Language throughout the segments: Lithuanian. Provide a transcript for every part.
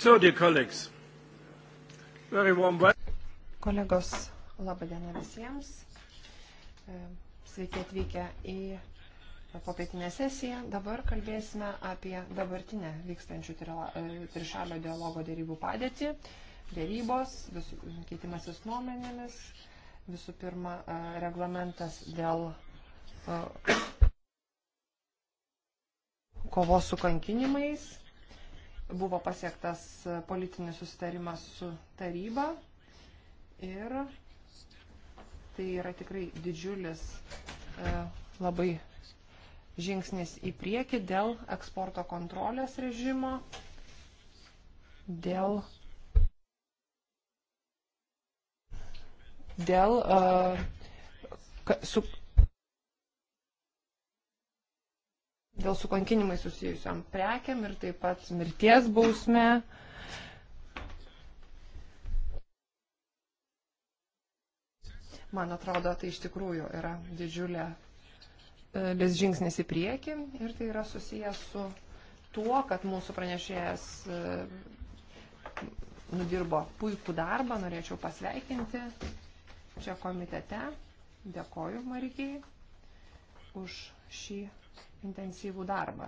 So, dear colleagues, very warm welcome. Kolegos, laba diena visiems. E, sveiki atvykę į popietinę sesiją. Dabar kalbėsime apie dabartinę vykstančių e, trišalio dialogo dėrybų padėtį. Dėrybos, visų, keitimasis nuomenėmis, visų pirma, e, reglamentas dėl kovos su kankinimais buvo pasiektas politinis susitarimas su taryba ir tai yra tikrai didžiulis e, labai žingsnis į priekį dėl eksporto kontrolės režimo, dėl, dėl uh, su, dėl su kankinimai susijusiam prekiam ir taip pat mirties bausme. Man atrodo, tai iš tikrųjų yra didžiulė vis e, žingsnis į priekį ir tai yra susijęs su tuo, kad mūsų pranešėjas e, nudirbo puikų darbą, norėčiau pasveikinti čia komitete. Dėkoju Marijai už šį intensyvų darbą.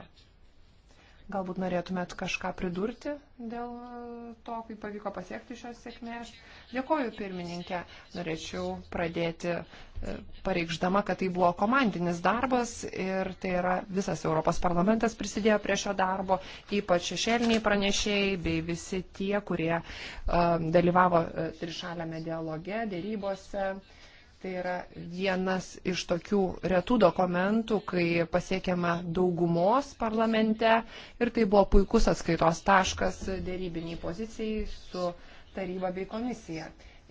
Galbūt norėtumėt kažką pridurti dėl to, kaip pavyko pasiekti šios sėkmės. Dėkoju pirmininkė. Norėčiau pradėti e, pareikšdama, kad tai buvo komandinis darbas ir tai yra visas Europos parlamentas prisidėjo prie šio darbo, ypač šešėliniai pranešėjai bei visi tie, kurie um, dalyvavo e, trišalėme dialoge, dėrybose. Uh, Tai yra vienas iš tokių retų dokumentų, kai pasiekiama daugumos parlamente ir tai buvo puikus atskaitos taškas dėrybiniai pozicijai su taryba bei komisija.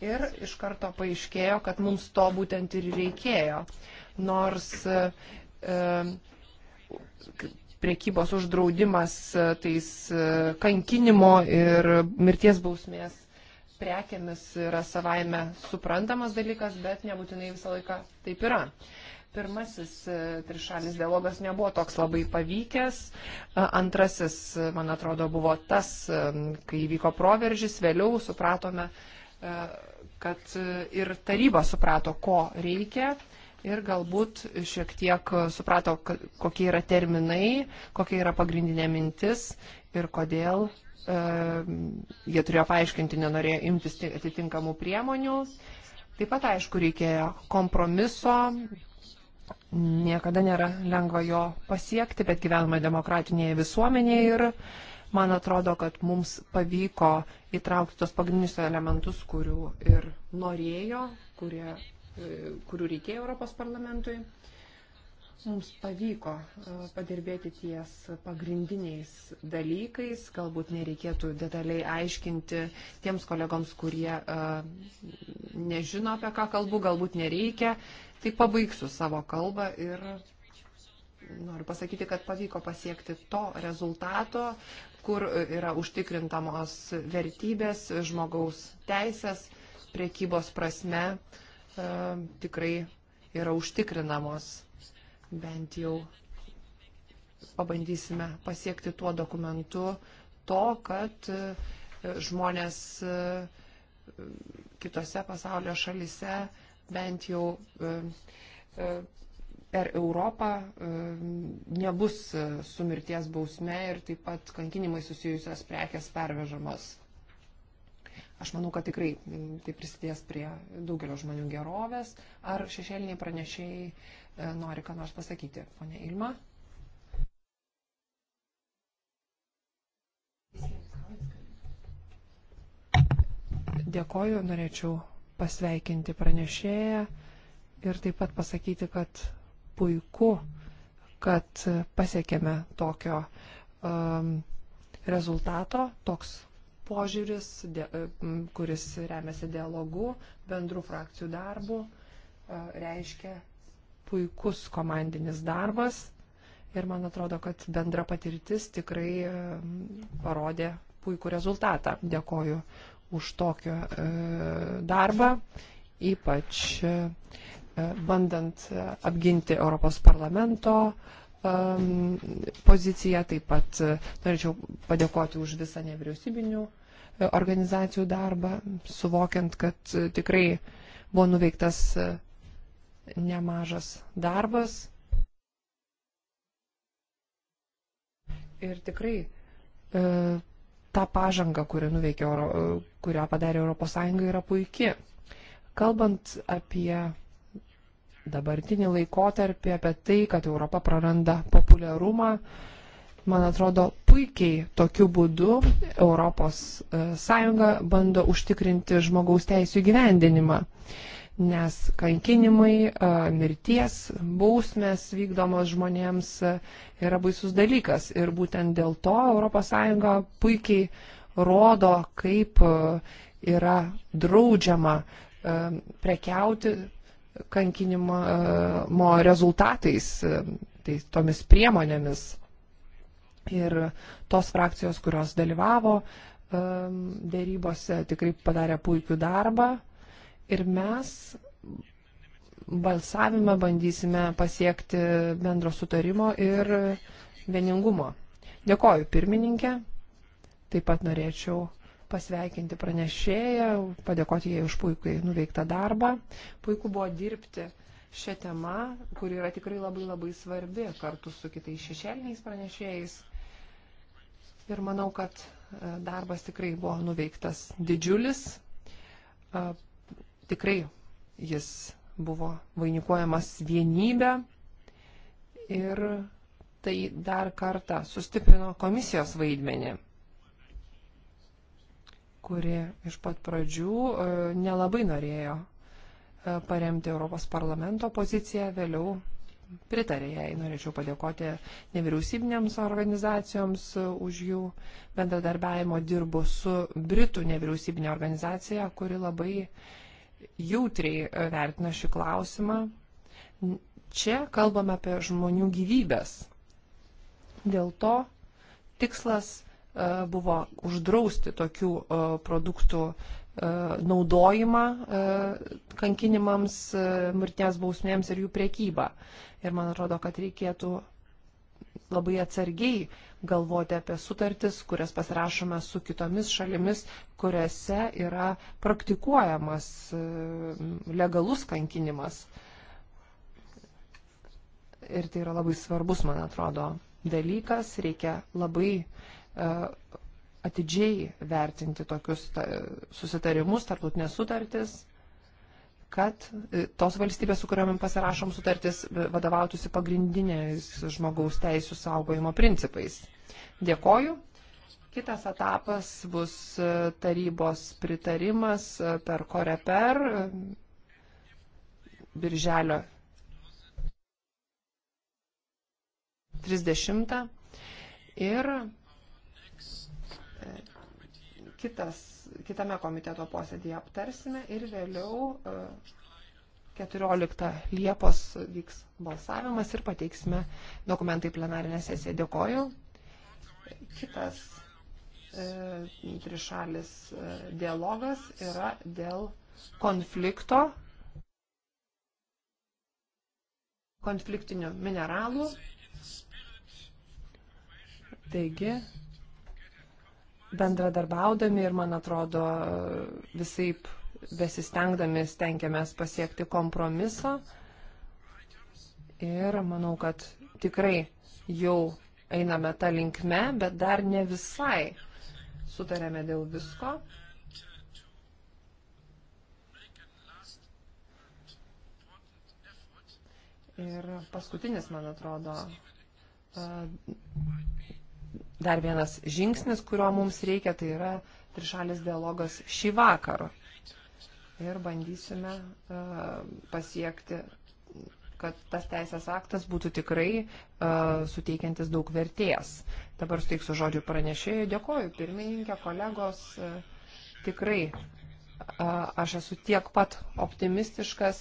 Ir iš karto paaiškėjo, kad mums to būtent ir reikėjo. Nors e, priekybos uždraudimas e, tais e, kankinimo ir mirties bausmės prekiamis yra savaime suprantamas dalykas, bet nebūtinai visą laiką taip yra. Pirmasis e, trišalis dialogas nebuvo toks labai pavykęs, e, antrasis, e, man atrodo, buvo tas, kai vyko proveržis, vėliau supratome, kad ir taryba suprato, ko reikia ir galbūt šiek tiek suprato, kokie yra terminai, kokia yra pagrindinė mintis ir kodėl Ehm, jie turėjo paaiškinti, nenorėjo imtis atitinkamų priemonių. Taip pat, aišku, reikėjo kompromiso, niekada nėra lengva jo pasiekti, bet gyvename demokratinėje visuomenėje ir man atrodo, kad mums pavyko įtraukti tos pagrindinius elementus, kurių ir norėjo, kurie, e, kurių reikėjo Europos parlamentui. Mums pavyko e, padirbėti ties pagrindiniais dalykais, galbūt nereikėtų detaliai aiškinti tiems kolegoms, kurie e, nežino, apie ką kalbu, galbūt nereikia. Tai pabaigsiu savo kalbą ir noriu pasakyti, kad pavyko pasiekti to rezultato, kur yra užtikrintamos vertybės, žmogaus teisės, priekybos prasme e, tikrai yra užtikrinamos bent jau pabandysime pasiekti tuo dokumentu to, kad e, žmonės e, kitose pasaulio šalise bent jau e, per Europą nebus su mirties bausme ir taip pat kankinimai susijusios prekes pervežamos. Aš manau, kad tikrai tai prisidės prie daugelio žmonių gerovės. Ar šešėliniai pranešėjai E, nori ką nors pasakyti. Pone Ilma. Dėkoju, norėčiau pasveikinti pranešėją ir taip pat pasakyti, kad puiku, kad pasiekėme tokio um, rezultato, toks požiūris, de, um, kuris remiasi dialogu, bendrų frakcijų darbu, uh, reiškia, puikus komandinis darbas ir man atrodo, kad bendra patirtis tikrai e, parodė puikų rezultatą. Dėkoju už tokio e, darbą, ypač e, bandant apginti Europos parlamento poziciją. Taip pat norėčiau padėkoti už visą nevyriausybinių organizacijų darbą, suvokiant, kad tikrai buvo nuveiktas nemažas darbas. Ir tikrai e, ta pažanga, kurią nuveikė, Euro, e, kurią padarė ES, yra puikia. Kalbant apie dabartinį laikotarpį, apie tai, kad Europa praranda populiarumą, man atrodo, puikiai tokiu būdu ES e, bando užtikrinti žmogaus teisų gyvendinimą. E, nes kankinimai, mirties, bausmės vykdomos žmonėms yra baisus dalykas. Ir būtent dėl to ES puikiai rodo, kaip yra draudžiama prekiauti kankinimo rezultatais, tai tomis priemonėmis. Ir tos frakcijos, kurios dalyvavo dėrybose, tikrai padarė puikių darbą. Ir mes balsavime bandysime pasiekti bendro sutarimo ir vieningumo. Dėkoju pirmininkė, taip pat norėčiau pasveikinti pranešėją, padėkoti jai už puikiai nuveiktą darbą. Puiku buvo dirbti šią temą, kuri yra tikrai labai labai svarbi kartu su kitais šešėliniais pranešėjais. Ir manau, kad e, darbas tikrai buvo nuveiktas didžiulis. Tikrai jis buvo vainikuojamas vienybė ir tai dar kartą sustiprino komisijos vaidmenį kuri iš pat pradžių e, nelabai norėjo e, paremti Europos parlamento poziciją, vėliau pritarė jai. Norėčiau padėkoti nevyriausybinėms organizacijoms e, už jų bendradarbiavimo dirbu su Britų nevyriausybinė organizacija, kuri labai jautriai e, vertina šį klausimą. Čia kalbame apie žmonių gyvybės. Dėl to tikslas e, buvo uždrausti tokių e, produktų naudojimą kankinimams, mirties bausmėms ir jų priekybą. Ir man atrodo, kad reikėtų labai atsargiai galvoti apie sutartis, kurias pasirašome su kitomis šalimis, kuriuose yra praktikuojamas e, legalus kankinimas. Ir tai yra labai svarbus, man atrodo, dalykas. Reikia labai e, atidžiai vertinti tokius susitarimus, tarptautinės sutartis kad e, tos valstybės, su kuriuom pasirašom sutartis, e, vadovautųsi pagrindiniais žmogaus teisų saugojimo principais. Dėkoju. Kitas etapas bus e, tarybos pritarimas per koreper birželio 30. Ir kitas, kitame komiteto posėdėje aptarsime ir vėliau 14 e, Liepos vyks balsavimas ir pateiksime dokumentai plenarinę sesiją. Dėkoju. Kitas e, trišalis e, dialogas yra dėl konflikto, konfliktinių mineralų. Taigi, bendradarbiaudami ir, man atrodo, visai besistengdami stengiamės pasiekti kompromiso. Ir manau, kad tikrai jau einame tą linkme, bet dar ne visai sutarėme dėl visko. Ir paskutinis, man atrodo, dar vienas žingsnis, kurio mums reikia, tai yra trišalis dialogas šį vakarą. Ir bandysime uh, pasiekti, kad tas teisės aktas būtų tikrai uh, suteikiantis daug vertės. Dabar suteiksiu žodžių pranešėjai. Dėkoju, pirmininkė, kolegos. Uh, tikrai aš esu tiek pat optimistiškas,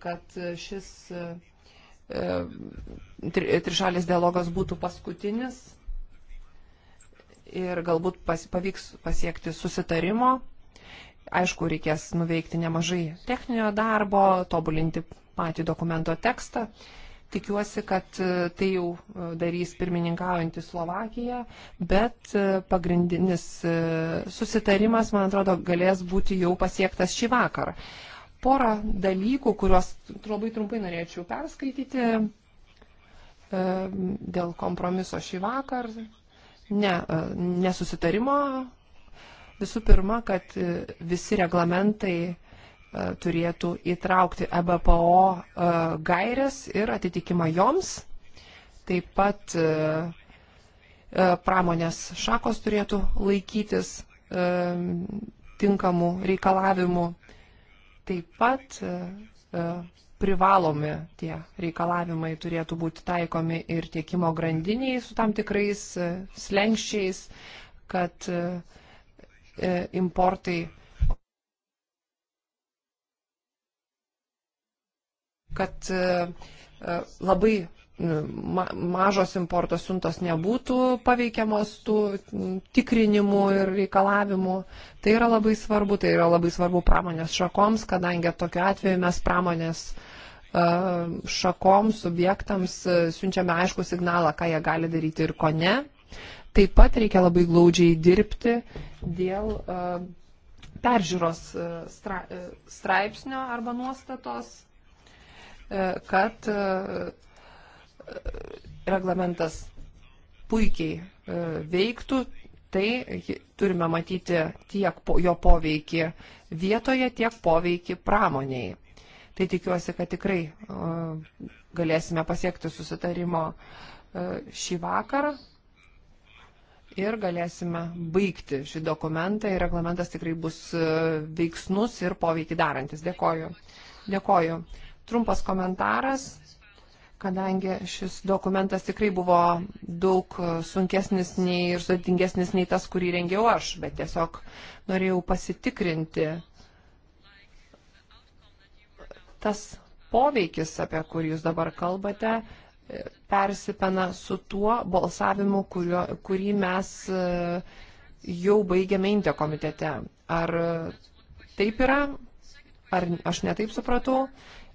kad šis E, trišalis dialogas būtų paskutinis ir galbūt pas, pavyks pasiekti susitarimo. Aišku, reikės nuveikti nemažai techninio darbo, tobulinti patį dokumento tekstą. Tikiuosi, kad e, tai jau e, darys pirmininkaujantį Slovakiją, bet pagrindinis susitarimas, man atrodo, galės būti jau pasiektas šį vakarą porą dalykų, kuriuos labai trumpai norėčiau perskaityti e, dėl kompromiso šį vakar. Ne, e, nesusitarimo. Visų pirma, kad e, visi reglamentai turėtų įtraukti EBPO gairias ir atitikimą joms. Taip pat pramonės šakos turėtų laikytis tinkamų reikalavimų Taip pat e, e, privalomi tie reikalavimai turėtų būti taikomi ir tiekimo grandiniai su tam tikrais e, slengščiais, kad importai kad labai mažos importo siuntos nebūtų paveikiamos tų tikrinimų ir reikalavimų. Tai yra labai svarbu, tai yra labai svarbu pramonės šakoms, kadangi tokiu atveju mes pramonės šakoms, subjektams siunčiame aišku signalą, ką jie gali daryti ir ko ne. Taip pat reikia labai glaudžiai dirbti dėl peržiūros straipsnio arba nuostatos, kad reglamentas puikiai e, veiktų, tai turime matyti tiek jo poveikį vietoje, tiek poveikį pramoniai. Tai tikiuosi, kad tikrai e, galėsime pasiekti susitarimo e, šį vakarą ir galėsime baigti šį dokumentą ir reglamentas tikrai bus veiksnus ir poveikį darantis. Dėkoju. Dėkoju. Trumpas komentaras kadangi šis dokumentas tikrai buvo daug sunkesnis nei ir sudėtingesnis nei tas, kurį rengiau aš, bet tiesiog norėjau pasitikrinti tas poveikis, apie kurį jūs dabar kalbate, persipena su tuo balsavimu, kurio, kurį mes e, jau baigėme Inte komitete. Ar taip yra? Ar aš netaip supratau?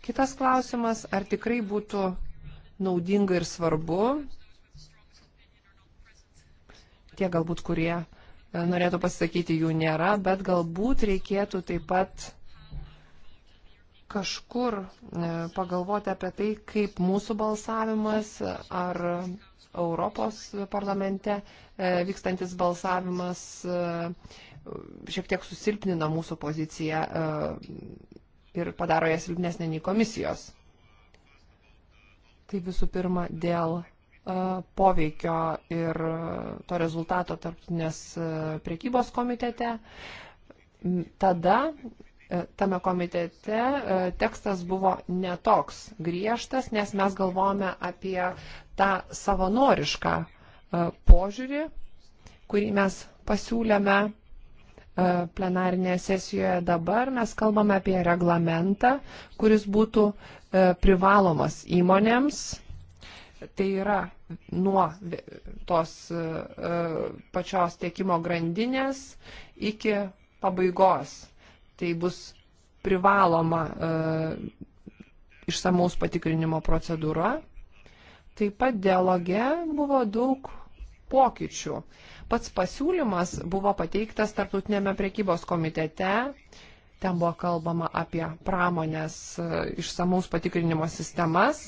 Kitas klausimas, ar tikrai būtų naudinga ir svarbu. Tie galbūt, kurie e, norėtų pasakyti, jų nėra, bet galbūt reikėtų taip pat kažkur e, pagalvoti apie tai, kaip mūsų balsavimas ar Europos parlamente e, vykstantis balsavimas šiek tiek susilpnina mūsų poziciją ir padaro ją silpnesnę nei komisijos. Tai visų pirma, dėl e, poveikio ir to rezultato tarptautinės e, priekybos komitete. Tada e, tame komitete tekstas buvo netoks griežtas, nes mes galvojame apie tą savanorišką požiūrį, kurį mes pasiūlėme E, plenarinėje sesijoje dabar. Mes kalbame apie reglamentą, kuris būtų e, privalomas įmonėms. Tai yra nuo tos e, pačios tiekimo grandinės iki pabaigos. Tai bus privaloma išsamaus patikrinimo procedūra. Taip pat dialoge buvo daug pokyčių. Pats pasiūlymas buvo pateiktas Tartutinėme priekybos komitete. Ten buvo kalbama apie pramonės e, išsamaus patikrinimo sistemas.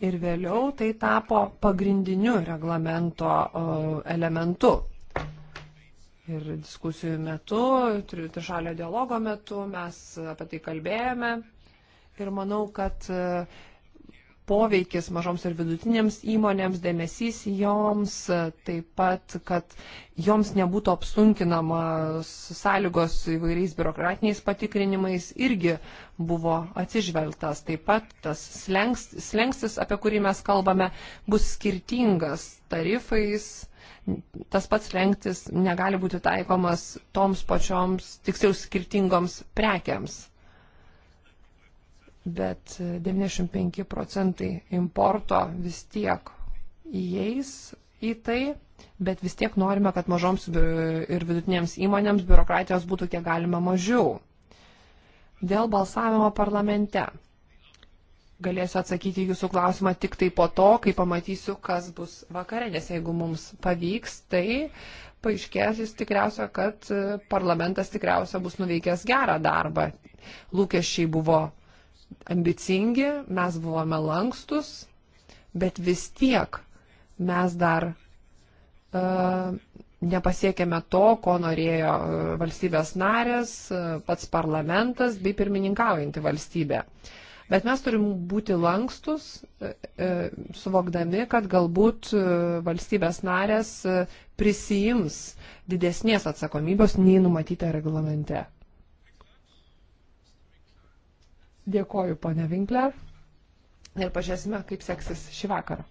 Ir vėliau tai tapo pagrindiniu reglamento e, elementu. Ir diskusijų metu, trišalio dialogo metu mes apie tai kalbėjome. Ir manau, kad e, poveikis mažoms ir vidutinėms įmonėms, dėmesys joms, taip pat, kad joms nebūtų apsunkinamas sąlygos įvairiais biurokratiniais patikrinimais, irgi buvo atsižvelgtas. Taip pat tas slengs, slengstis, apie kurį mes kalbame, bus skirtingas tarifais. Tas pats lenktis negali būti taikomas toms pačioms, tiksliau skirtingoms prekiams bet 95 procentai importo vis tiek įeis į tai, bet vis tiek norime, kad mažoms ir vidutinėms įmonėms biurokratijos būtų kiek galima mažiau. Dėl balsavimo parlamente. Galėsiu atsakyti jūsų klausimą tik tai po to, kai pamatysiu, kas bus vakare, nes jeigu mums pavyks, tai paaiškės jis tikriausia, kad e, parlamentas tikriausia bus nuveikęs gerą darbą. Lūkesčiai buvo ambicingi, mes buvome lankstus, bet vis tiek mes dar uh, nepasiekėme to, ko norėjo e, valstybės narės, e, pats parlamentas bei pirmininkaujanti valstybė. Bet mes turim būti lankstus, suvokdami, kad galbūt valstybės narės prisijims didesnės atsakomybės nei numatyta reglamente. Dėkoju, ponė Vinkler. Ir pažiūrėsime, kaip seksis šį vakarą.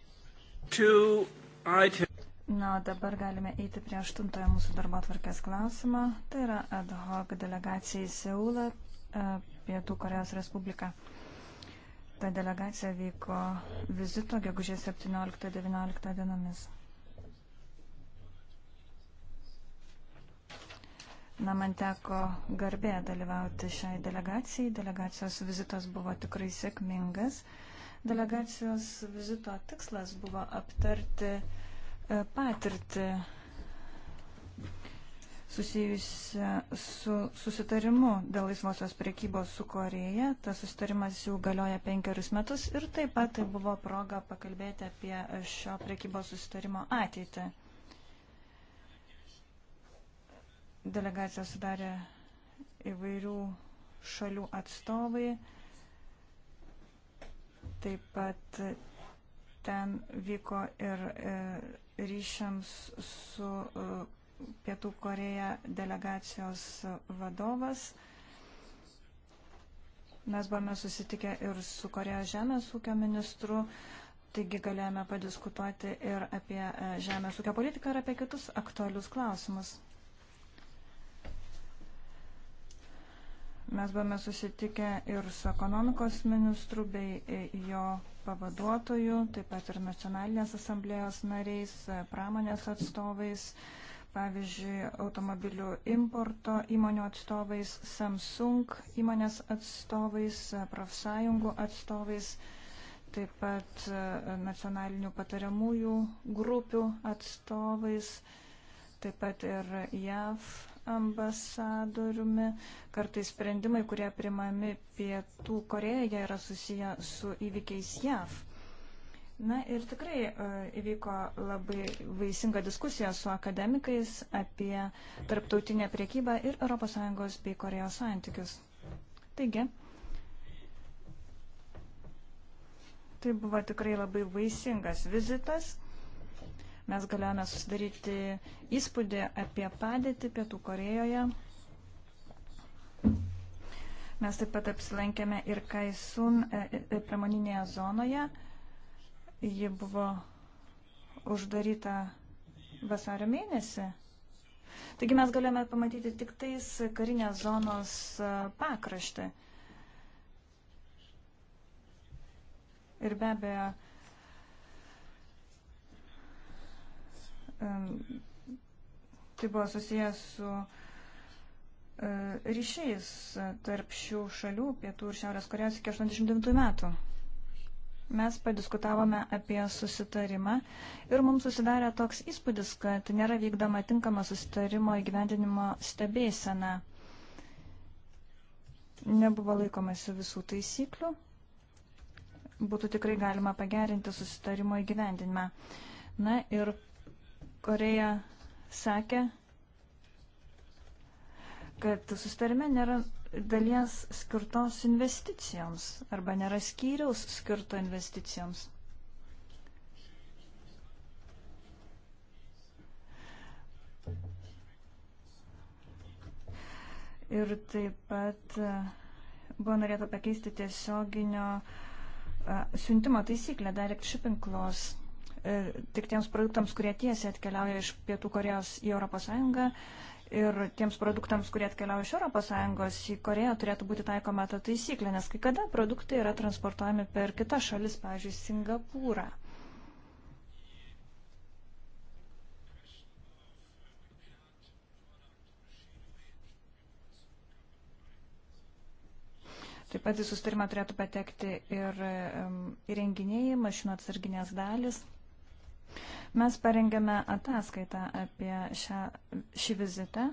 Na, dabar galime eiti prie aštuntojo mūsų darbo atvarkės klausimą. Tai yra ad hoc delegacija į Seulą, e, Pietų Korejos Respubliką. Ta delegacija vyko vizito gegužės 17-19 dienomis. Na, man teko garbė dalyvauti šiai delegacijai. Delegacijos vizitas buvo tikrai sėkmingas. Delegacijos vizito tikslas buvo aptarti e, patirtį susijusią su susitarimu dėl laisvosios priekybos su Koreja. Tas susitarimas jau galioja penkerius metus ir taip pat tai buvo proga pakalbėti apie šio priekybos susitarimo ateitį. Delegaciją sudarė įvairių šalių atstovai. Taip pat ten vyko ir e, ryšiams su e, Pietų Koreja delegacijos vadovas. Mes buvome susitikę ir su Korejos žemės ūkio ministru, taigi galėjome padiskutuoti ir apie e, žemės ūkio politiką ir apie kitus aktualius klausimus. Mes buvome susitikę ir su ekonomikos ministru bei e, jo pavaduotojų, taip pat ir nacionalinės asamblėjos nariais, e, pramonės atstovais, pavyzdžiui, automobilių importo įmonių atstovais, Samsung įmonės atstovais, e, profsąjungų atstovais, taip pat nacionalinių patariamųjų grupių atstovais, taip pat ir JAV ambasadoriumi. Kartais sprendimai, kurie primami Pietų Korejoje, yra susiję su įvykiais JAV. Na ir tikrai e, įvyko labai vaisinga diskusija su akademikais apie tarptautinę priekybą ir ES bei Korejos santykius. Taigi, tai buvo tikrai labai vaisingas vizitas. Mes galėjome susidaryti įspūdį apie padėtį Pietų Korejoje. Mes taip pat apsilankėme ir Kaisun e, e, e, pramoninėje zonoje. Ji buvo uždaryta vasario mėnesį. Taigi mes galėjome pamatyti tik tais karinės zonos pakraštį. Ir be abejo, tai buvo susijęs su e, ryšiais tarp šių šalių, pietų ir šiaurės Korejos iki 89 metų. Mes padiskutavome apie susitarimą ir mums susidarė toks įspūdis, kad nėra vykdoma tinkama susitarimo įgyvendinimo stebėsena. Nebuvo laikomasi visų taisyklių. Būtų tikrai galima pagerinti susitarimo įgyvendinimą. Na ir Koreja sakė, kad sustarime nėra dalies skirtos investicijoms arba nėra skyriaus skirto investicijoms. Ir taip pat e, buvo norėta pakeisti tiesioginio e, siuntimo taisyklę Direct Shipping Clause. E, tik tiems produktams, kurie tiesiai atkeliauja iš Pietų Korejos į ES. Ir tiems produktams, kurie atkeliauja iš ES į Koreją, turėtų būti taikoma ta taisyklė, nes kai kada produktai yra transportuojami per kitas šalis, pavyzdžiui, Singapūrą. Taip pat į sustarimą turėtų patekti ir um, įrenginiai, mašinų atsarginės dalis. Mes parengėme ataskaitą apie šią, šį vizitą.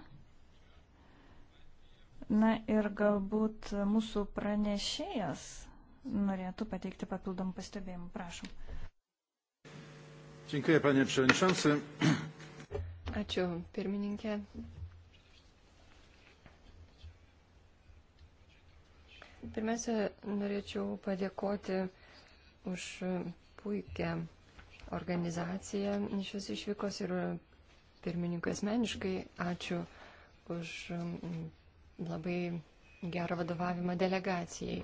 Na ir galbūt mūsų pranešėjas norėtų pateikti papildomų pastebėjimų. Prašom. Dziękuję, panie przewodniczący. Ačiū, pirmininkė. Pirmiausia, norėčiau padėkoti už puikią organizacija šios išvykos ir pirmininkui asmeniškai ačiū už mm, labai gerą vadovavimą delegacijai.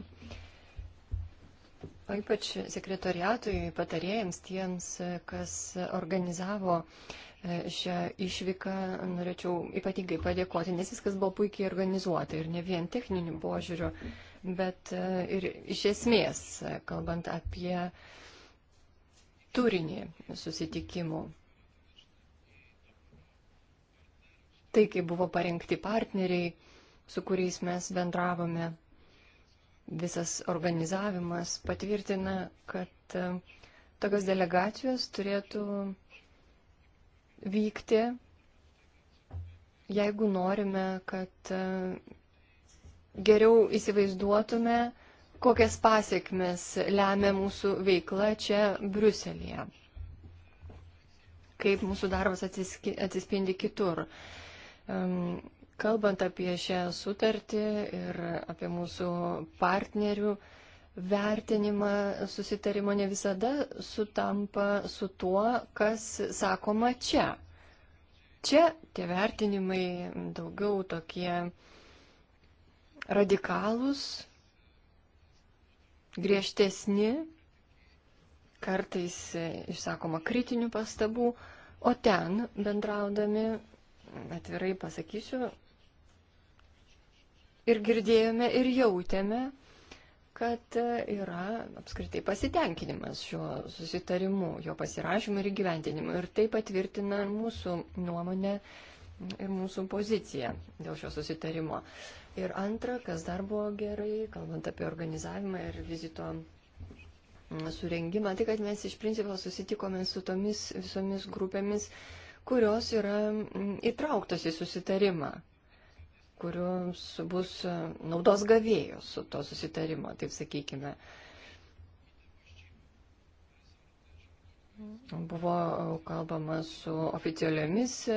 O ypač sekretoriatui, patarėjams, tiems, kas organizavo e, šią išvyką, norėčiau ypatingai padėkoti, nes viskas buvo puikiai organizuota ir ne vien techniniu požiūriu, bet e, ir iš esmės, kalbant apie uh, turinį susitikimų. Tai, kai buvo parengti partneriai, su kuriais mes bendravome, visas organizavimas patvirtina, kad e, tokios delegacijos turėtų vykti, jeigu norime, kad e, geriau įsivaizduotume, kokias pasiekmes lemia mūsų veikla čia Bruselėje, kaip mūsų darbas atsispindi kitur. Kalbant apie šią sutartį ir apie mūsų partnerių vertinimą, susitarimo ne visada sutampa su tuo, kas sakoma čia. Čia tie vertinimai daugiau tokie radikalūs, griežtesni, kartais e, išsakoma kritinių pastabų, o ten bendraudami, atvirai pasakysiu, ir girdėjome ir jautėme, kad e, yra apskritai pasitenkinimas šiuo susitarimu, jo pasirašymu ir įgyventinimu. Ir tai patvirtina mūsų nuomonę ir mūsų poziciją dėl šio susitarimo. Ir antra, kas dar buvo gerai, kalbant apie organizavimą ir vizito mm, surengimą, tai kad mes iš principo susitikome su tomis visomis grupėmis, kurios yra mm, įtrauktos į susitarimą, kurios bus mm, naudos gavėjos su to susitarimo, taip sakykime. Uh, Buvo e, kalbama su oficialiomis e,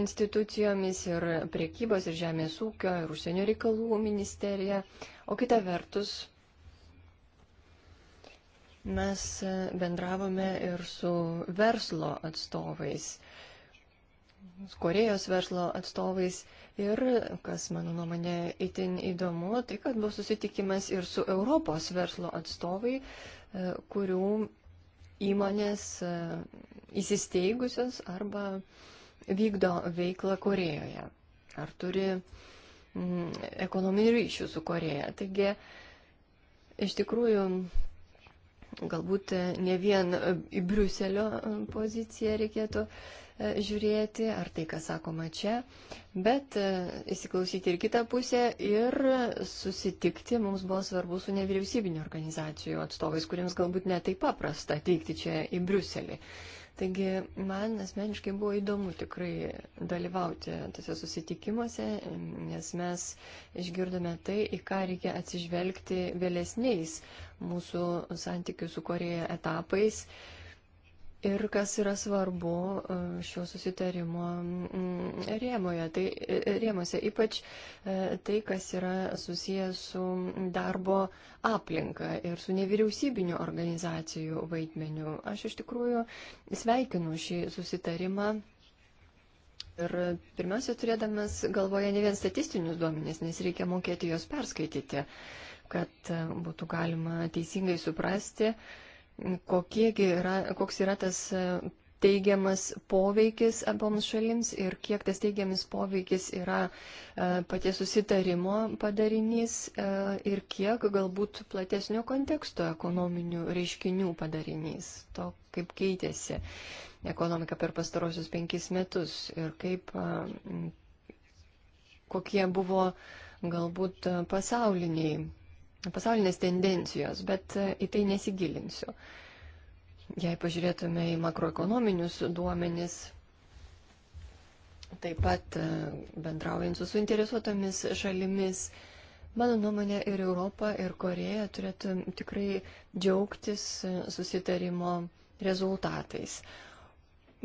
institucijomis ir priekybos ir žemės ūkio ir užsienio reikalų ministerija. O kita vertus, mes e, bendravome ir su verslo atstovais, Korejos verslo atstovais. Ir, kas mano nuomonė itin įdomu, tai kad bus susitikimas ir su Europos verslo atstovai, kurių įmonės e, įsisteigusios arba vykdo veiklą Korejoje, ar turi mm, ekonominių ryšių su Koreja. Taigi, iš tikrųjų, galbūt ne vien e, į Briuselio e, poziciją reikėtų žiūrėti, ar tai, kas sakoma čia, bet e, įsiklausyti ir kitą pusę ir susitikti mums buvo svarbu su nevyriausybinio organizacijų atstovais, kuriems galbūt netai paprasta ateikti čia į Briuselį. Taigi man asmeniškai buvo įdomu tikrai dalyvauti tose susitikimuose, nes mes išgirdome tai, į ką reikia atsižvelgti vėlesniais mūsų santykių su Koreja etapais. Uh, Ir kas yra svarbu e, šio susitarimo mm, rėmoje, tai, e, e, rėmose, ypač tai, kas yra susijęs su darbo aplinka ir su nevyriausybinių organizacijų vaidmeniu. Aš iš tikrųjų sveikinu šį susitarimą. Ir pirmiausia, turėdamas galvoje ne vien statistinius duomenys, nes reikia mokėti juos perskaityti, kad būtų galima teisingai suprasti, uh, yra, koks yra tas e, teigiamas poveikis aboms šalims ir kiek tas teigiamas poveikis yra e, paties susitarimo padarinys e, ir kiek galbūt platesnio konteksto ekonominių reiškinių padarinys, to kaip keitėsi ekonomika per pastarosius penkis metus ir kaip, kokie buvo galbūt pasauliniai pasaulinės tendencijos, bet e, į tai nesigilinsiu. Jei pažiūrėtume į makroekonominius duomenis, taip pat e, bendraujant su suinteresuotomis šalimis, mano nuomonė ir Europa, ir Koreja turėtų tikrai džiaugtis e, susitarimo rezultatais.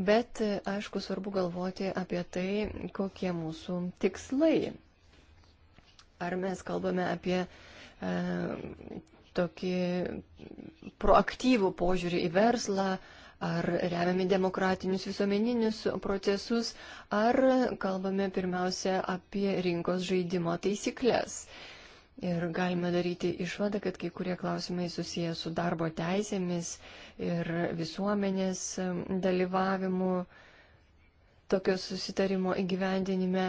Bet, aišku, svarbu galvoti apie tai, kokie mūsų tikslai. Ar mes kalbame apie uh, E, tokį proaktyvų požiūrį į verslą, ar remiame demokratinius visuomeninius procesus, ar kalbame pirmiausia apie rinkos žaidimo taisyklės. Ir galime daryti išvadą, kad kai kurie klausimai susiję su darbo teisėmis ir visuomenės dalyvavimu tokio susitarimo įgyvendinime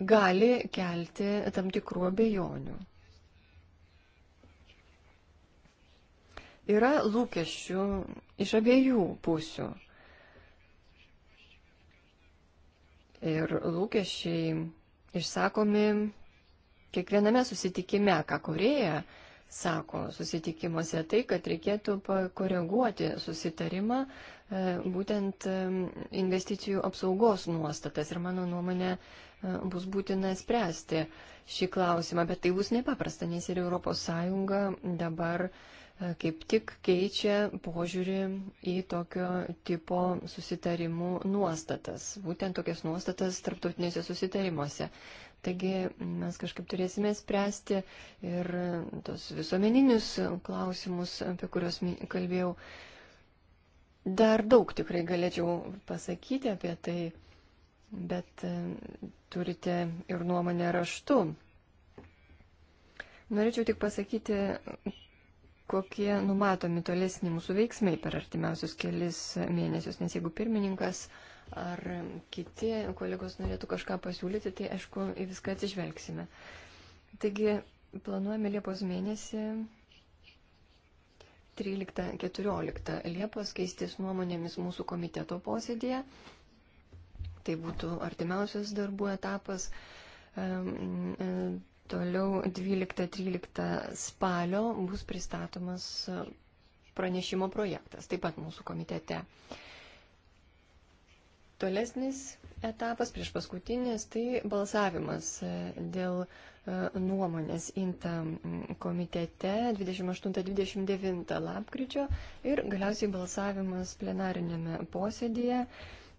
gali kelti tam tikrų abejonių. Yra lūkesčių iš abiejų pusių. Ir lūkesčiai išsakomi kiekviename susitikime, ką Koreja sako susitikimuose, tai, kad reikėtų pakoreguoti susitarimą e, būtent e, investicijų apsaugos nuostatas. Ir mano nuomonė, bus būtina spręsti šį klausimą, bet tai bus nepaprasta, nes ir ES dabar e, kaip tik keičia požiūrį į tokio tipo susitarimų nuostatas, būtent tokias nuostatas tarptautinėse susitarimuose. Taigi mes kažkaip turėsime spręsti ir tos visuomeninius klausimus, apie kuriuos kalbėjau. Dar daug tikrai galėčiau pasakyti apie tai bet e, turite ir nuomonę raštu. Norėčiau tik pasakyti, kokie numatomi tolesni mūsų veiksmai per artimiausius kelis mėnesius, nes jeigu pirmininkas ar kiti kolegos norėtų kažką pasiūlyti, tai aišku, į viską atsižvelgsime. Taigi, planuojame Liepos mėnesį 13-14 Liepos keistis nuomonėmis mūsų komiteto posėdėje Tai būtų artimiausias darbų etapas. E, toliau 12-13 spalio bus pristatomas pranešimo projektas, taip pat mūsų komitete. Tolesnis etapas, prieš paskutinis, tai balsavimas e, dėl e, nuomonės INTA komitete 28-29 lapkričio ir galiausiai balsavimas plenarinėme posėdėje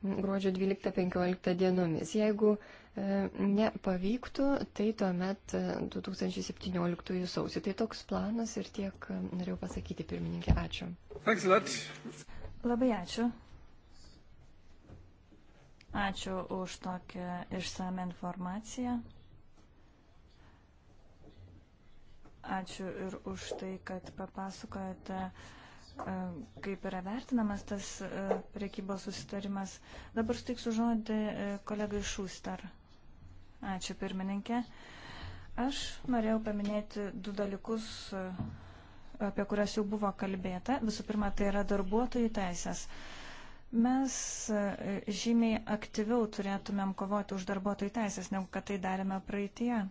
gruodžio 12-15 dienomis. Jeigu e, nepavyktų, tai tuomet 2017 e, sausį. Tai toks planas ir tiek e, norėjau pasakyti, pirmininkė. Ačiū. Labai ačiū. Ačiū už tokią išsame informaciją. Ačiū ir už tai, kad papasakojate. Uh, E, kaip yra vertinamas tas e, priekybos susitarimas. Dabar steiksiu žodį e, kolegai Šūster. Ačiū pirmininkė. Aš norėjau paminėti du dalykus, apie kurias jau buvo kalbėta. Visų pirma, tai yra darbuotojų teisės. Mes žymiai aktyviau turėtumėm kovoti už darbuotojų teisės, negu kad tai darėme praeitie.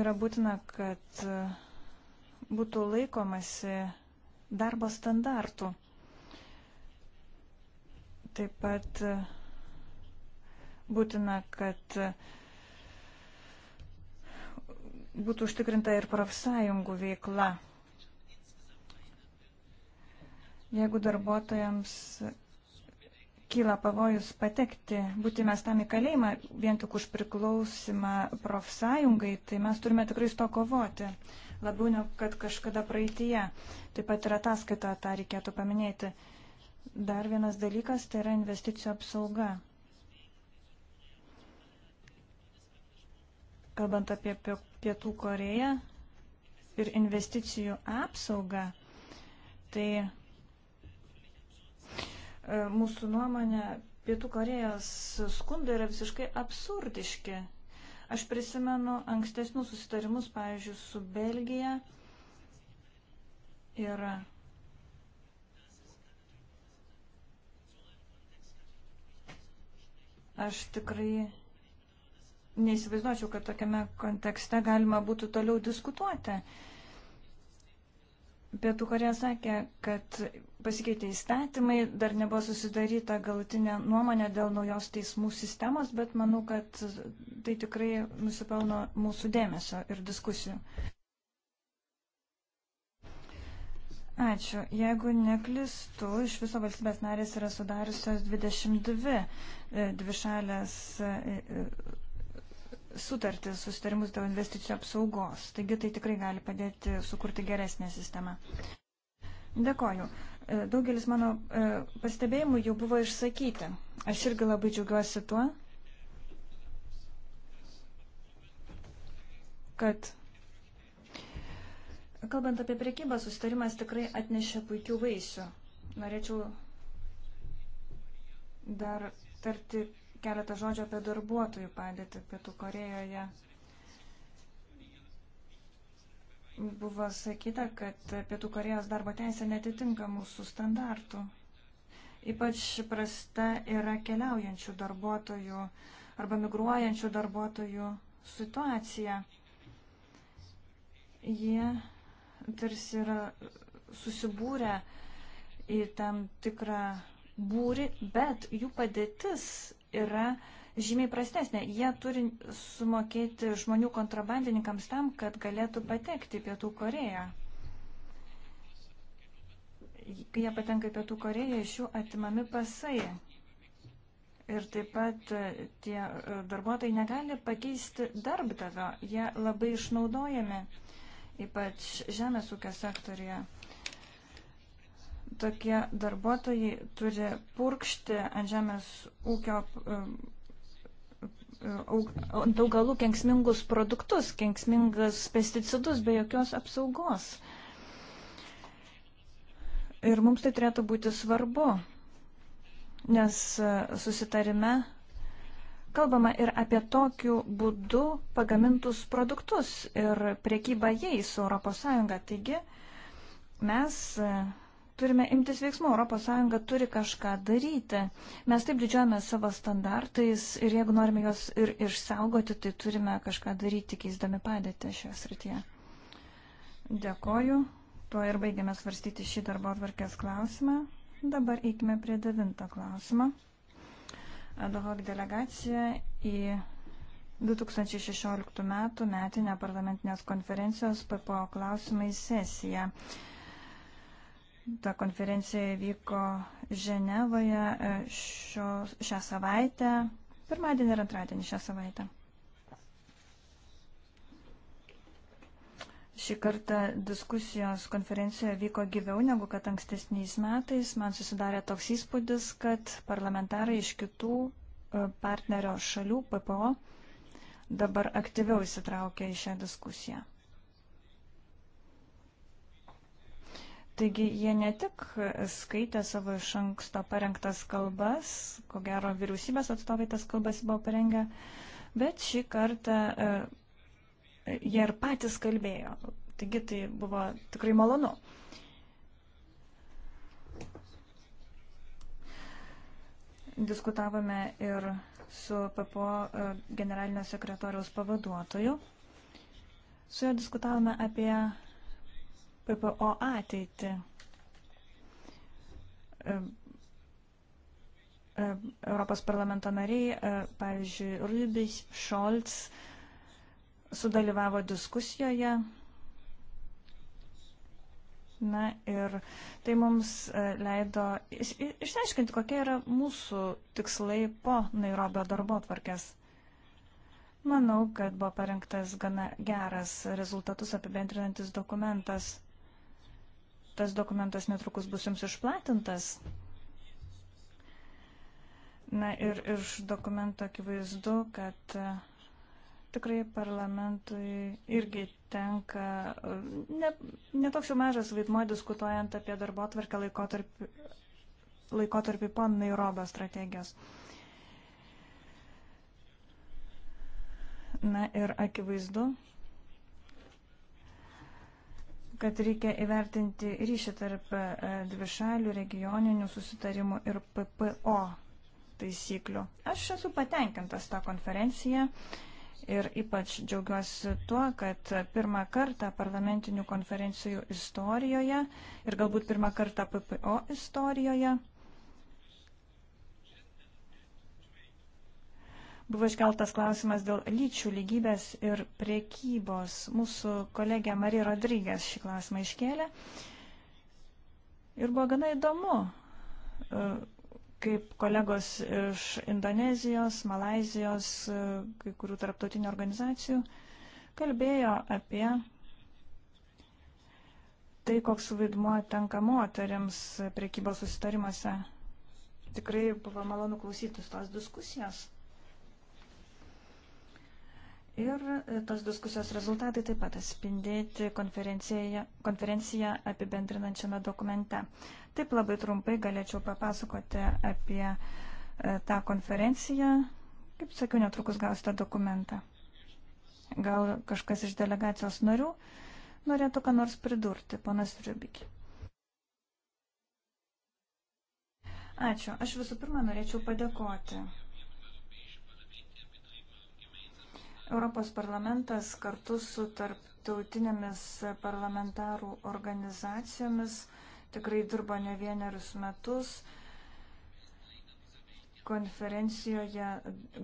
Yra būtina, kad būtų laikomasi darbo standartų. Taip pat e, būtina, kad e, būtų užtikrinta ir profsąjungų veikla. Jeigu darbuotojams kyla pavojus patekti, būti mestam į kalėjimą vien tik už priklausimą profsąjungai, tai mes turime tikrai su to kovoti labiau negu kad kažkada praeitie. Taip pat ir ataskaitoje tą reikėtų paminėti. Dar vienas dalykas tai yra investicijų apsauga. Kalbant apie Pietų Koreją ir investicijų apsaugą, tai e, mūsų nuomonė Pietų Korejos skundai yra visiškai absurdiški. Aš prisimenu ankstesnius susitarimus, pavyzdžiui, su Belgija ir aš tikrai neįsivaizduočiau, kad tokiame kontekste galima būtų toliau diskutuoti. Uh, Pietų Korėja sakė, kad pasikeitė įstatymai, dar nebuvo susidaryta galutinė nuomonė dėl naujos teismų sistemos, bet manau, kad tai tikrai nusipelno mūsų dėmesio ir diskusijų. Ačiū. Jeigu neklistu, iš viso valstybės narės yra sudariusios 22 dvišalės e, e, e, sutartis, sustarimus dėl investicijų apsaugos. Taigi tai tikrai gali padėti sukurti geresnę sistemą. Dėkoju. E, daugelis mano e, pastebėjimų jau buvo išsakyti. Aš irgi labai džiaugiuosi tuo, kad kalbant apie priekybą, sustarimas tikrai atnešė puikių vaisių. Norėčiau dar tarti keletą žodžių apie darbuotojų padėtį Pietų Korejoje. Buvo sakyta, kad Pietų Korejos darbo teisė netitinka mūsų standartų. Ypač prasta yra keliaujančių darbuotojų arba migruojančių darbuotojų situacija. Jie tarsi yra susibūrę į tam tikrą būrį, bet jų padėtis yra žymiai prastesnė. Jie turi sumokėti žmonių kontrabandininkams tam, kad galėtų patekti į Pietų Koreją. Kai jie patenka į Pietų Koreją, iš jų atimami pasai. Ir taip pat e, tie e, darbuotojai negali pakeisti darbdavio, jie labai išnaudojami, ypač žemės ūkio sektorija tokie darbuotojai turi purkšti ant žemės ūkio ant um, um, um, augalų kenksmingus produktus, kenksmingas pesticidus be jokios apsaugos. Ir mums tai turėtų būti svarbu, nes e, susitarime kalbama ir apie tokiu būdu pagamintus produktus ir priekybą jais Europos Sąjunga. Taigi mes e, turime imtis veiksmų, ES turi kažką daryti. Mes taip didžiuojame savo standartais ir jeigu norime juos ir išsaugoti, tai turime kažką daryti, keisdami padėtį šioje srityje. Dėkoju. Tuo ir baigiame svarstyti šį darbo atvarkės klausimą. Dabar eikime prie devinto klausimo. Dohok delegacija į 2016 m. metinę parlamentinės konferencijos PPO klausimai sesiją. Ta konferencija vyko Ženevoje e, šios, šią savaitę, pirmadienį ir antradienį šią savaitę. Šį kartą diskusijos konferencijoje vyko gyviau negu kad ankstesniais metais. Man susidarė toks įspūdis, kad parlamentarai iš kitų e, partnerio šalių PPO dabar aktyviau įsitraukia į šią diskusiją. Taigi jie ne tik skaitė savo iš anksto parengtas kalbas, ko gero vyriausybės atstovai tas kalbas buvo parengę, bet šį kartą e, jie ir patys kalbėjo. Taigi tai buvo tikrai malonu. Diskutavome ir su PPO e, generalinio sekretoriaus pavaduotoju. Su juo diskutavome apie PPO ateitį. E, e, Europos parlamento nariai, e, pavyzdžiui, Rubis, Scholz sudalyvavo diskusijoje. Na ir tai mums leido išsiaiškinti, kokie yra mūsų tikslai po Nairobio darbo atvarkės. Manau, kad buvo parengtas gana geras rezultatus apibendrinantis dokumentas. Tas dokumentas netrukus bus jums išplatintas. Na ir iš dokumento akivaizdu, kad e, tikrai parlamentui irgi tenka netoks ne, ne jau mažas vaidmo diskutuojant apie darbo atvarkę laikotarpį, laikotarpį po Nairobio strategijos. Na ir akivaizdu, kad reikia įvertinti ryšį tarp e, dvišalių regioninių susitarimų ir PPO taisyklių. Aš esu patenkintas tą konferenciją ir ypač džiaugiuosi tuo, kad pirmą kartą parlamentinių konferencijų istorijoje ir galbūt pirmą kartą PPO istorijoje Buvo iškeltas klausimas dėl lyčių lygybės ir priekybos. Mūsų kolegė Marija Rodrygės šį klausimą iškėlė. Ir buvo gana įdomu, e, kaip kolegos iš Indonezijos, Malazijos, e, kai kurių tarptautinių organizacijų kalbėjo apie tai, koks vaidmuo tenka moteriams priekybos susitarimuose. Tikrai buvo malonu klausytis tos diskusijos. Ir e, tos diskusijos rezultatai taip pat atspindėti konferenciją, konferenciją apibendrinančiame dokumente. Taip labai trumpai galėčiau papasakoti apie e, tą konferenciją. Kaip sakiau, netrukus gausite dokumentą. Gal kažkas iš delegacijos narių norėtų ką nors pridurti, ponas Riubikį. Ačiū. Aš visų pirma norėčiau padėkoti Europos parlamentas kartu su tarptautinėmis parlamentarų organizacijomis tikrai dirbo ne vienerius metus. Konferencijoje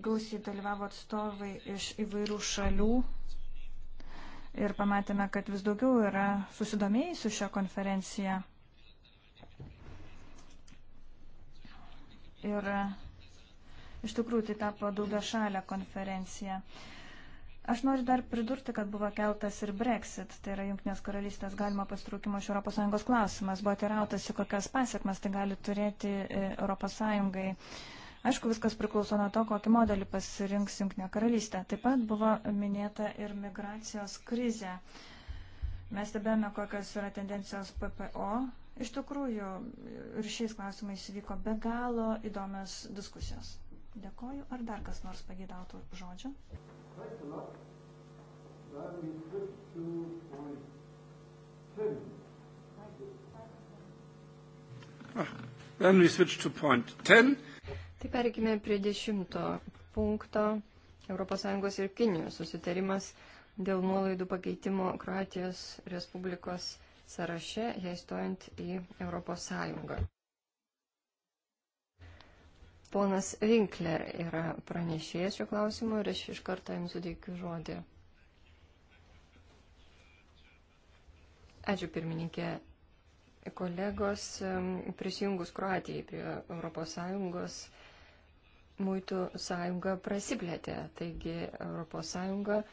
gausiai dalyvavo atstovai iš įvairių šalių ir pamatėme, kad vis daugiau yra susidomėjusių šią konferenciją. Ir iš tikrųjų tai tapo daugia šalia konferencija. Uh, Aš noriu dar pridurti, kad buvo keltas ir Brexit, tai yra Junktinės karalystės galima pastraukimo iš ES klausimas. Buvo teirautasi, kokias pasiekmes tai gali turėti ES. Aišku, viskas priklauso nuo to, kokį modelį pasirinks Junktinė karalystė. Taip pat buvo minėta ir migracijos krizė. Mes stebėjome, kokios yra tendencijos PPO. Iš tikrųjų, ir šiais klausimais vyko be galo įdomios diskusijos. Dėkoju. Ar dar kas nors pagėdautų žodžio? Thanks a lot. Now we switch to point 10. Ah, then we switch to point 10. Tai perikime prie dešimto punkto ES ir Kinijos susitarimas dėl nuolaidų pakeitimo Kroatijos Respublikos sąraše, jei stojant į ES. Ponas Rinkler yra pranešėjęs šio klausimo ir aš iš karto jums suteikiu žodį. Ačiū pirmininkė. Kolegos, prisijungus Kroatijai prie ES, muitų sąjunga prasiplėtė. Taigi ES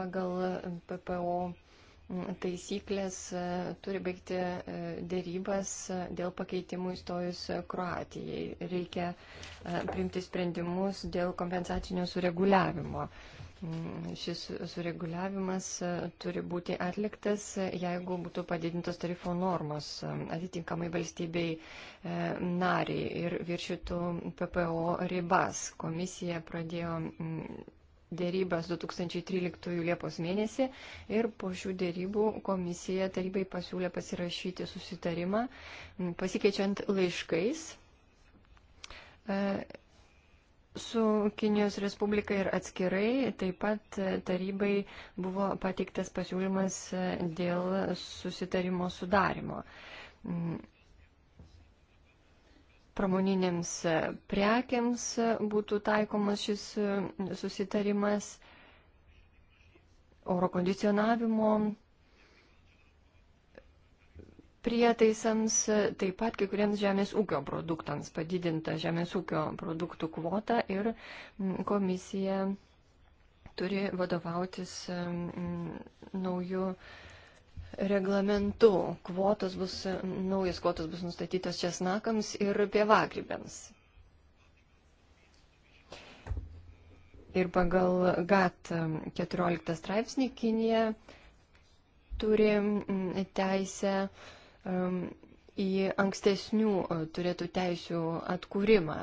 pagal PPO taisyklės e, turi baigti e, dėrybas e, dėl pakeitimų įstojus Kroatijai. Reikia priimti sprendimus dėl kompensacinio sureguliavimo. Mm, šis sureguliavimas turi būti atliktas, jeigu būtų padidintos tarifo normos atitinkamai valstybei nariai ir viršytų PPO ribas. Komisija pradėjo mm, dėrybas 2013 Liepos mėnesį ir po šių dėrybų komisija tarybai pasiūlė pasirašyti susitarimą, pasikeičiant laiškais e, su Kinijos Respublika ir atskirai. Taip pat e, tarybai buvo pateiktas pasiūlymas e, dėl susitarimo sudarimo pramoninėms e, prekiams e, būtų taikomas šis e, susitarimas, oro kondicionavimo prietaisams, taip pat kai kuriems žemės ūkio produktams padidinta žemės ūkio produktų kvota ir komisija turi vadovautis naujų reglamentu kvotos bus, naujas kvotos bus nustatytos česnakams ir pievagrybėms. Ir pagal GAT 14 straipsnį Kinija turi mm, teisę mm, į ankstesnių e, turėtų teisių atkūrimą.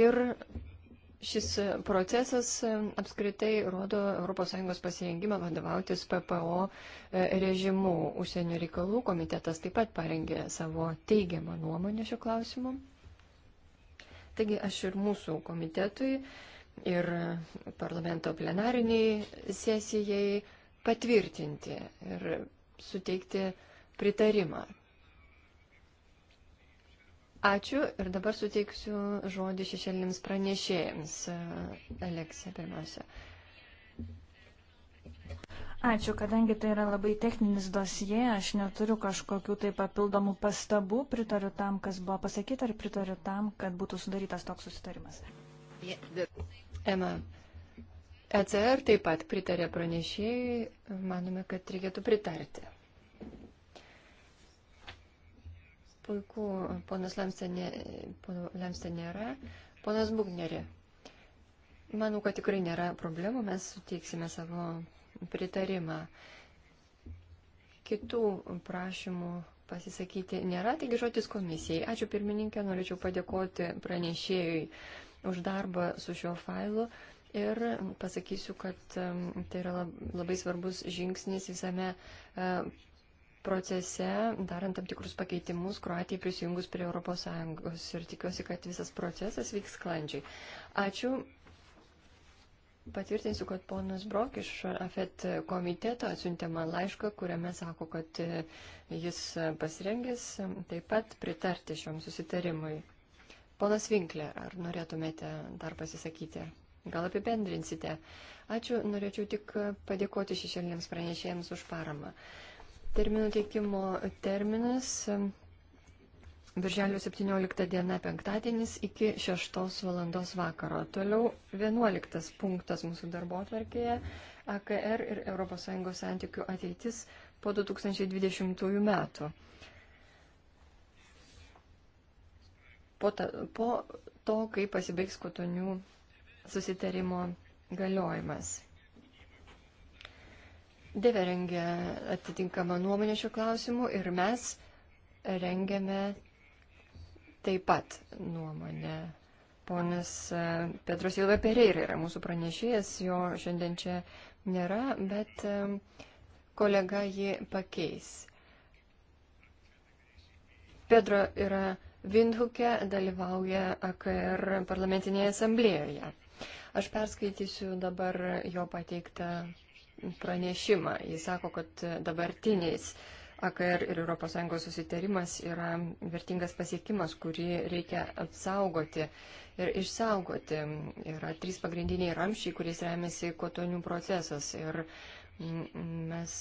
Ir Šis procesas e, apskritai rodo ES pasirengimą vadovautis PPO e, režimu. Užsienio reikalų komitetas taip pat parengė savo teigiamą nuomonę šiuo klausimu. Taigi aš ir mūsų komitetui, ir parlamento plenariniai sesijai patvirtinti ir suteikti pritarimą Ačiū ir dabar suteiksiu žodį šešėlinėms pranešėjams. Aleksija, pirmiausia. Ačiū, kadangi tai yra labai techninis dosie, aš neturiu kažkokių tai papildomų pastabų, pritariu tam, kas buvo pasakyta ir pritariu tam, kad būtų sudarytas toks susitarimas. Ema, ECR taip pat pritarė pranešėjai, manome, kad reikėtų pritarti. Puiku, ponas Lemstė ne, nėra. Ponas Bugneri, manau, kad tikrai nėra problemų, mes suteiksime savo pritarimą. Kitų prašymų pasisakyti nėra, taigi žodis komisijai. Ačiū pirmininkė, norėčiau padėkoti pranešėjui už darbą su šiuo failu. Ir pasakysiu, kad tai yra labai svarbus žingsnis visame e, procese, darant tam tikrus pakeitimus, Kroatijai prisijungus prie ES ir tikiuosi, kad visas procesas vyks sklandžiai. Ačiū. Patvirtinsiu, kad ponas Brok iš AFET komiteto atsiuntė man laišką, kuriame sako, kad e, jis pasirengęs taip pat pritarti šiom susitarimui. Ponas Vinklė, ar norėtumėte dar pasisakyti? Gal apibendrinsite? Ačiū, norėčiau tik padėkoti šešėlinėms pranešėjams už paramą. Uh, Terminų teikimo terminas Birželio 17 diena penktadienis iki 6 valandos vakaro. Toliau 11 punktas mūsų darbo atverkėje - AKR ir ES santykių ateitis po 2020 metų. Po, ta, po to, kai pasibaigs kotonių susitarimo galiojimas. Deve rengia atitinkamą nuomonę šiuo klausimu ir mes rengiame taip pat nuomonę. Ponas e, Petro Silva Pereira yra mūsų pranešėjas, jo šiandien čia nėra, bet e, kolega jį pakeis. Pedro yra Vindhuke, dalyvauja AKR parlamentinėje asamblėjoje. Aš perskaitysiu dabar jo pateiktą pranešimą. Jis sako, kad dabartiniais AKR ir ES susitarimas yra vertingas pasiekimas, kurį reikia apsaugoti ir išsaugoti. Yra trys pagrindiniai ramšiai, kuriais remiasi kotonių procesas. Ir mes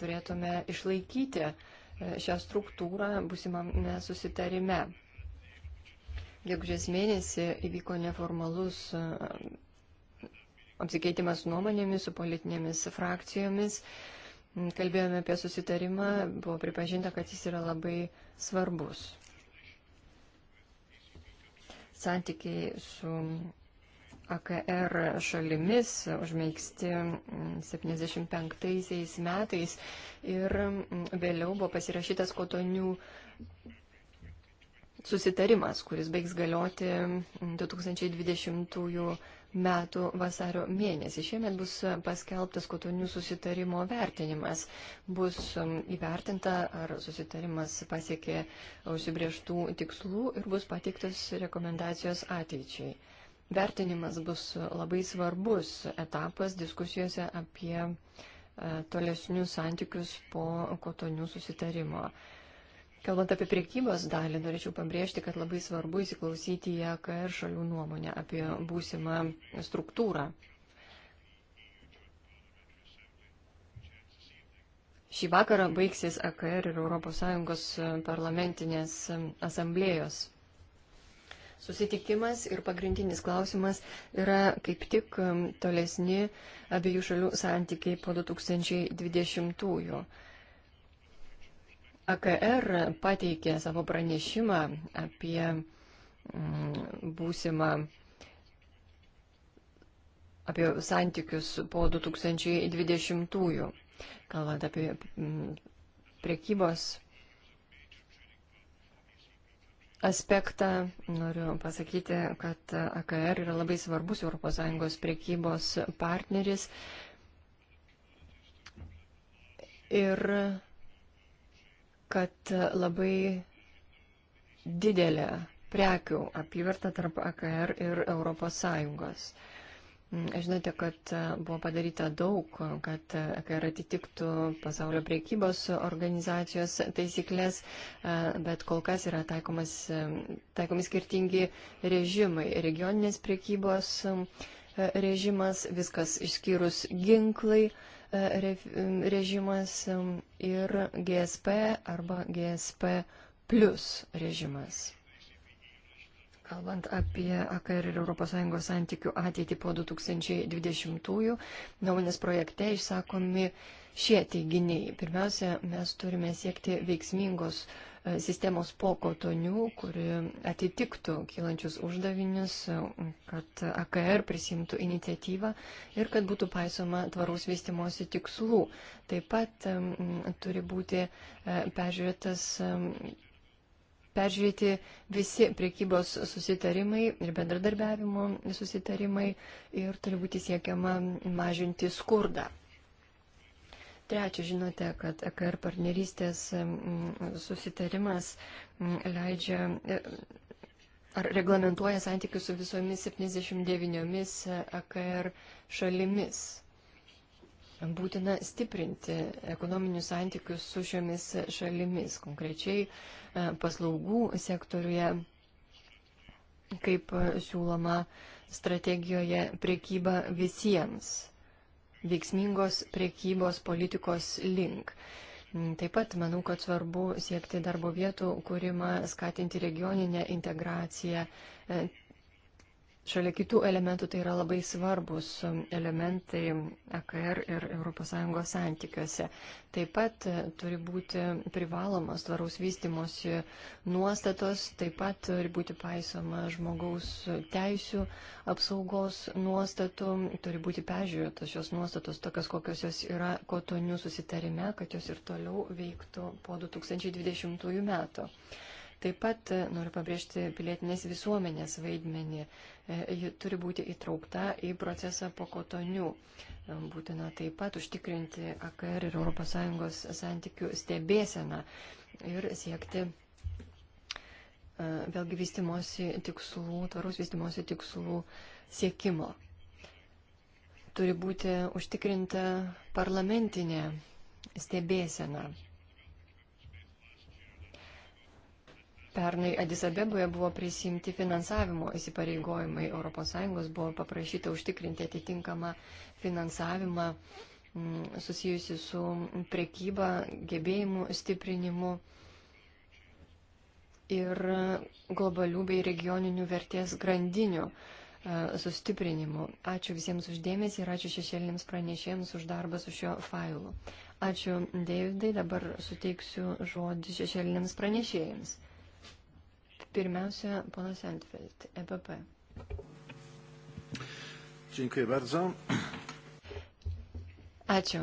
turėtume išlaikyti e, šią struktūrą busimame susitarime. Gegužės mėnesį įvyko neformalus apsikeitimas nuomonėmis su politinėmis frakcijomis. Kalbėjome apie susitarimą, buvo pripažinta, kad jis yra labai svarbus. Santykiai su AKR šalimis užmeigsti 75 metais ir vėliau buvo pasirašytas kotonių susitarimas, kuris baigs galioti 2020 metų vasario mėnesį. Šiemet bus paskelbtas kotonių susitarimo vertinimas. Bus um, įvertinta, ar susitarimas pasiekė užsibrieštų tikslų ir bus pateiktas rekomendacijos ateičiai. Vertinimas bus labai svarbus etapas diskusijose apie e, tolesnius santykius po kotonių susitarimo. Kalbant apie priekybos dalį, norėčiau pabrėžti, kad labai svarbu įsiklausyti į AKR e šalių nuomonę apie būsimą struktūrą. Šį vakarą baigsis AKR e ir ES parlamentinės asamblėjos susitikimas ir pagrindinis klausimas yra kaip tik tolesni abiejų šalių santykiai po 2020-ųjų. AKR pateikė savo pranešimą apie mm, būsimą apie santykius po 2020-ųjų, kalbant apie mm, priekybos aspektą, noriu pasakyti, kad AKR yra labai svarbus ES priekybos partneris. Ir kad labai didelė prekių apyvarta tarp AKR ir ES. Mm, žinote, kad e, buvo padaryta daug, kad AKR atitiktų pasaulio priekybos organizacijos taisyklės, e, bet kol kas yra taikomas, e, taikomi skirtingi režimai. Regioninės priekybos režimas, viskas išskyrus ginklai režimas um, ir GSP arba GSP plus režimas. Kalbant apie AKR ir ES santykių ateitį po 2020-ųjų, nuomonės projekte išsakomi šie teiginiai. Pirmiausia, mes turime siekti veiksmingos uh, sistemos po kotonių, kuri atitiktų kylančius uždavinius, kad AKR prisimtų iniciatyvą ir kad būtų paisoma tvaraus vystimosi tikslų. Taip pat turi būti e, peržiūrėtas peržiūrėti visi priekybos susitarimai ir bendradarbiavimo susitarimai ir turi būti siekiama mažinti skurdą. Trečia, žinote, kad EKR partnerystės susitarimas leidžia e, ar reglamentuoja santykius su visomis 79 AKR e, e šalimis. Būtina stiprinti ekonominius santykius su šiomis šalimis, konkrečiai paslaugų sektoriuje, kaip siūloma strategijoje priekyba visiems veiksmingos priekybos politikos link. Taip pat manau, kad svarbu siekti darbo vietų kūrimą, skatinti regioninę integraciją, Šalia kitų elementų tai yra labai svarbus um, elementai AKR ir ES santykiuose. Taip pat e, turi būti privalomas tvaraus vystimosi nuostatos, taip pat turi būti paisoma žmogaus teisų apsaugos nuostatų, turi būti peržiūrėtos šios nuostatos tokios, kokios jos yra kotonių susitarime, kad jos ir toliau veiktų po 2020 metų. Taip pat e, noriu pabrėžti pilietinės visuomenės vaidmenį E, ji turi būti įtraukta į procesą po kotonių. E, būtina taip pat užtikrinti AKR ir ES santykių stebėseną ir siekti e, vėlgi vystimosi tikslų, tvarus vystimosi tikslų siekimo. Turi būti užtikrinta parlamentinė stebėsena Pernai Adisabeboje buvo prisimti finansavimo įsipareigojimai. ES buvo paprašyta užtikrinti atitinkamą finansavimą mm, susijusi su prekyba, gebėjimų stiprinimu ir globalių bei regioninių vertės grandinių e, sustiprinimu. Ačiū visiems uždėmesi ir ačiū šešėlėms pranešėjams už darbą su šiuo failu. Ačiū Davidai, dabar suteiksiu žodį šešėlėms pranešėjams. Pirmiausia, ponas Entfeld, EPP. Dziękuję bardzo. Ačiū.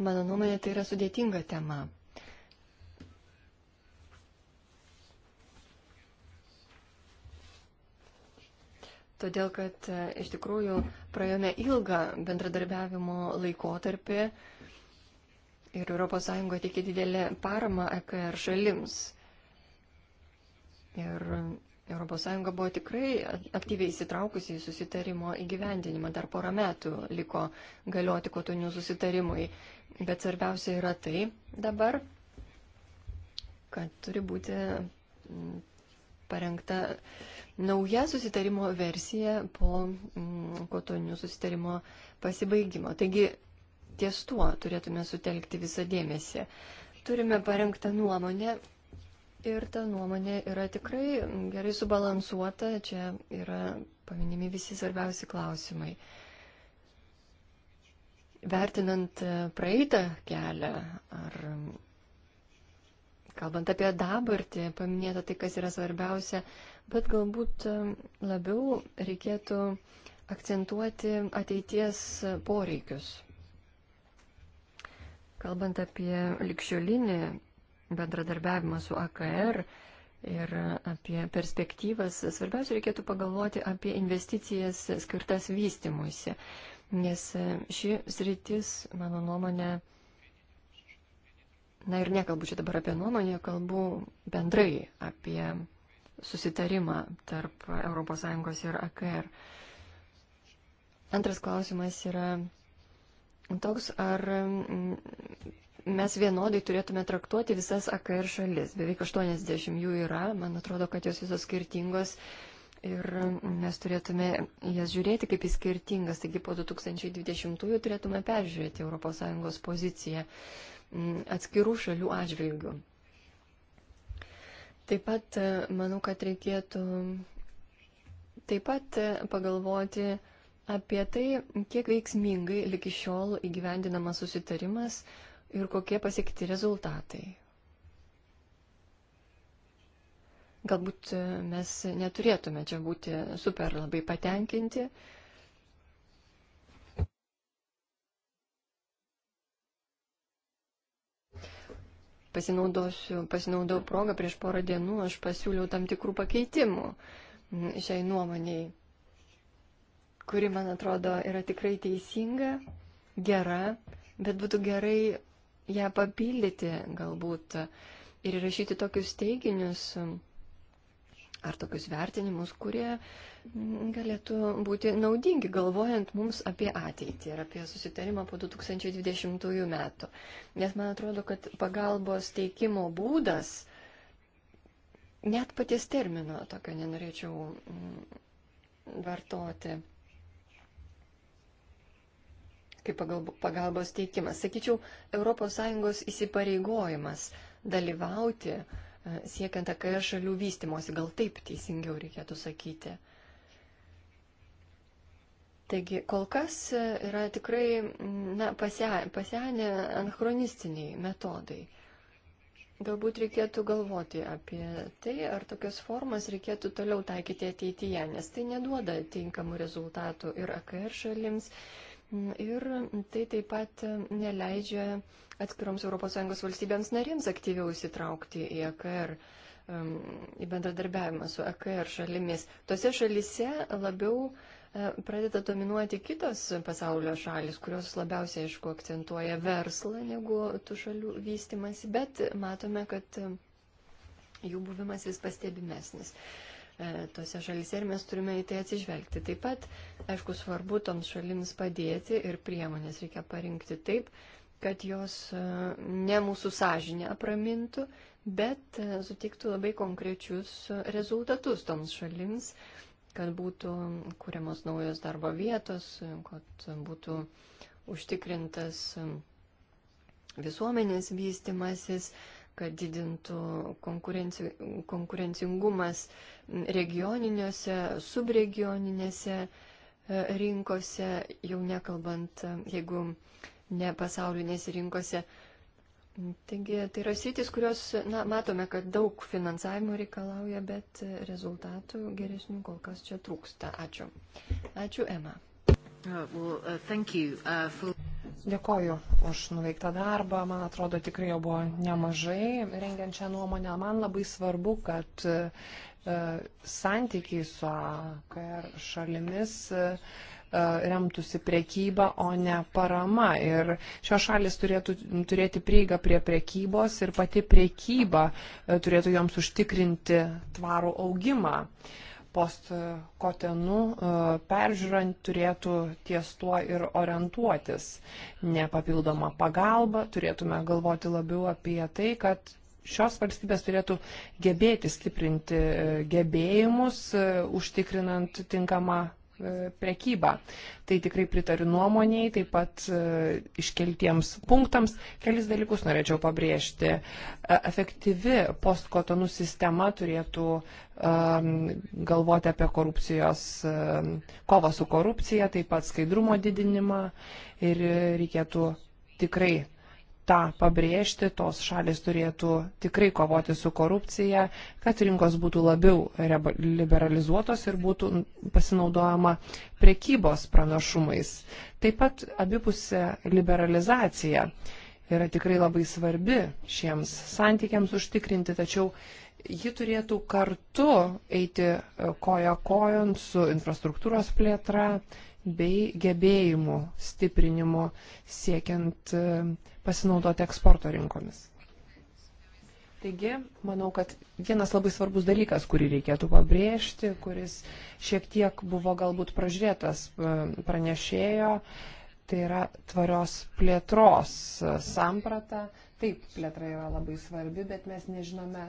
Mano nuomonė, tai yra sudėtinga tema. Todėl, kad e, iš tikrųjų praėjome ilgą bendradarbiavimo laikotarpį ir ES teikia didelę paramą EKR šalims. Ir ES buvo tikrai aktyviai įsitraukusi į susitarimo įgyvendinimą. Dar porą metų liko galioti kotonių susitarimui. Bet svarbiausia yra tai dabar, kad turi būti mm, parengta nauja susitarimo versija po mm, kotonių susitarimo pasibaigimo. Taigi ties tuo turėtume sutelkti visą dėmesį. Turime parengtą nuomonę ir ta nuomonė yra tikrai gerai subalansuota, čia yra paminimi visi svarbiausi klausimai. Vertinant praeitą kelią ar kalbant apie dabartį, paminėta tai, kas yra svarbiausia, bet galbūt labiau reikėtų akcentuoti ateities poreikius. Kalbant apie likščiolinį bendradarbiavimą su AKR ir apie perspektyvas, svarbiausia reikėtų pagalvoti apie investicijas skirtas vystimuisi, nes ši sritis, mano nuomonė, na ir nekalbu čia dabar apie nuomonę, kalbu bendrai apie susitarimą tarp ES ir AKR. Antras klausimas yra toks, ar mm, mes vienodai turėtume traktuoti visas AKR šalis. Beveik 80 jų yra, man atrodo, kad jos visos skirtingos ir mes turėtume jas žiūrėti kaip į skirtingas. Taigi po 2020-ųjų turėtume peržiūrėti ES poziciją mm, atskirų šalių atžvilgių. Taip pat e, manau, kad reikėtų taip pat e, pagalvoti, apie tai, kiek veiksmingai liki šiol įgyvendinamas susitarimas ir kokie pasiekti rezultatai. Galbūt e, mes neturėtume čia būti super labai patenkinti. Pasinaudosiu, pasinaudau progą prieš porą dienų, aš pasiūliau tam tikrų pakeitimų šiai nuomoniai kuri, man atrodo, yra tikrai teisinga, gera, bet būtų gerai ją papildyti galbūt ir įrašyti tokius teiginius ar tokius vertinimus, kurie galėtų būti naudingi, galvojant mums apie ateitį ir apie susitarimą po 2020 metų. Nes man atrodo, kad pagalbos teikimo būdas, net paties termino tokio nenorėčiau mm, vartoti kaip pagalbos teikimas. Sakyčiau, ES įsipareigojimas dalyvauti e, siekiant AKR šalių vystimosi, gal taip teisingiau reikėtų sakyti. Taigi, kol kas e, yra tikrai na, pasenę anachronistiniai metodai. Galbūt reikėtų galvoti apie tai, ar tokias formas reikėtų toliau taikyti ateityje, nes tai neduoda tinkamų rezultatų ir AKR šalims, Ir tai taip pat neleidžia atskiroms ES valstybėms narėms aktyviau įsitraukti į AKR, e į bendradarbiavimą su AKR e šalimis. Tose šalise labiau e, pradeda dominuoti kitos pasaulio šalis, kurios labiausiai, aišku, akcentuoja verslą negu tų šalių vystimasi, bet matome, kad jų buvimas vis pastebimesnis. E, tose šalise ir mes turime į tai atsižvelgti. Taip pat, aišku, svarbu toms šalims padėti ir priemonės reikia parinkti taip, kad jos e, ne mūsų sąžinę apramintų, bet e, sutiktų labai konkrečius rezultatus toms šalims, kad būtų kūriamos naujos darbo vietos, kad būtų užtikrintas visuomenės vystimasis kad didintų konkurenci, konkurencingumas regioniniuose, subregioninėse e, rinkose, jau nekalbant, jeigu ne pasaulinėse rinkose. Taigi tai yra sritis, kurios, na, matome, kad daug finansavimo reikalauja, bet rezultatų geresnių kol kas čia trūksta. Ačiū. Ačiū, Ema. Uh, well, uh, thank you, uh, for... Dėkoju už nuveiktą darbą. Man atrodo, tikrai jo buvo nemažai rengiant šią nuomonę. Man labai svarbu, kad e, santykiai su AKR šalimis e, remtųsi prekyba, o ne parama. Ir šios šalis turėtų turėti prieigą prie prekybos ir pati prekyba e, turėtų joms užtikrinti tvarų augimą. Uh, post kotenų e, peržiūrant turėtų ties tuo ir orientuotis. Ne papildoma pagalba, turėtume galvoti labiau apie tai, kad šios valstybės turėtų gebėti stiprinti e, gebėjimus, e, užtikrinant tinkamą E, prekybą. Tai tikrai pritariu nuomoniai, taip pat e, iškeltiems punktams. Kelis dalykus norėčiau pabrėžti. E, efektyvi postkotonų sistema turėtų galvoti apie korupcijos, kovą su korupcija, taip pat skaidrumo didinimą ir reikėtų tikrai tą pabrėžti, tos šalis turėtų tikrai kovoti su korupcija, kad rinkos būtų labiau liberalizuotos ir būtų pasinaudojama prekybos pranašumais. Taip pat abipusė liberalizacija yra tikrai labai svarbi šiems santykiams užtikrinti, tačiau ji turėtų kartu eiti e, koja kojon su infrastruktūros plėtra bei gebėjimų stiprinimu siekiant e, pasinaudoti eksporto rinkomis. Taigi, manau, kad vienas labai svarbus dalykas, kurį reikėtų pabrėžti, kuris šiek tiek buvo galbūt pražiūrėtas e, pranešėjo, tai yra tvarios plėtros samprata. Taip, plėtra yra labai svarbi, bet mes nežinome,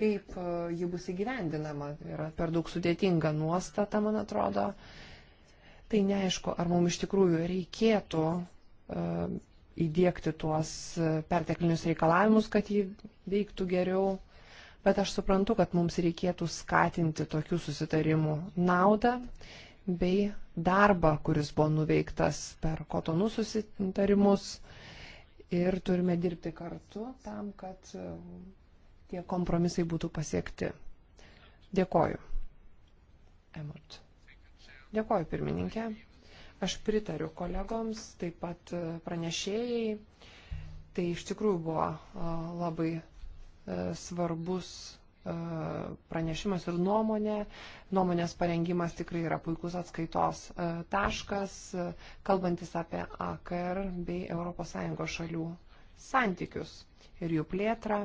kaip e, ji bus įgyvendinama. Tai yra per daug sudėtinga nuostata, man atrodo. Tai neaišku, ar mums iš tikrųjų reikėtų e, įdėkti tuos e, perteklinius reikalavimus, kad jį veiktų geriau. Bet aš suprantu, kad mums reikėtų skatinti tokių susitarimų naudą bei darbą, kuris buvo nuveiktas per kotonų susitarimus. Ir turime dirbti kartu tam, kad e, tie kompromisai būtų pasiekti. Dėkoju. Emot. Dėkoju, pirmininkė. Aš pritariu kolegoms, taip pat e, pranešėjai. Tai iš tikrųjų buvo e, labai e, svarbus pranešimas ir nuomonė. Nuomonės parengimas tikrai yra puikus atskaitos taškas, kalbantis apie AKR bei ES šalių santykius ir jų plėtrą.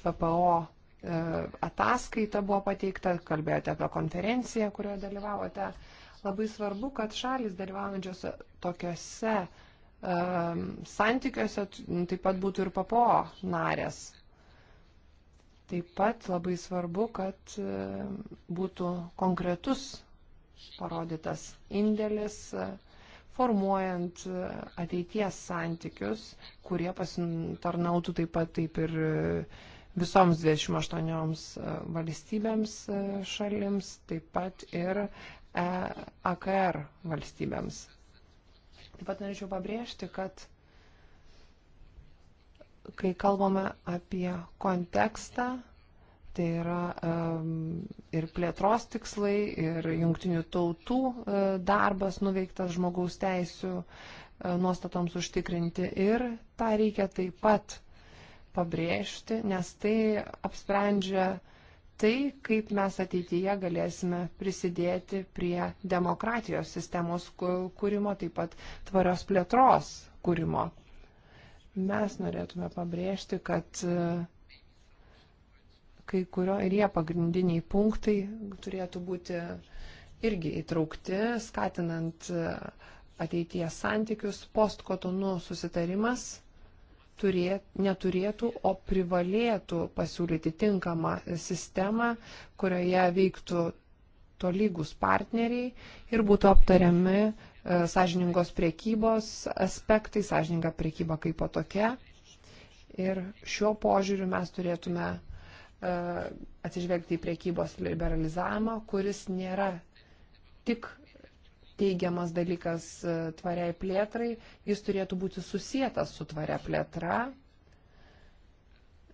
PPO ataskaita buvo pateikta, kalbėjote apie konferenciją, kurioje dalyvavote. Labai svarbu, kad šalis dalyvaujančios tokiuose um, santykiuose taip pat būtų ir papo narės. Taip pat labai svarbu, kad ehm, būtų konkretus parodytas indėlis, e, formuojant e, ateities santykius, kurie pasitarnautų taip pat taip ir e, visoms 28 valstybėms šalims, taip pat ir E AKR valstybėms. Taip pat norėčiau pabrėžti, kad kai kalbame apie kontekstą, tai yra ir plėtros tikslai, ir jungtinių tautų e, darbas nuveiktas žmogaus teisų e, nuostatoms užtikrinti. Ir tą reikia taip pat pabrėžti, nes tai apsprendžia tai, kaip mes ateityje galėsime prisidėti prie demokratijos sistemos kūrimo, taip pat tvarios plėtros kūrimo. Mes norėtume pabrėžti, kad e, kai kurio ir jie pagrindiniai punktai turėtų būti irgi įtraukti, skatinant e, ateities santykius, postkotonų susitarimas turėt, neturėtų, o privalėtų pasiūlyti tinkamą sistemą, kurioje veiktų tolygus partneriai ir būtų aptariami e, sąžiningos priekybos aspektai, sąžininga priekyba kaip po tokia. Ir šiuo požiūriu mes turėtume e, atsižvelgti į priekybos liberalizavimą, kuris nėra tik teigiamas dalykas e, tvariai plėtrai, jis turėtų būti susijęs su tvaria plėtra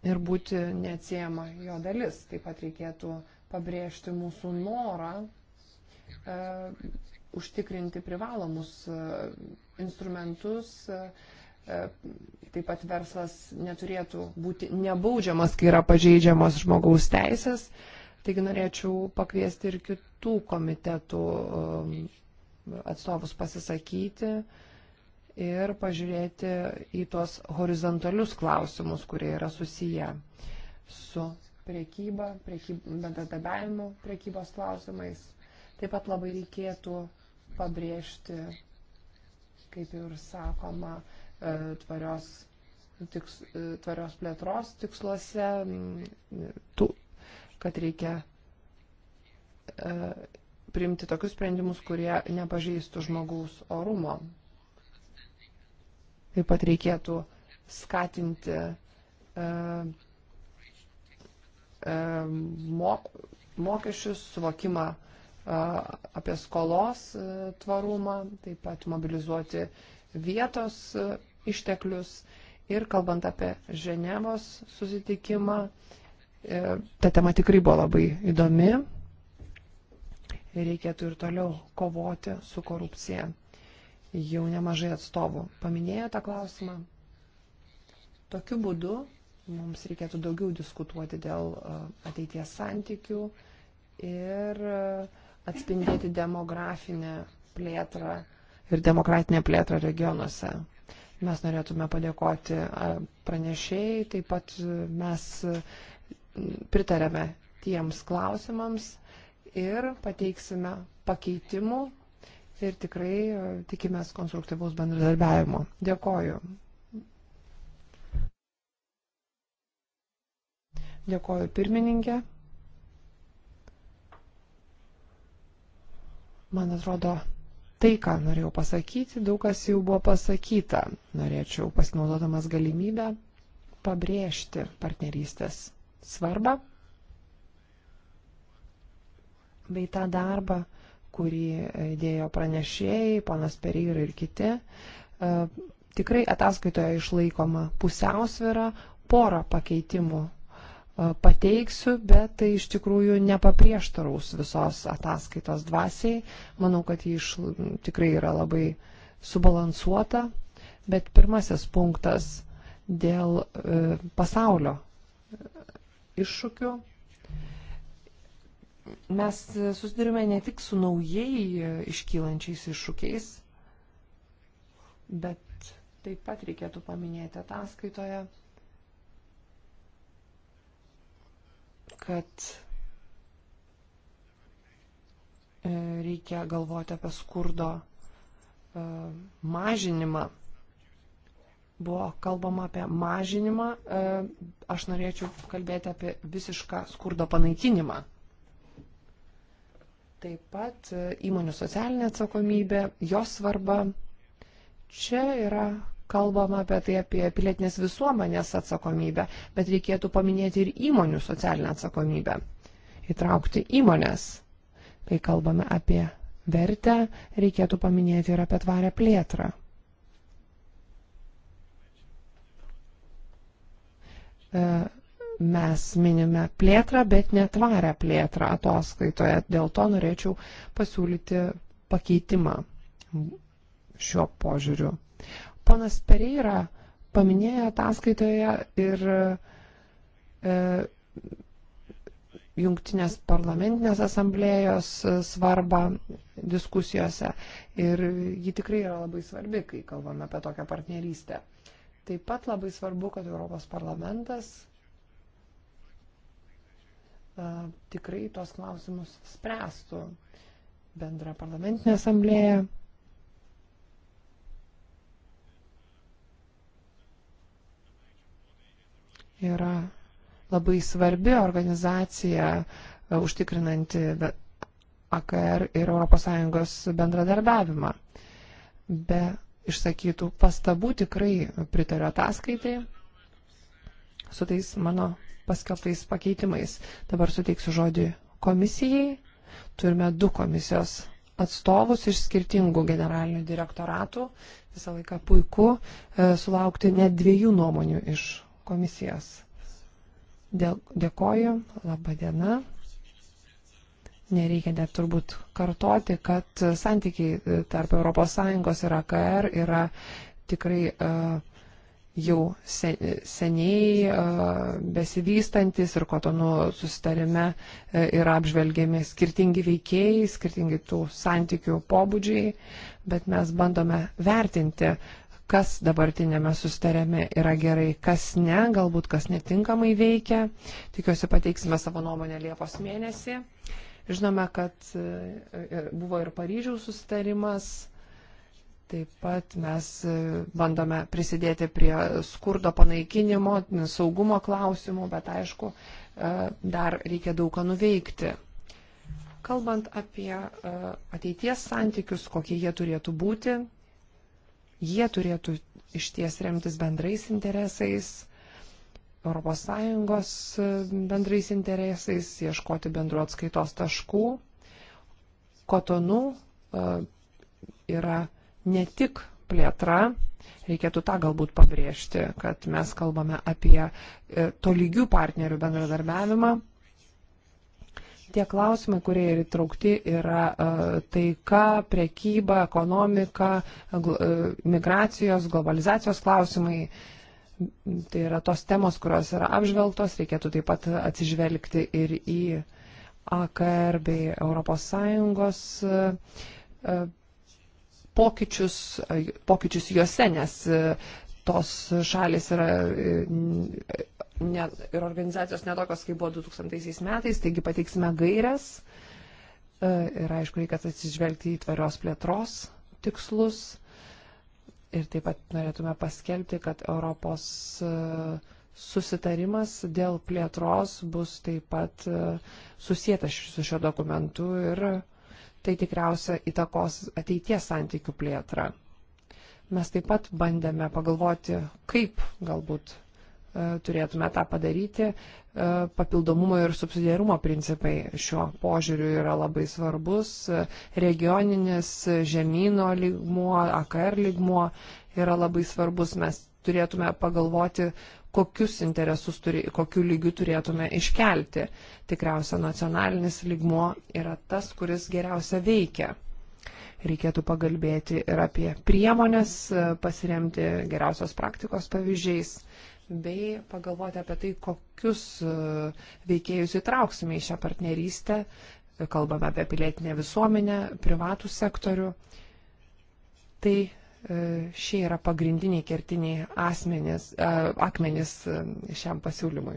ir būti neatsiejama jo dalis. Taip pat reikėtų pabrėžti mūsų norą e, užtikrinti privalomus e, instrumentus. E, e taip pat verslas neturėtų būti nebaudžiamas, kai yra pažeidžiamas žmogaus teisės. Taigi norėčiau pakviesti ir kitų komitetų e, atstovus pasisakyti ir pažiūrėti į tuos horizontalius klausimus, kurie yra susiję su priekyba, priekyb, bendradarbiavimu, priekybos klausimais. Taip pat labai reikėtų pabrėžti, kaip ir sakoma, e, tvarios, tiks, e, tvarios plėtros tiksluose, tų, kad reikia e, priimti tokius sprendimus, kurie nepažeistų žmogaus orumo. Taip pat reikėtų skatinti e, e, mo, mokesčius, suvokimą e, apie skolos e, tvarumą, taip pat mobilizuoti vietos e, išteklius ir kalbant apie Ženevos susitikimą, e, ta tema tikrai buvo labai įdomi reikėtų ir toliau kovoti su korupcija. Jau nemažai atstovų paminėjo tą klausimą. Tokiu būdu mums reikėtų daugiau diskutuoti dėl ateities santykių ir atspindėti demografinę plėtrą ir demokratinę plėtrą regionuose. Mes norėtume padėkoti pranešėjai, taip pat mes pritarėme tiems klausimams, ir pateiksime pakeitimų ir tikrai e, tikimės konstruktyvaus bendradarbiavimo. Dėkoju. Dėkoju pirmininkė. Man atrodo, tai, ką norėjau pasakyti, daug kas jau buvo pasakyta. Norėčiau pasinaudodamas galimybę pabrėžti partnerystės svarbą bei tą darbą, kurį dėjo pranešėjai, ponas Pereira ir kiti. E, tikrai ataskaitoje išlaikoma pusiausvėra, porą pakeitimų e, pateiksiu, bet tai iš tikrųjų nepaprieštaraus visos ataskaitos dvasiai. Manau, kad ji iš, tikrai yra labai subalansuota, bet pirmasis punktas dėl e, pasaulio e, iššūkių. E, mes susidurime ne tik su naujai iškylančiais iššūkiais, bet taip pat reikėtų paminėti ataskaitoje, kad e, reikia galvoti apie skurdo e, mažinimą. Buvo kalbama apie mažinimą, e, aš norėčiau kalbėti apie visišką skurdo panaikinimą. Taip pat e, įmonių socialinė atsakomybė, jos svarba. Čia yra kalbama apie tai, apie pilietinės visuomenės atsakomybę, bet reikėtų paminėti ir įmonių socialinę atsakomybę. Įtraukti įmonės. Kai kalbame apie vertę, reikėtų paminėti ir apie tvarę plėtrą. E, mes minime plėtrą, bet netvarę plėtrą atoskaitoje. Dėl to norėčiau pasiūlyti pakeitimą šiuo požiūriu. Ponas Pereira paminėjo ataskaitoje ir e, jungtinės parlamentinės asamblėjos svarbą diskusijose ir ji tikrai yra labai svarbi, kai kalbame apie tokią partnerystę. Taip pat labai svarbu, kad Europos parlamentas E, tikrai tos klausimus spręstų bendra parlamentinė asamblėja. Yra labai svarbi organizacija e, užtikrinanti AKR ir ES bendradarbiavimą. Be išsakytų pastabų tikrai pritariu ataskaitai su tais mano paskelbtais pakeitimais. Dabar suteiksiu žodį komisijai. Turime du komisijos atstovus iš skirtingų generalinių direktoratų. Visą laiką puiku e, sulaukti net dviejų nuomonių iš komisijos. Dėl, dėkoju, laba diena. Nereikia net turbūt kartoti, kad santykiai e, tarp ES ir AKR yra tikrai uh, jau seniai besivystantis ir kotonų susitarime e, yra apžvelgiami skirtingi veikėjai, skirtingi tų santykių pobūdžiai, bet mes bandome vertinti, kas dabartinėme susitarime yra gerai, kas ne, galbūt kas netinkamai veikia. Tikiuosi pateiksime savo nuomonę Liepos mėnesį. Žinome, kad e, e, buvo ir Paryžiaus susitarimas Taip pat mes e, bandome prisidėti prie skurdo panaikinimo, saugumo klausimų, bet aišku, e, dar reikia daug ką nuveikti. Kalbant apie e, ateities santykius, kokie jie turėtų būti, jie turėtų išties remtis bendrais interesais, ES bendrais interesais, ieškoti bendru atskaitos taškų. Kotonų yra ne tik plėtra, reikėtų tą galbūt pabrėžti, kad mes kalbame apie e, tolygių partnerių bendradarbiavimą. Tie klausimai, kurie yra įtraukti, yra e, taika, priekyba, ekonomika, e, migracijos, globalizacijos klausimai. Tai yra tos temos, kurios yra apžvelgtos, reikėtų taip pat atsižvelgti ir į AKR bei ES pokyčius, pokyčius juose, nes e, tos šalis yra e, ne, ir organizacijos netokios, kaip buvo 2000 metais, taigi pateiksime gairias e, ir aišku, reikia atsižvelgti į tvarios plėtros tikslus ir taip pat norėtume paskelbti, kad Europos susitarimas dėl plėtros bus taip pat susijęs su šio dokumentu ir tai tikriausia įtakos ateities santykių plėtrą. Mes taip pat bandėme pagalvoti, kaip galbūt e, turėtume tą padaryti. E, papildomumo ir subsidiarumo principai šiuo požiūriu yra labai svarbus. E, regioninis žemynų lygmuo, AKR lygmuo yra labai svarbus. Mes turėtume pagalvoti, kokius interesus, turi, kokiu lygiu turėtume iškelti. Tikriausia, nacionalinis lygmo yra tas, kuris geriausia veikia. Reikėtų pagalbėti ir apie priemonės, pasiremti geriausios praktikos pavyzdžiais, bei pagalvoti apie tai, kokius e, veikėjus įtrauksime į šią partnerystę. Kalbame apie pilietinę visuomenę, privatų sektorių. Tai E, šie yra pagrindiniai kertiniai asmenys, e, akmenys e, šiam pasiūlymui,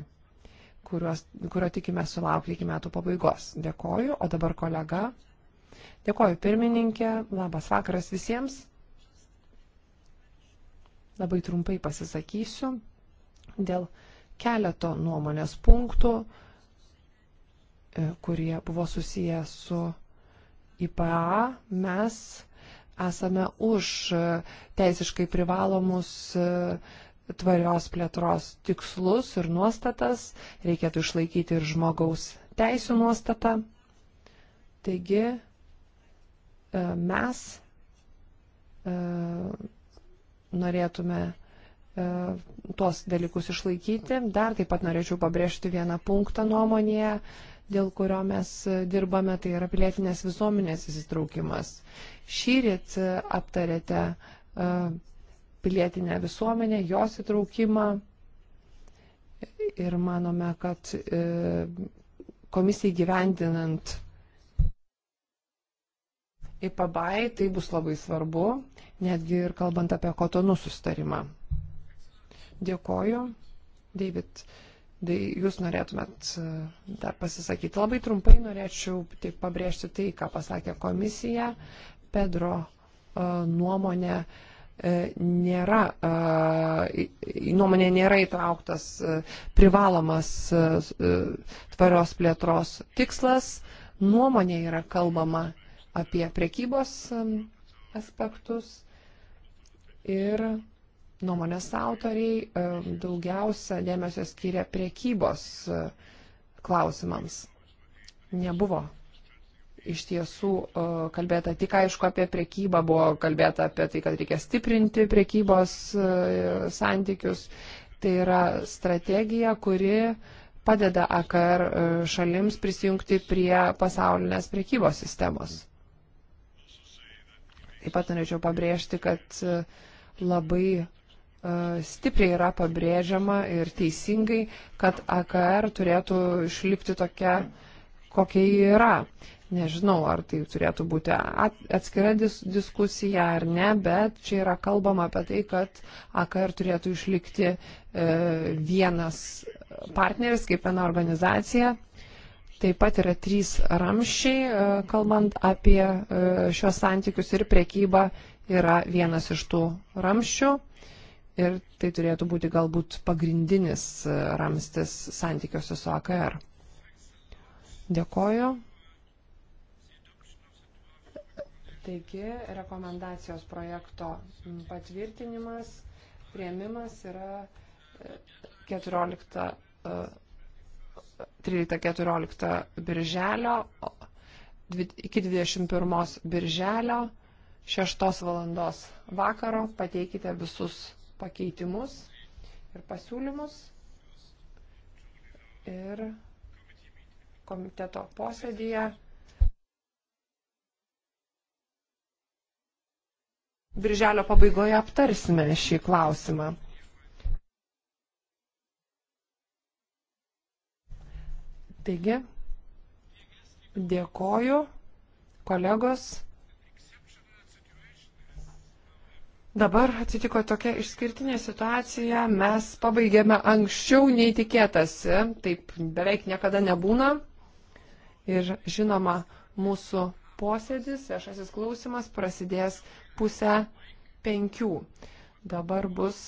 kuriuos, kurio tikime sulaukti iki metų pabaigos. Dėkoju, o dabar kolega. Dėkoju pirmininkė, labas vakaras visiems. Labai trumpai pasisakysiu dėl keleto nuomonės punktų, kurie buvo susiję su IPA. Mes esame už teisiškai privalomus e, tvarios plėtros tikslus ir nuostatas, reikėtų išlaikyti ir žmogaus teisų nuostatą. Taigi e, mes e, norėtume tuos dalykus išlaikyti. Dar taip pat norėčiau pabrėžti vieną punktą nuomonėje dėl kurio mes dirbame, tai yra pilietinės visuomenės įsitraukimas. Šyrit aptarėte e, pilietinę visuomenę, jos įtraukimą ir manome, kad e, komisijai gyvendinant į pabai tai bus labai svarbu, netgi ir kalbant apie kotonų sustarimą. Dėkoju, David. Tai jūs norėtumėt e, dar pasisakyti. Labai trumpai norėčiau tik pabrėžti tai, ką pasakė komisija. Pedro e, nuomonė e, nėra, nuomonė nėra įtrauktas privalomas tvarios plėtros tikslas. Nuomonė yra kalbama apie prekybos aspektus ir nuomonės autoriai daugiausia dėmesio skiria priekybos e, klausimams. Nebuvo iš tiesų e, kalbėta tik aišku apie priekybą, buvo kalbėta apie tai, kad reikia stiprinti priekybos e, santykius. Tai yra strategija, kuri padeda AKR šalims prisijungti prie pasaulinės priekybos sistemos. Taip pat norėčiau pabrėžti, kad labai E, stipriai yra pabrėžiama ir teisingai, kad AKR turėtų išlikti tokia, kokia ji yra. Nežinau, ar tai turėtų būti atskira dis diskusija ar ne, bet čia yra kalbama apie tai, kad AKR turėtų išlikti e, vienas partneris, kaip viena organizacija. Taip pat yra trys ramščiai, e, kalbant apie e, šios santykius ir priekybą, yra vienas iš tų ramščių. E, ir tai turėtų būti galbūt pagrindinis e, ramstis santykiuose su AKR. Dėkoju. Taigi, rekomendacijos projekto patvirtinimas, prieimimas yra 13-14 e, e, birželio, iki 21 birželio, 6 valandos vakaro pateikite visus pakeitimus ir pasiūlymus. Ir komiteto posėdėje Birželio pabaigoje aptarsime šį klausimą. Taigi, dėkoju kolegos. Dabar atsitiko tokia išskirtinė situacija, mes pabaigėme anksčiau nei tikėtasi, taip beveik niekada nebūna. Ir žinoma, mūsų posėdis, viešasis klausimas prasidės pusę penkių. Dabar bus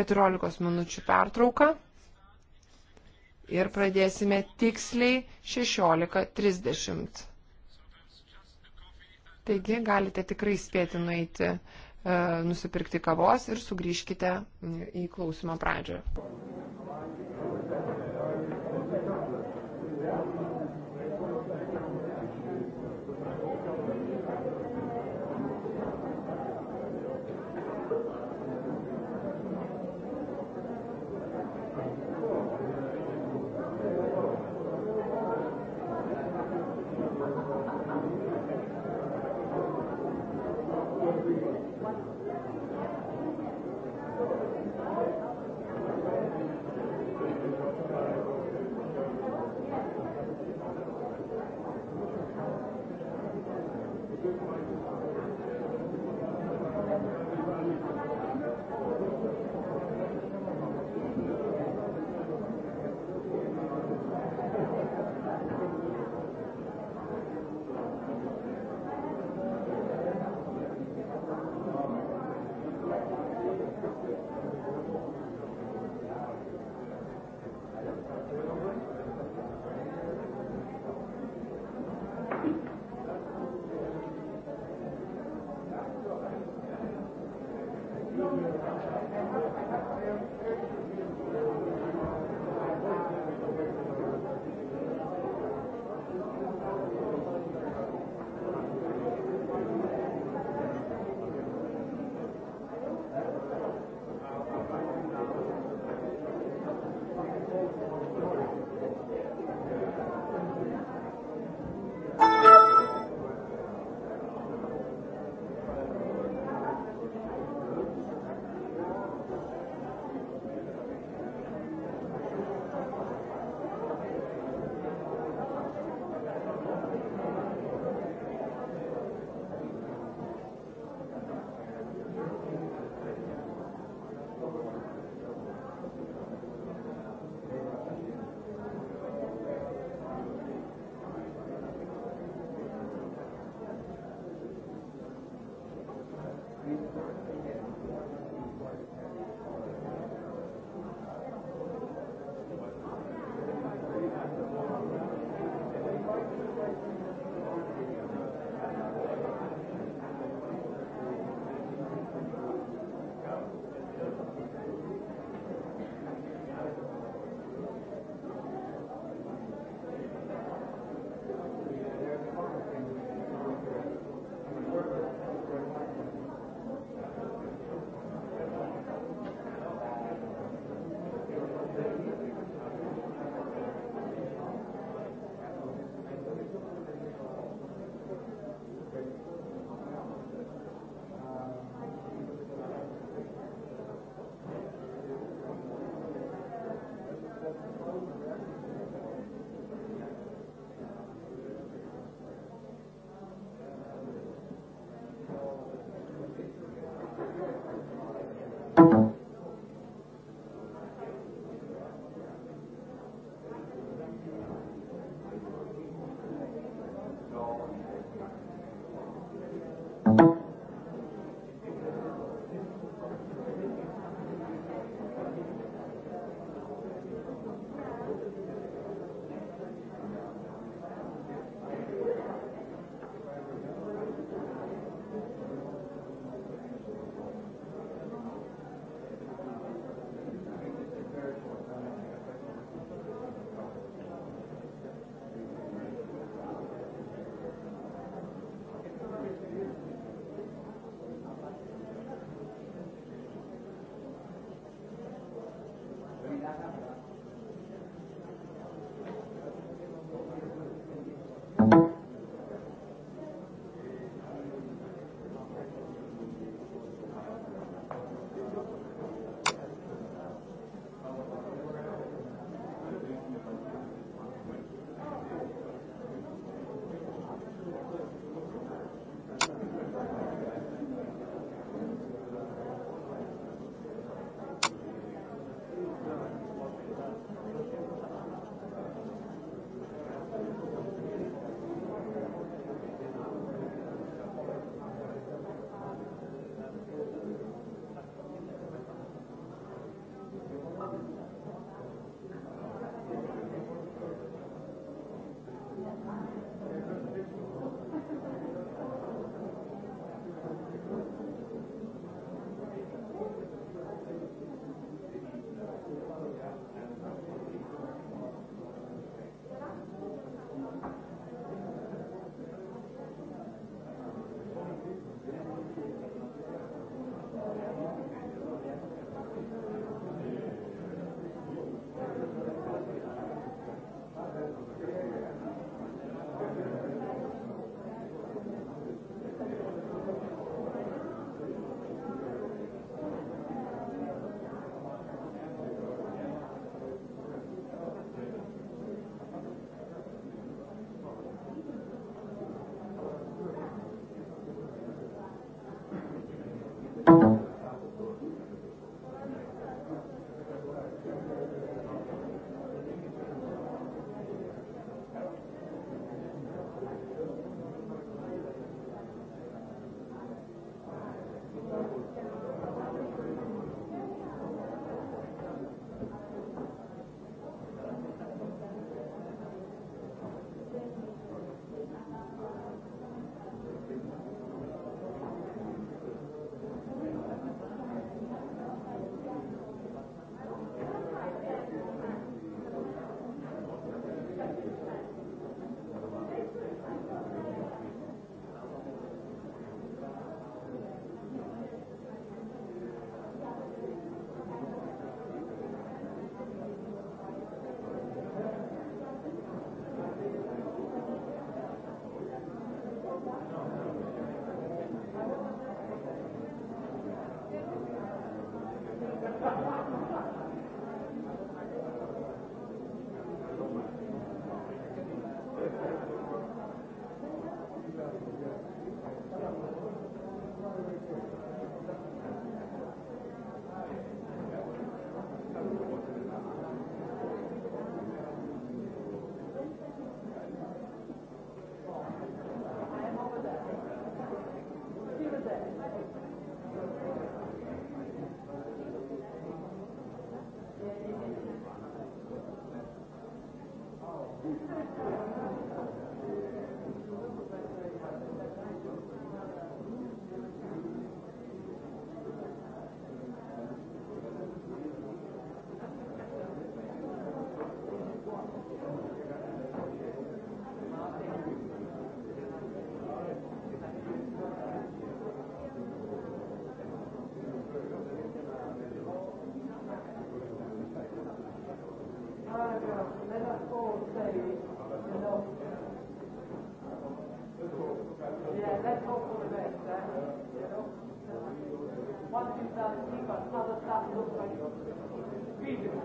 14 minučių pertrauka ir pradėsime tiksliai 16.30. Taigi galite tikrai spėti nueiti, e, nusipirkti kavos ir sugrįžkite į klausimo pradžią. Видимо.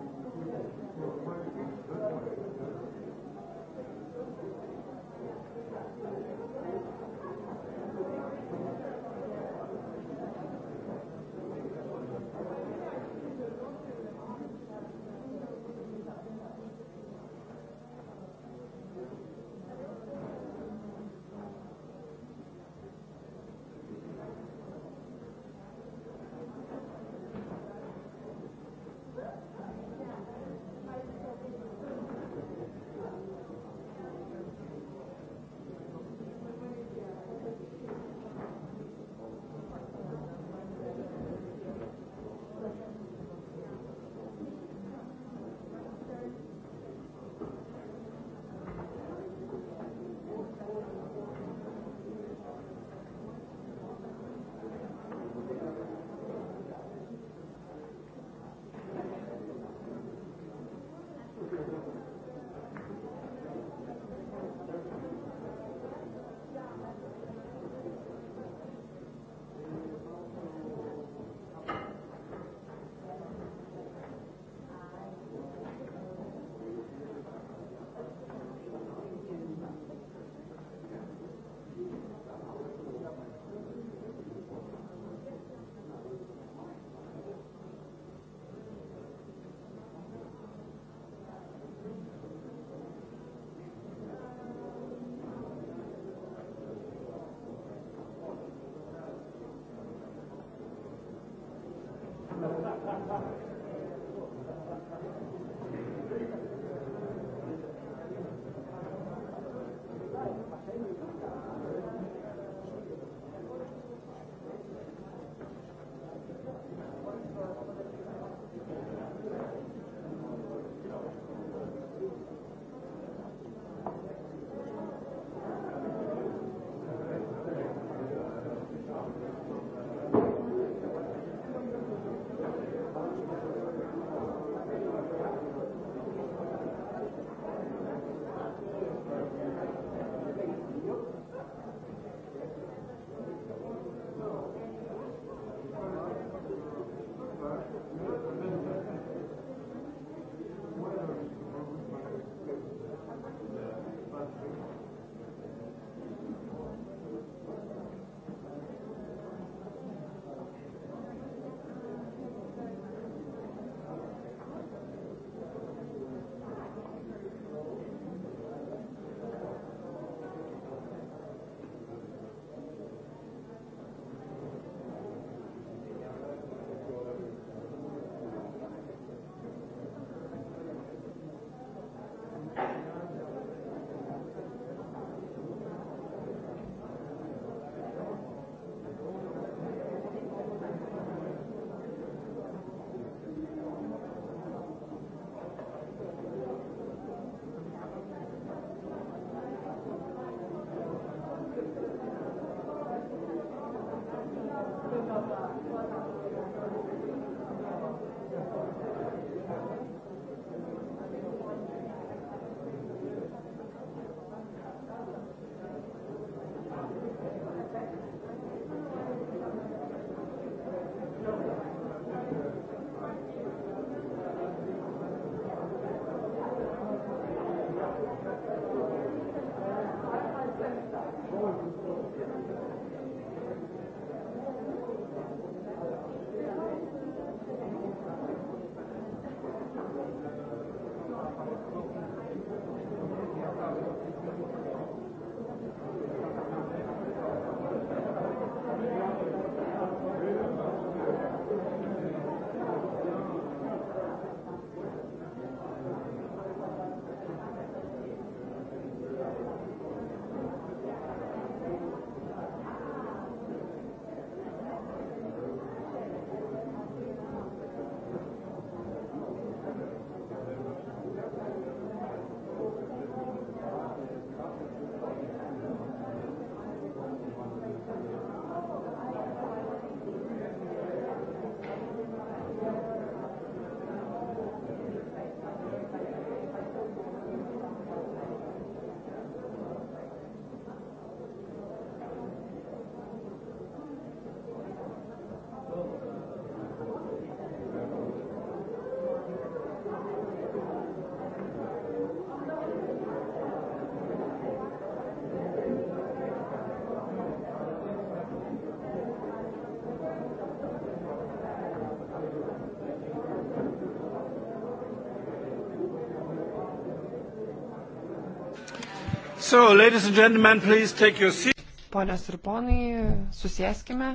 So, ladies and gentlemen, please take your seat. Ponios ir ponai, susėskime.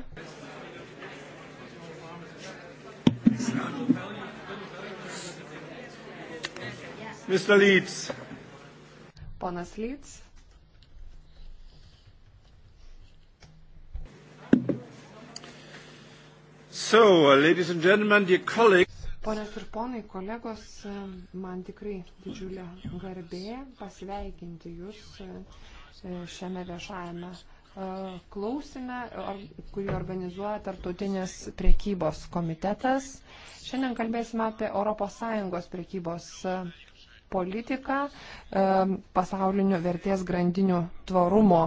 Mr. Leeds. Ponas Leeds. So, ladies and gentlemen, dear colleagues. Ponios ir ponai, kolegos, man tikrai didžiulė garbė pasveikinti Jūs e, šiame viešajame e, klausime, kurį organizuoja Tartutinės priekybos komitetas. Šiandien kalbėsime apie ES priekybos e, politiką, pasaulinių vertės grandinių tvarumo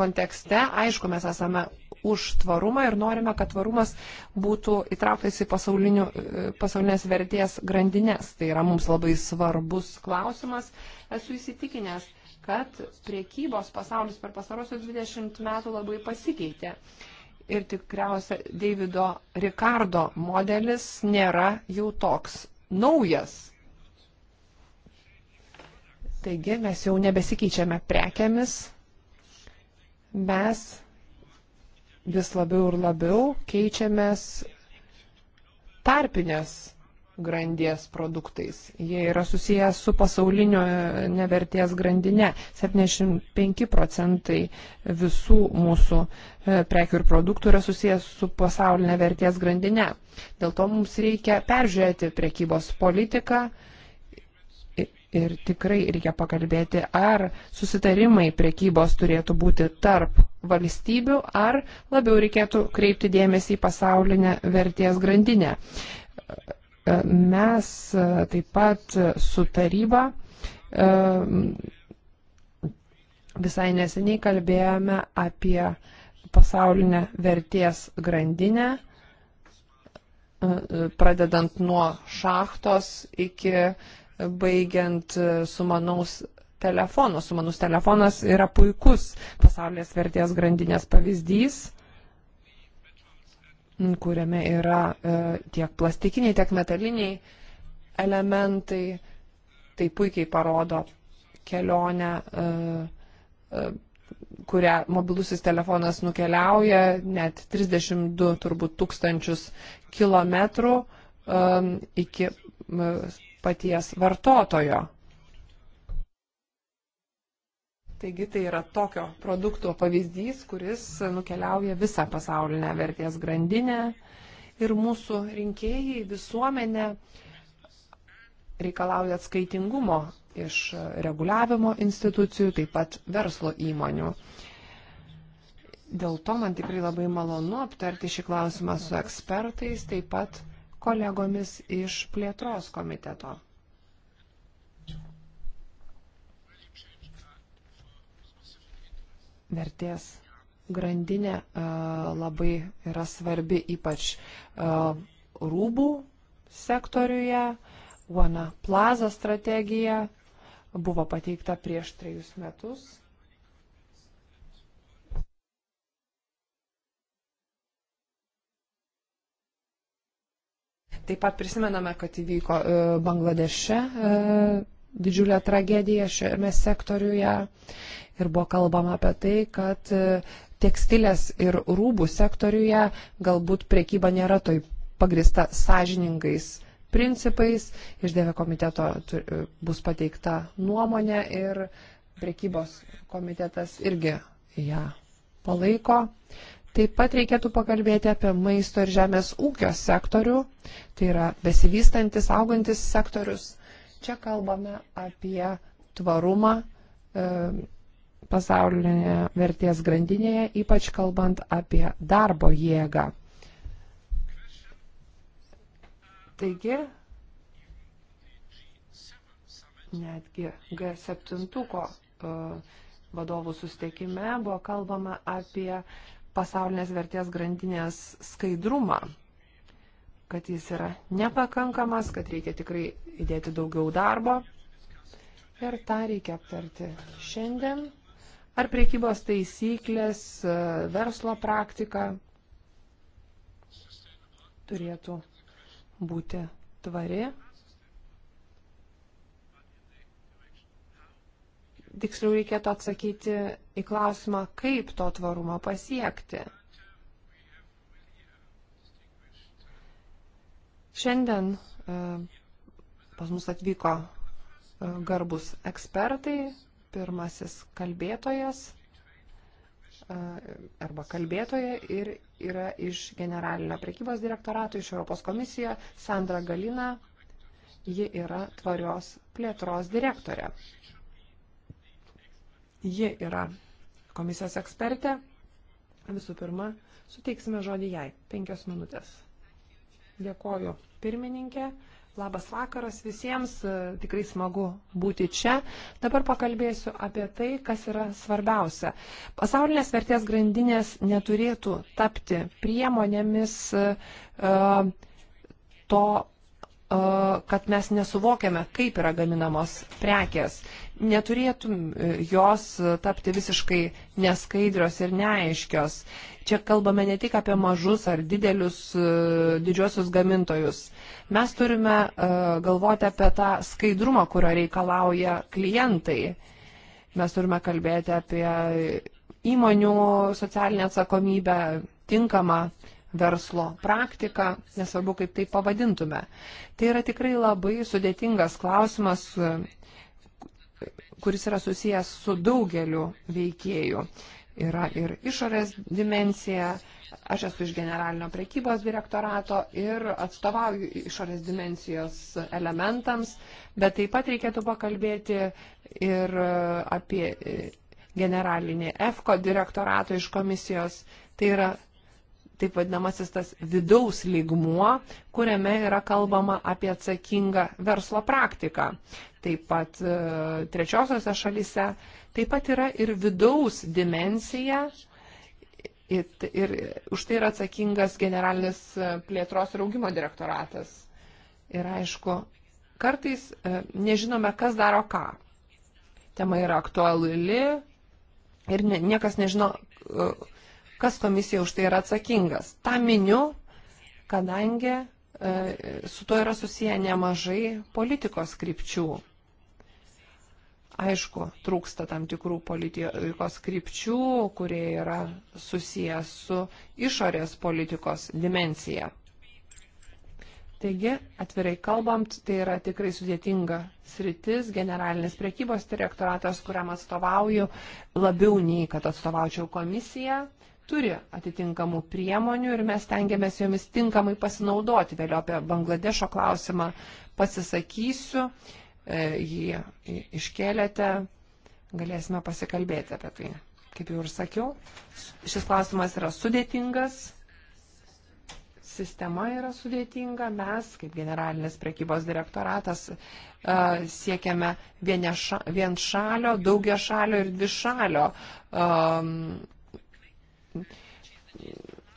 kontekste. Aišku, mes esame už tvarumą ir norime, kad tvarumas būtų įtrauktas į e, pasaulinės vertės grandinės. Tai yra mums labai svarbus klausimas. Esu įsitikinęs, kad priekybos pasaulis per pasarosius 20 metų labai pasikeitė. Ir tikriausia, Davido Ricardo modelis nėra jau toks naujas. Taigi mes jau nebesikeičiame prekiamis, mes vis labiau ir labiau keičiamės tarpinės grandies produktais. Jie yra susijęs su pasaulinio nevertės grandinė. 75 procentai visų mūsų e, prekių ir produktų yra susijęs su pasaulinė vertės grandinė. Dėl to mums reikia peržiūrėti prekybos politiką, Ir tikrai reikia pakalbėti, ar susitarimai prekybos turėtų būti tarp valstybių, ar labiau reikėtų kreipti dėmesį į pasaulinę vertės grandinę. E, mes e, taip pat su taryba e, visai neseniai kalbėjome apie pasaulinę vertės grandinę, pradedant nuo šachtos iki uh, baigiant e, sumanaus telefono. Sumanus telefonas yra puikus pasaulės vertės grandinės pavyzdys kuriame yra e, tiek plastikiniai, tiek metaliniai elementai. Tai puikiai parodo kelionę, e, kurią mobilusis telefonas nukeliauja, net 32 turbūt tūkstančius kilometrų iki paties vartotojo. Taigi tai yra tokio produkto pavyzdys, kuris nukeliauja visą pasaulinę vertės grandinę ir mūsų rinkėjai visuomenė reikalauja atskaitingumo iš reguliavimo institucijų, taip pat verslo įmonių. Dėl to man tikrai labai malonu aptarti šį klausimą su ekspertais, taip pat kolegomis iš plėtros komiteto. Vertės grandinė e, labai yra svarbi ypač e, rūbų sektoriuje, Wana Plaza strategija buvo pateikta prieš trejus metus. Taip pat prisimename, kad įvyko e, Bangladeše e, didžiulė tragedija šiame sektoriuje ir buvo kalbama apie tai, kad e, tekstilės ir rūbų sektoriuje galbūt priekyba nėra toj pagrista sąžiningais principais. Iš dėvė komiteto bus pateikta nuomonė ir priekybos komitetas irgi ją palaiko. Taip pat reikėtų pakalbėti apie maisto ir žemės ūkio sektorių, tai yra besivystantis, augantis sektorius. Čia kalbame apie tvarumą e, pasaulinėje vertės grandinėje, ypač kalbant apie darbo jėgą. Taigi, netgi G7 e, vadovų sustikime buvo kalbama apie pasaulinės vertės grandinės skaidrumą, kad jis yra nepakankamas, kad reikia tikrai įdėti daugiau darbo. Ir tą reikia aptarti šiandien. Ar priekybos taisyklės, verslo praktika turėtų būti tvari tiksliau reikėtų atsakyti į klausimą, kaip to tvarumo pasiekti. Šiandien e, pas mus atvyko e, garbus ekspertai, pirmasis kalbėtojas e, arba kalbėtoja ir yra iš generalinio prekybos direktorato, iš Europos komisijo, Sandra Galina, ji yra tvarios plėtros direktorė. Ji yra komisijos ekspertė. Visų pirma, suteiksime žodį jai. Penkios minutės. Dėkoju pirmininkė. Labas vakaras visiems, tikrai smagu būti čia. Dabar pakalbėsiu apie tai, kas yra svarbiausia. Pasaulinės vertės grandinės neturėtų tapti priemonėmis e, to, e, kad mes nesuvokiame, kaip yra gaminamos prekės neturėtum e, jos e, tapti visiškai neskaidrios ir neaiškios. Čia kalbame ne tik apie mažus ar didelius e, didžiosius gamintojus. Mes turime galvoti apie tą skaidrumą, kurio reikalauja klientai. Mes turime kalbėti apie įmonių socialinę atsakomybę, tinkamą verslo praktiką, nesvarbu kaip tai pavadintume. Tai yra tikrai labai sudėtingas klausimas, kuris yra susijęs su daugeliu veikėjų. Yra ir išorės dimencija, aš esu iš generalinio prekybos direktorato ir atstovauju išorės dimensijos elementams, bet taip pat reikėtų pakalbėti ir apie generalinį EFKO direktorato iš komisijos. Tai yra taip vadinamasis tas vidaus lygmuo, kuriame yra kalbama apie atsakingą verslo praktiką. Taip pat e, trečiosiose šalise taip pat yra ir vidaus dimensija. Ir, ir už tai yra atsakingas generalinis e, plėtros ir augimo direktoratas. Ir aišku, kartais e, nežinome, kas daro ką. Tema yra aktuali ir niekas nežino, kas komisija už tai yra atsakingas. Ta miniu, kadangi e, su to yra susiję nemažai politikos krypčių. Aišku, trūksta tam tikrų politikos krypčių, kurie yra susiję su išorės politikos dimencija. Taigi, atvirai kalbant, tai yra tikrai sudėtinga sritis, generalinis priekybos direktoratas, kuriam atstovauju, labiau nei kad atstovaučiau komisiją, turi atitinkamų priemonių ir mes tengiamės jomis tinkamai pasinaudoti. Vėliau apie Bangladešo klausimą pasisakysiu, e, jį iškėlėte, galėsime pasikalbėti apie tai. Kaip jau ir sakiau, šis klausimas yra sudėtingas, sistema yra sudėtinga, mes kaip generalinis prekybos direktoratas e, siekiame vienšalio, daugia šalio ir dvišalio um,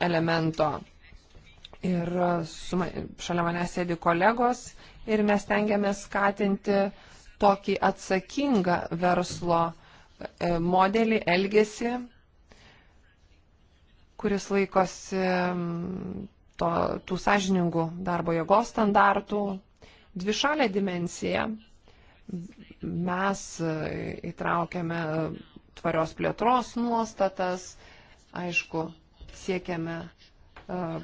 elemento. Ir suma, šalia manęs sėdi kolegos ir mes tengiamės skatinti tokį atsakingą verslo e, modelį, elgesį, kuris laikosi to, tų sąžiningų darbo jėgos standartų, dvišalė dimensija. Mes e, įtraukiame tvarios plėtros nuostatas, aišku, siekiame uh,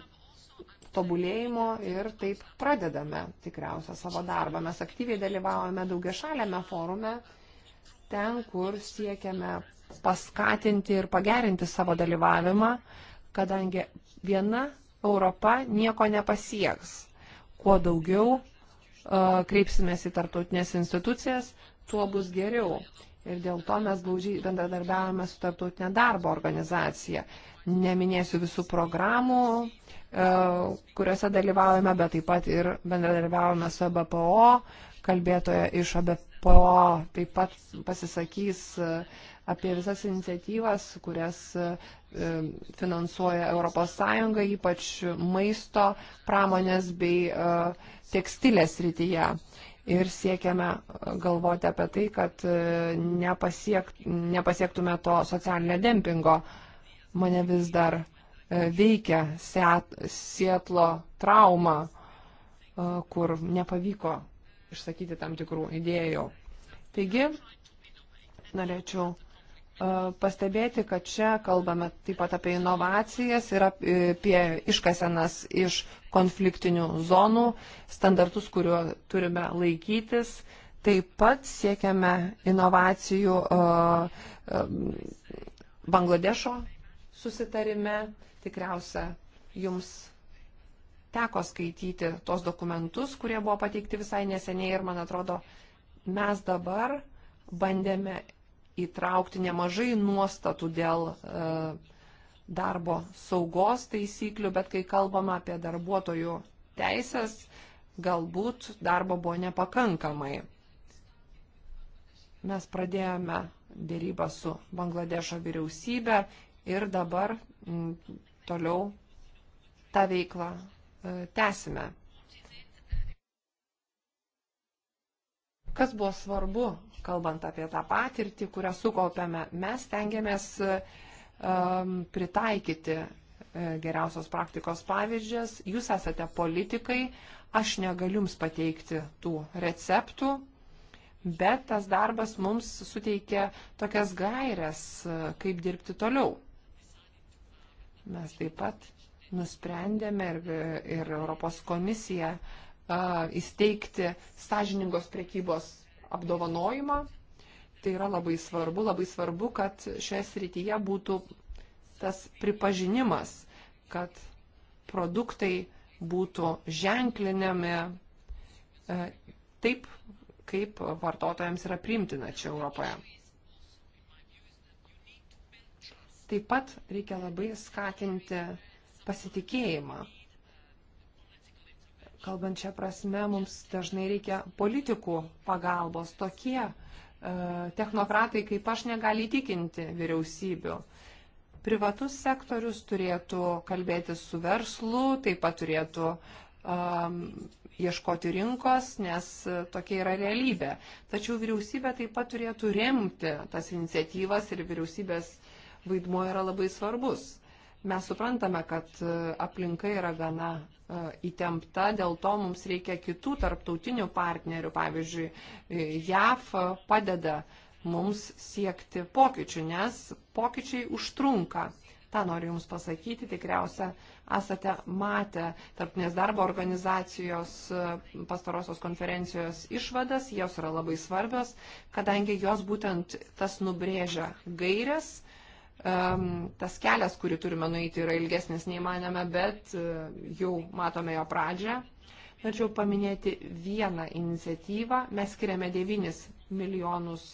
tobulėjimo ir taip pradedame tikriausią savo darbą. Mes aktyviai dalyvaujame daugia šalėme forume, ten, kur siekiame paskatinti ir pagerinti savo dalyvavimą, kadangi viena Europa nieko nepasieks. Kuo daugiau uh, kreipsimės į tarptautinės institucijas, tuo bus geriau ir dėl to mes glaudžiai bendradarbiavame su Tarptautinė darbo organizacija. Neminėsiu visų programų, e, kuriuose dalyvaujame, bet taip pat ir bendradarbiavame su ABPO, kalbėtoja iš ABPO taip pat pasisakys e, apie visas iniciatyvas, kurias e, finansuoja ES, ypač maisto pramonės bei tekstilės rytyje ir siekiame galvoti apie tai, kad e, nepasiek, nepasiektume to socialinio dempingo. Mane vis dar e, veikia set, Sietlo trauma, e, kur nepavyko išsakyti tam tikrų idėjų. Taigi, norėčiau pastebėti, kad čia kalbame taip pat apie inovacijas ir apie iškasenas iš konfliktinių zonų, standartus, kuriuo turime laikytis. Taip pat siekiame inovacijų Bangladešo susitarime. Tikriausia, jums teko skaityti tos dokumentus, kurie buvo pateikti visai neseniai ir, man atrodo, mes dabar bandėme įtraukti nemažai nuostatų dėl e, darbo saugos taisyklių, bet kai kalbame apie darbuotojų teisės, galbūt darbo buvo nepakankamai. Mes pradėjome dėrybą su Bangladešo vyriausybė ir dabar toliau tą veiklą e, tęsime. Kas buvo svarbu, kalbant apie tą patirtį, kurią sukaupėme, mes tengiamės um, pritaikyti e, geriausios praktikos pavyzdžius. Jūs esate politikai, aš negaliu jums pateikti tų receptų, bet tas darbas mums suteikia tokias gairias, e, kaip dirbti toliau. Mes taip pat nusprendėme ir, e, ir Europos komisija uh, įsteigti sąžiningos priekybos apdovanojimą. Tai yra labai svarbu, labai svarbu, kad šioje srityje būtų tas pripažinimas, kad produktai būtų ženklinami e, taip, kaip vartotojams yra primtina čia Europoje. Taip pat reikia labai skatinti pasitikėjimą Kalbant šią prasme, mums dažnai reikia politikų pagalbos. Tokie e, technokratai kaip aš negali įtikinti vyriausybių. Privatus sektorius turėtų kalbėti su verslu, taip pat turėtų um, ieškoti rinkos, nes e, tokia yra realybė. Tačiau vyriausybė taip pat turėtų remti tas iniciatyvas ir vyriausybės vaidmuo yra labai svarbus. Mes suprantame, kad e, aplinka yra gana E, įtempta, dėl to mums reikia kitų tarptautinių partnerių. Pavyzdžiui, e, JAF padeda mums siekti pokyčių, nes pokyčiai užtrunka. Ta noriu Jums pasakyti, tikriausia esate matę tarptinės darbo organizacijos e, pastarosios konferencijos išvadas, jos yra labai svarbios, kadangi jos būtent tas nubrėžia gairias um, tas kelias, kurį turime nueiti, yra ilgesnis nei manėme, bet uh, jau matome jo pradžią. Norėčiau paminėti vieną iniciatyvą. Mes skiriame 9 milijonus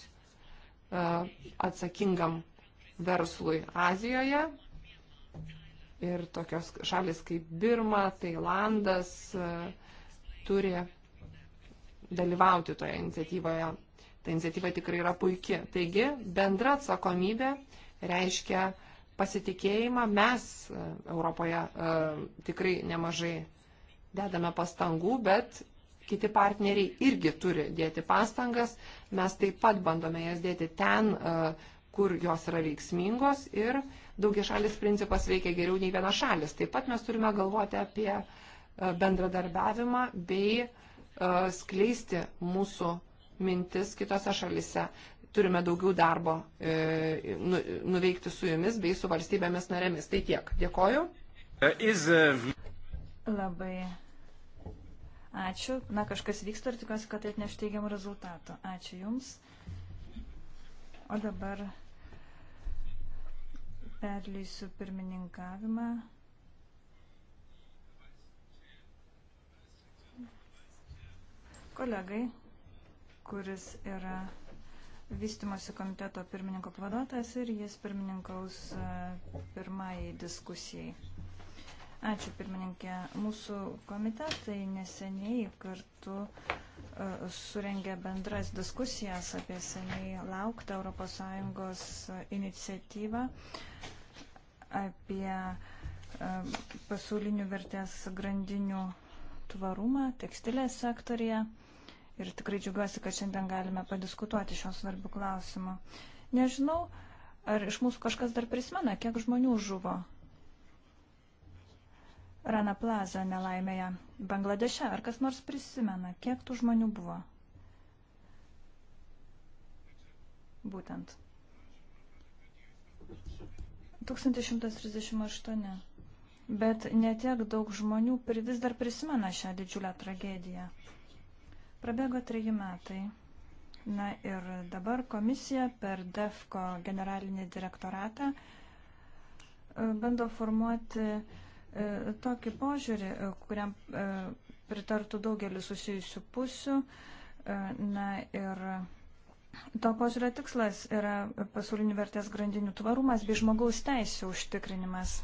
uh, atsakingam verslui Azijoje. Ir tokios šalis kaip Birma, Tailandas uh, turi dalyvauti toje iniciatyvoje. Ta iniciatyva tikrai yra puikia. Taigi, bendra atsakomybė uh, reiškia pasitikėjimą. Mes e, Europoje e, tikrai nemažai dedame pastangų, bet kiti partneriai irgi turi dėti pastangas. Mes taip pat bandome jas dėti ten, e, kur jos yra veiksmingos ir daugia šalis principas veikia geriau nei viena šalis. Taip pat mes turime galvoti apie bendradarbiavimą bei skleisti mūsų mintis kitose šalise turime daugiau darbo e, nu, nuveikti su jumis bei su valstybėmis narėmis. Tai tiek. Dėkoju. Uh, uh, Labai. Ačiū. Na, kažkas vyksta ir tikiuosi, kad tai atneš teigiamų rezultatų. Ačiū Jums. O dabar perleisiu pirmininkavimą. Kolegai, kuris yra vystimosi komiteto pirmininko pavaduotojas ir jis pirmininkaus e, pirmai diskusijai. Ačiū pirmininkė. Mūsų komitetai neseniai kartu e, surengė bendras diskusijas apie seniai lauktą ES iniciatyvą apie e, pasaulinių vertės grandinių tvarumą tekstilės sektorija. Ir tikrai džiugiuosi, kad šiandien galime padiskutuoti šio svarbių klausimų. Nežinau, ar iš mūsų kažkas dar prisimena, kiek žmonių žuvo Rana Plaza nelaimėje Bangladeše. Ar kas nors prisimena, kiek tų žmonių buvo? Būtent. 1138. Bet netiek daug žmonių vis dar prisimena šią didžiulę tragediją. Prabėgo treji metai. Na ir dabar komisija per DEFCO generalinį direktoratą e, bando formuoti e, tokį požiūrį, e, kuriam pritartų daugelis susijusių pusių. Na ir to požiūrio tikslas yra pasaulinių vertės grandinių tvarumas bei žmogaus teisų užtikrinimas.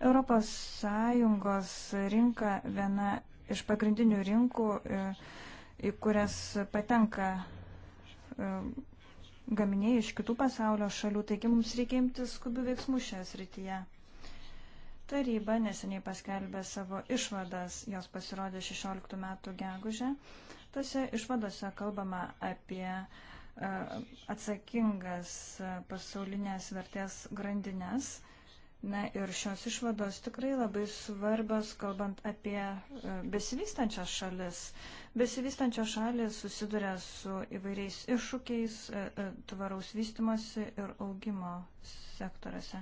Europos Sąjungos rinka viena iš pagrindinių rinkų, e, į kurias patenka e, gaminiai iš kitų pasaulio šalių, taigi mums reikia imtis skubių veiksmų šioje srityje. Taryba neseniai paskelbė savo išvadas, jos pasirodė 16 metų gegužę. Tose išvadose kalbama apie e, atsakingas pasaulinės vertės grandinės Na ir šios išvados tikrai labai svarbios, kalbant apie e, besivystančias šalis. Besivystančios šalis susiduria su įvairiais iššūkiais e, e, tvaraus vystimosi ir augimo sektoriuose.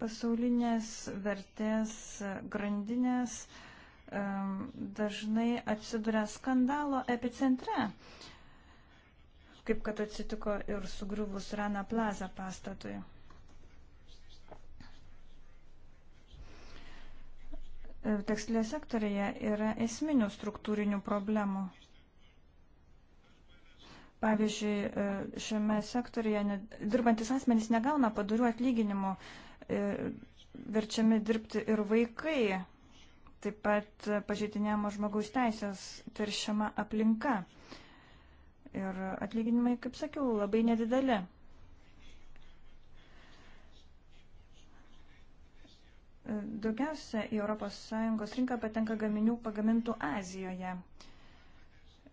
Pasaulinės vertės grandinės dažnai atsiduria skandalo epicentre kaip kad atsitiko ir sugriuvus Rana Plaza pastatui. E, tekstilės sektorėje yra esminių struktūrinių problemų. Pavyzdžiui, e, šiame sektorėje dirbantis asmenys negauna padarių atlyginimų, e, verčiami dirbti ir vaikai, taip pat pažeidinėjama žmogaus teisės teršiama aplinka ir atlyginimai, kaip sakiau, labai nedideli. Daugiausia į ES rinką patenka gaminių pagamintų Azijoje.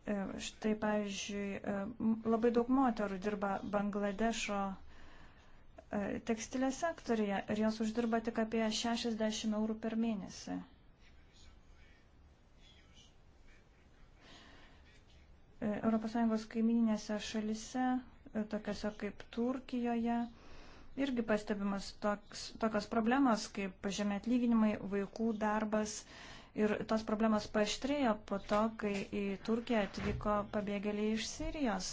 E, štai, pavyzdžiui, e, labai daug moterų dirba Bangladešo e, tekstilės sektorija ir jos uždirba tik apie 60 eurų per mėnesį. ES kaimininėse šalise, e, tokiuose kaip Turkijoje, irgi pastebimas toks, tokios problemos kaip žemė atlyginimai, vaikų darbas. Ir tos problemos paštrėjo po to, kai į Turkiją atvyko pabėgėliai iš Sirijos.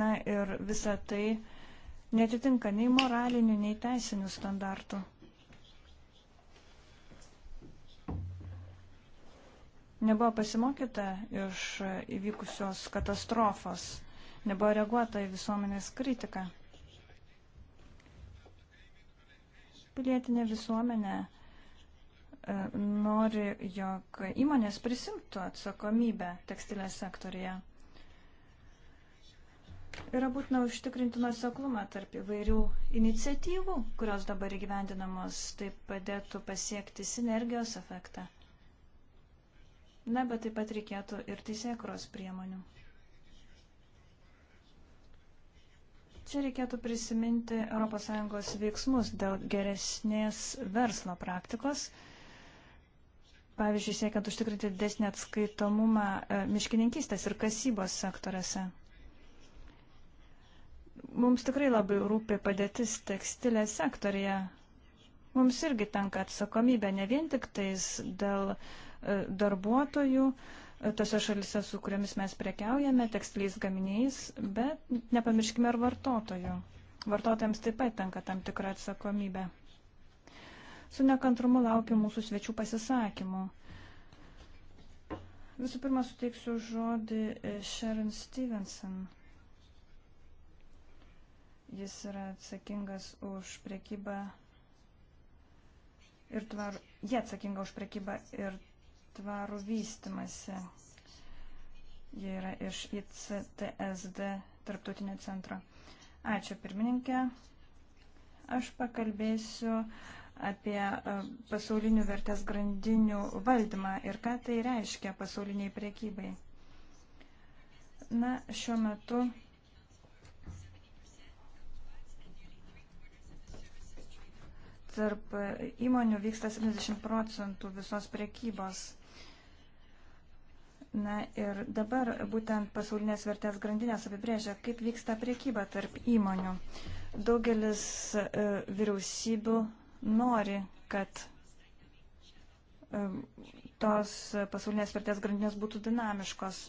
Na ir visa tai netitinka nei moralinių, nei teisinių standartų. Nebuvo pasimokyta iš įvykusios katastrofos, nebuvo reaguota į visuomenės kritiką. Pilietinė visuomenė e, nori, jog įmonės prisimtų atsakomybę tekstilės sektorija yra būtina užtikrinti nuoseklumą tarp įvairių iniciatyvų, kurios dabar įgyvendinamos, taip padėtų pasiekti sinergijos efektą. Na, bet taip pat reikėtų ir teisėkros priemonių. Čia reikėtų prisiminti ES veiksmus dėl geresnės verslo praktikos. Pavyzdžiui, siekiant užtikrinti didesnį atskaitomumą e, miškininkystės ir kasybos sektoriuose. Mums tikrai labai rūpi padėtis tekstilės sektorija. Mums irgi tenka atsakomybė ne vien tik tais dėl uh, darbuotojų tose šalise, su kuriamis mes prekiaujame, tekstiliais gaminiais, bet nepamirškime ir vartotojų. Vartotojams taip pat tenka tam tikra atsakomybė. Su nekantrumu laukiu mūsų svečių pasisakymų. Visų pirma, suteiksiu žodį Sharon Stevenson. Jis yra atsakingas už priekybą ir tvarų. Jie atsakinga už priekybą ir tvarų vystimasi. Jie yra iš ICTSD tarptautinio centro. Ačiū pirmininkė. Aš pakalbėsiu apie e, pasaulinių vertės grandinių valdymą ir ką tai reiškia pasauliniai priekybai. Na, šiuo metu tarp e, įmonių vyksta 70 procentų visos priekybos. Na ir dabar būtent pasaulinės vertės grandinės apibrėžia, kaip vyksta priekyba tarp įmonių. Daugelis e, vyriausybių nori, kad e, tos pasaulinės vertės grandinės būtų dinamiškos.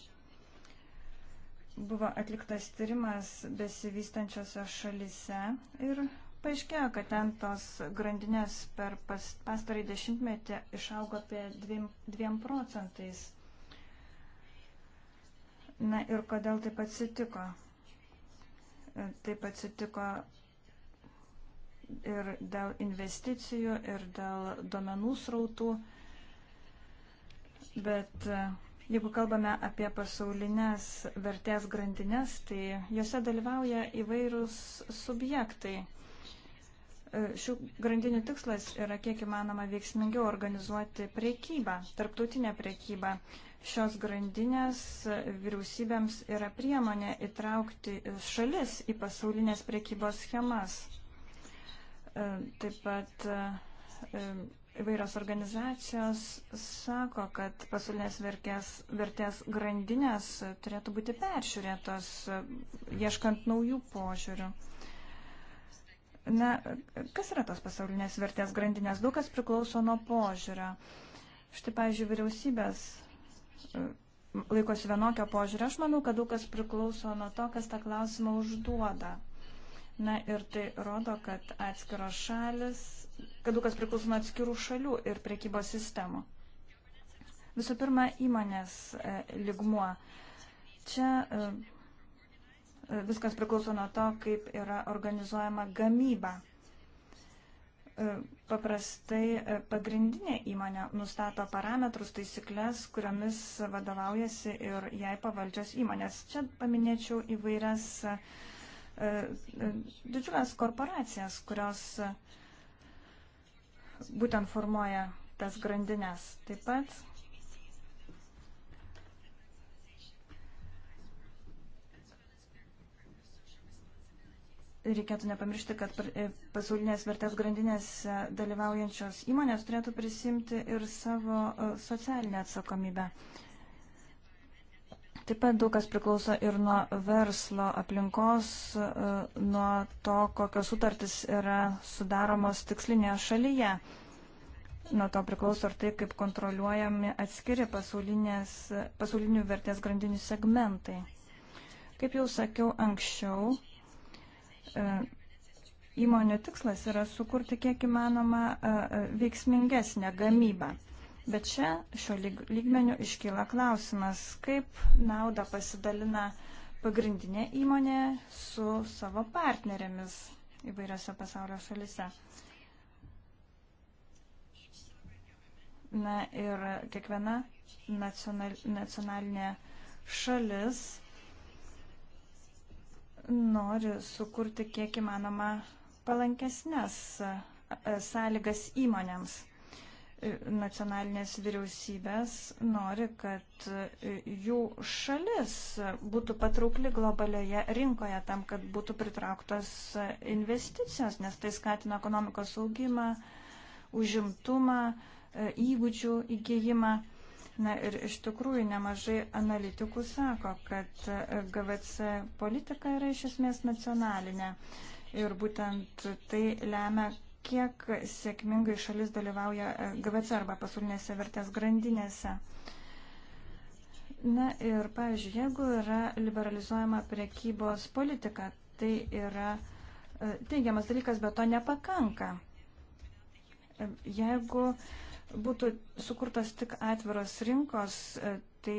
Buvo atliktas tyrimas besivystančiose šalise ir paaiškėjo, kad ten tos grandinės per pastarąjį dešimtmetį išaugo apie 2 procentais. Na ir kodėl taip atsitiko? E, taip atsitiko ir dėl investicijų, ir dėl duomenų srautų. Bet e, jeigu kalbame apie pasaulinės vertės grandinės, tai juose dalyvauja įvairūs subjektai. E, šių grandinių tikslas yra kiek įmanoma veiksmingiau organizuoti priekybą, tarptautinę priekybą šios grandinės vyriausybėms yra priemonė įtraukti šalis į pasaulinės priekybos schemas. E, taip pat e, įvairios organizacijos sako, kad pasaulinės vertės, vertės grandinės turėtų būti peržiūrėtos, e, ieškant naujų požiūrių. Na, kas yra tos pasaulinės vertės grandinės? Daug kas priklauso nuo požiūrio. Štai, pavyzdžiui, vyriausybės laikosi vienokio požiūrio. Aš manau, kad daug kas priklauso nuo to, kas tą klausimą užduoda. Na ir tai rodo, kad atskiros šalis, kad daug kas priklauso nuo atskirų šalių ir prekybos sistemų. Visų pirma, įmonės e, ligmuo. Čia e, e, viskas priklauso nuo to, kaip yra organizuojama gamyba. E, paprastai e, pagrindinė įmonė nustato parametrus, taisyklės, kuriomis vadovaujasi ir jai pavaldžios įmonės. Čia paminėčiau įvairias e, didžiulės korporacijas, kurios būtent formuoja tas grandinės. Taip pat reikėtų nepamiršti, kad e, pasaulinės vertės grandinės e, dalyvaujančios įmonės turėtų prisimti ir savo e, socialinę atsakomybę. Taip pat daug kas priklauso ir nuo verslo aplinkos, nuo to, kokios sutartys yra sudaromos tikslinėje šalyje. Nuo to priklauso ir tai, kaip kontroliuojami atskiri pasaulinių vertės grandinių segmentai. Kaip jau sakiau anksčiau, E, įmonių tikslas yra sukurti kiek įmanoma e, e, veiksmingesnę gamybą. Bet čia šio lygmenių iškyla klausimas, kaip naudą pasidalina pagrindinė įmonė su savo partnerėmis įvairiose pasaulio šalise. Na ir kiekviena nacional, nacionalinė šalis nori sukurti kiek įmanoma palankesnės e, sąlygas įmonėms. E, nacionalinės vyriausybės nori, kad e, jų šalis būtų patraukli globalioje rinkoje tam, kad būtų pritrauktos investicijos, nes tai skatina ekonomikos augimą, užimtumą, įgūdžių įgyjimą. Na ir iš tikrųjų nemažai analitikų sako, kad GVC politika yra iš esmės nacionalinė. Ir būtent tai lemia, kiek sėkmingai šalis dalyvauja GVC arba pasaulinėse vertės grandinėse. Na ir, pavyzdžiui, jeigu yra liberalizuojama priekybos politika, tai yra e, teigiamas dalykas, bet to nepakanka. Jeigu uh, būtų sukurtos tik atviros rinkos, e, tai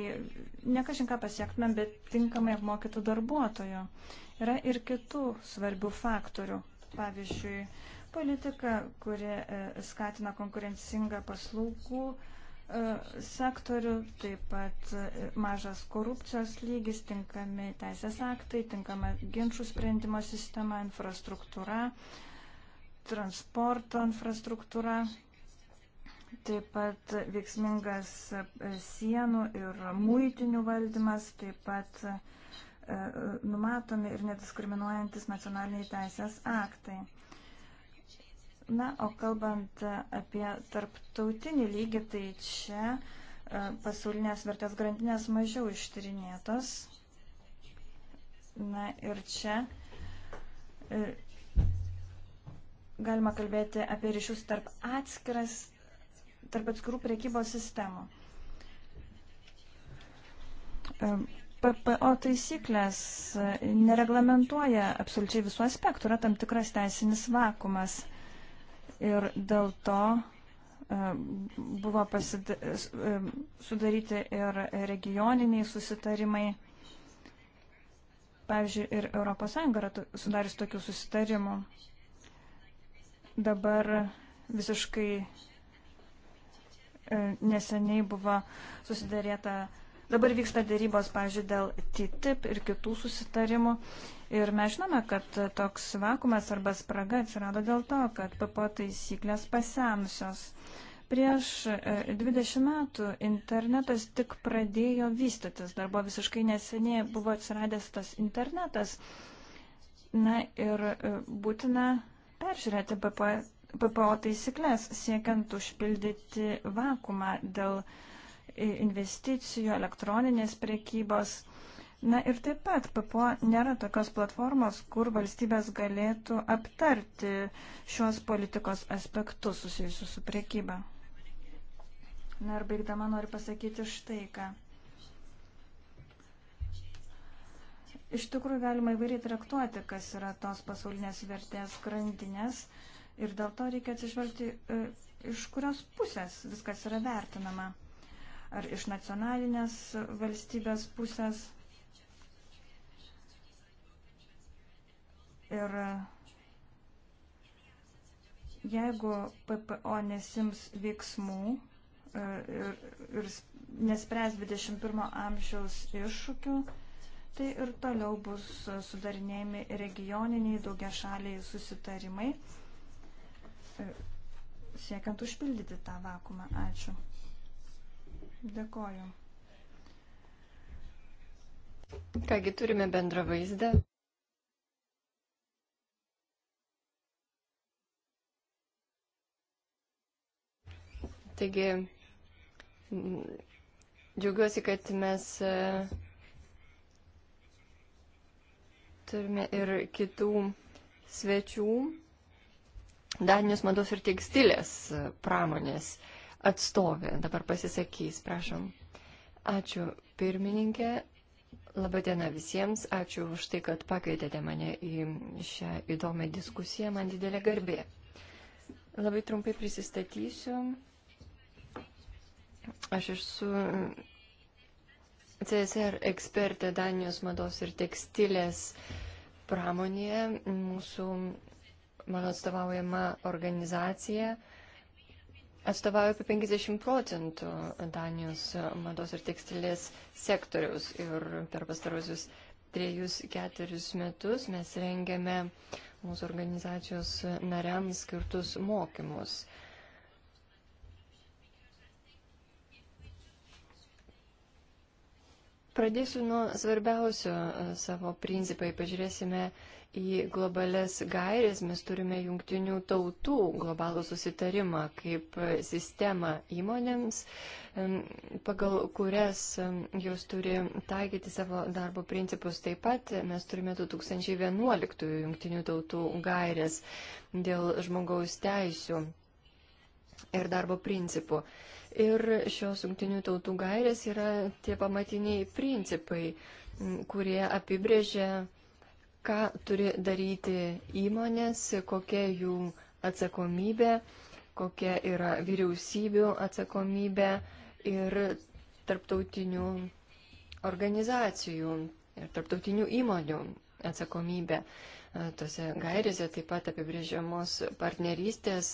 nekažinką pasiektumėm, bet tinkamai apmokytų darbuotojų. Yra ir kitų svarbių faktorių. Pavyzdžiui, politika, kuri e, skatina konkurencingą paslaugų e, sektorių, taip pat mažas korupcijos lygis, tinkami teisės aktai, tinkama ginčių sprendimo sistema, infrastruktūra, transporto infrastruktūra taip pat veiksmingas e, sienų ir muitinių valdymas, taip pat e, e, numatomi ir nediskriminuojantis nacionaliniai teisės aktai. Na, o kalbant apie tarptautinį lygį, tai čia pasaulinės vertės grandinės mažiau ištyrinėtos. Na ir čia galima kalbėti apie ryšius tarp atskiras tarp atskirų priekybos sistemų. E, PPO taisyklės e, nereglamentuoja absoliučiai visų aspektų, yra tam tikras teisinis vakumas. Ir dėl to e, buvo pasida, sudaryti ir regioniniai susitarimai. Pavyzdžiui, ir ES yra sudaris tokių susitarimų. Dabar visiškai E, neseniai buvo susidarėta, dabar vyksta dėrybos, pavyzdžiui, dėl TTIP ir kitų susitarimų. Ir mes žinome, kad toks vakumas arba spraga atsirado dėl to, kad PPO taisyklės pasenusios. Prieš 20 e, metų internetas tik pradėjo vystytis, dar buvo visiškai neseniai buvo atsiradęs tas internetas. Na ir e, būtina peržiūrėti PPO PPO taisyklės, siekiant užpildyti vakumą dėl investicijų, elektroninės prekybos. Na ir taip pat PPO nėra tokios platformos, kur valstybės galėtų aptarti šios politikos aspektus susijusius su priekyba. Na ir baigdama noriu pasakyti štai ką. Iš tikrųjų galima įvairiai traktuoti, kas yra tos pasaulinės vertės grandinės. Uh, Ir dėl to reikia atsižvelgti, e, iš kurios pusės viskas yra vertinama. Ar iš nacionalinės valstybės pusės. Ir jeigu PPO nesims veiksmų e, ir, ir nespręs 21 amžiaus iššūkių, tai ir toliau bus sudarinėjami regioniniai daugiašaliai susitarimai siekiant užpildyti tą vakumą. Ačiū. Dėkoju. Kągi turime bendrą vaizdą. Taigi, džiaugiuosi, kad mes e, turime ir kitų svečių. Danijos mados ir tekstilės pramonės atstovė dabar pasisakys, prašom. Ačiū pirmininkė, laba diena visiems, ačiū už tai, kad pakvietėte mane į šią įdomią diskusiją, man didelė garbė. Labai trumpai prisistatysiu. Aš esu CSR ekspertė Danijos mados ir tekstilės pramonėje. Mūsų mano atstovaujama organizacija atstovauja apie 50 procentų Danijos mados ir tekstilės sektoriaus. Ir per pastarosius trejus, ketverius metus mes rengiame mūsų organizacijos nariams skirtus mokymus. Pradėsiu nuo svarbiausio savo principai. Pažiūrėsime, uh, į globales gairės mes turime jungtinių tautų globalų susitarimą kaip sistemą įmonėms, pagal kurias jos turi taikyti savo darbo principus. Taip pat mes turime 2011 jungtinių tautų gairės dėl žmogaus teisių ir darbo principų. Ir šios jungtinių tautų gairės yra tie pamatiniai principai, kurie apibrėžia ką turi daryti įmonės, kokia jų atsakomybė, kokia yra vyriausybių atsakomybė ir tarptautinių organizacijų ir tarptautinių įmonių atsakomybė. Tose gairėse taip pat apibrėžiamos partnerystės,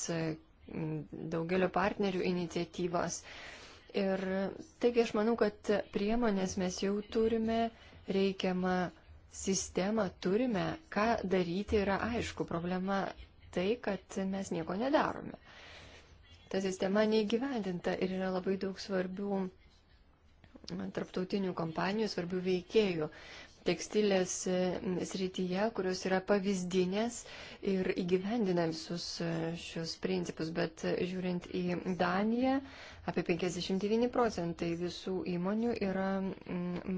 daugelio partnerių iniciatyvas. Ir taigi aš manau, kad priemonės mes jau turime reikiamą sistemą turime, ką daryti yra aišku. Problema tai, kad mes nieko nedarome. Ta sistema neįgyvendinta ir yra labai daug svarbių tarptautinių kompanijų, svarbių veikėjų, tekstilės e, srityje, kurios yra pavyzdinės ir įgyvendina visus e, šios principus, bet e, žiūrint į Daniją, apie 59 procentai visų įmonių yra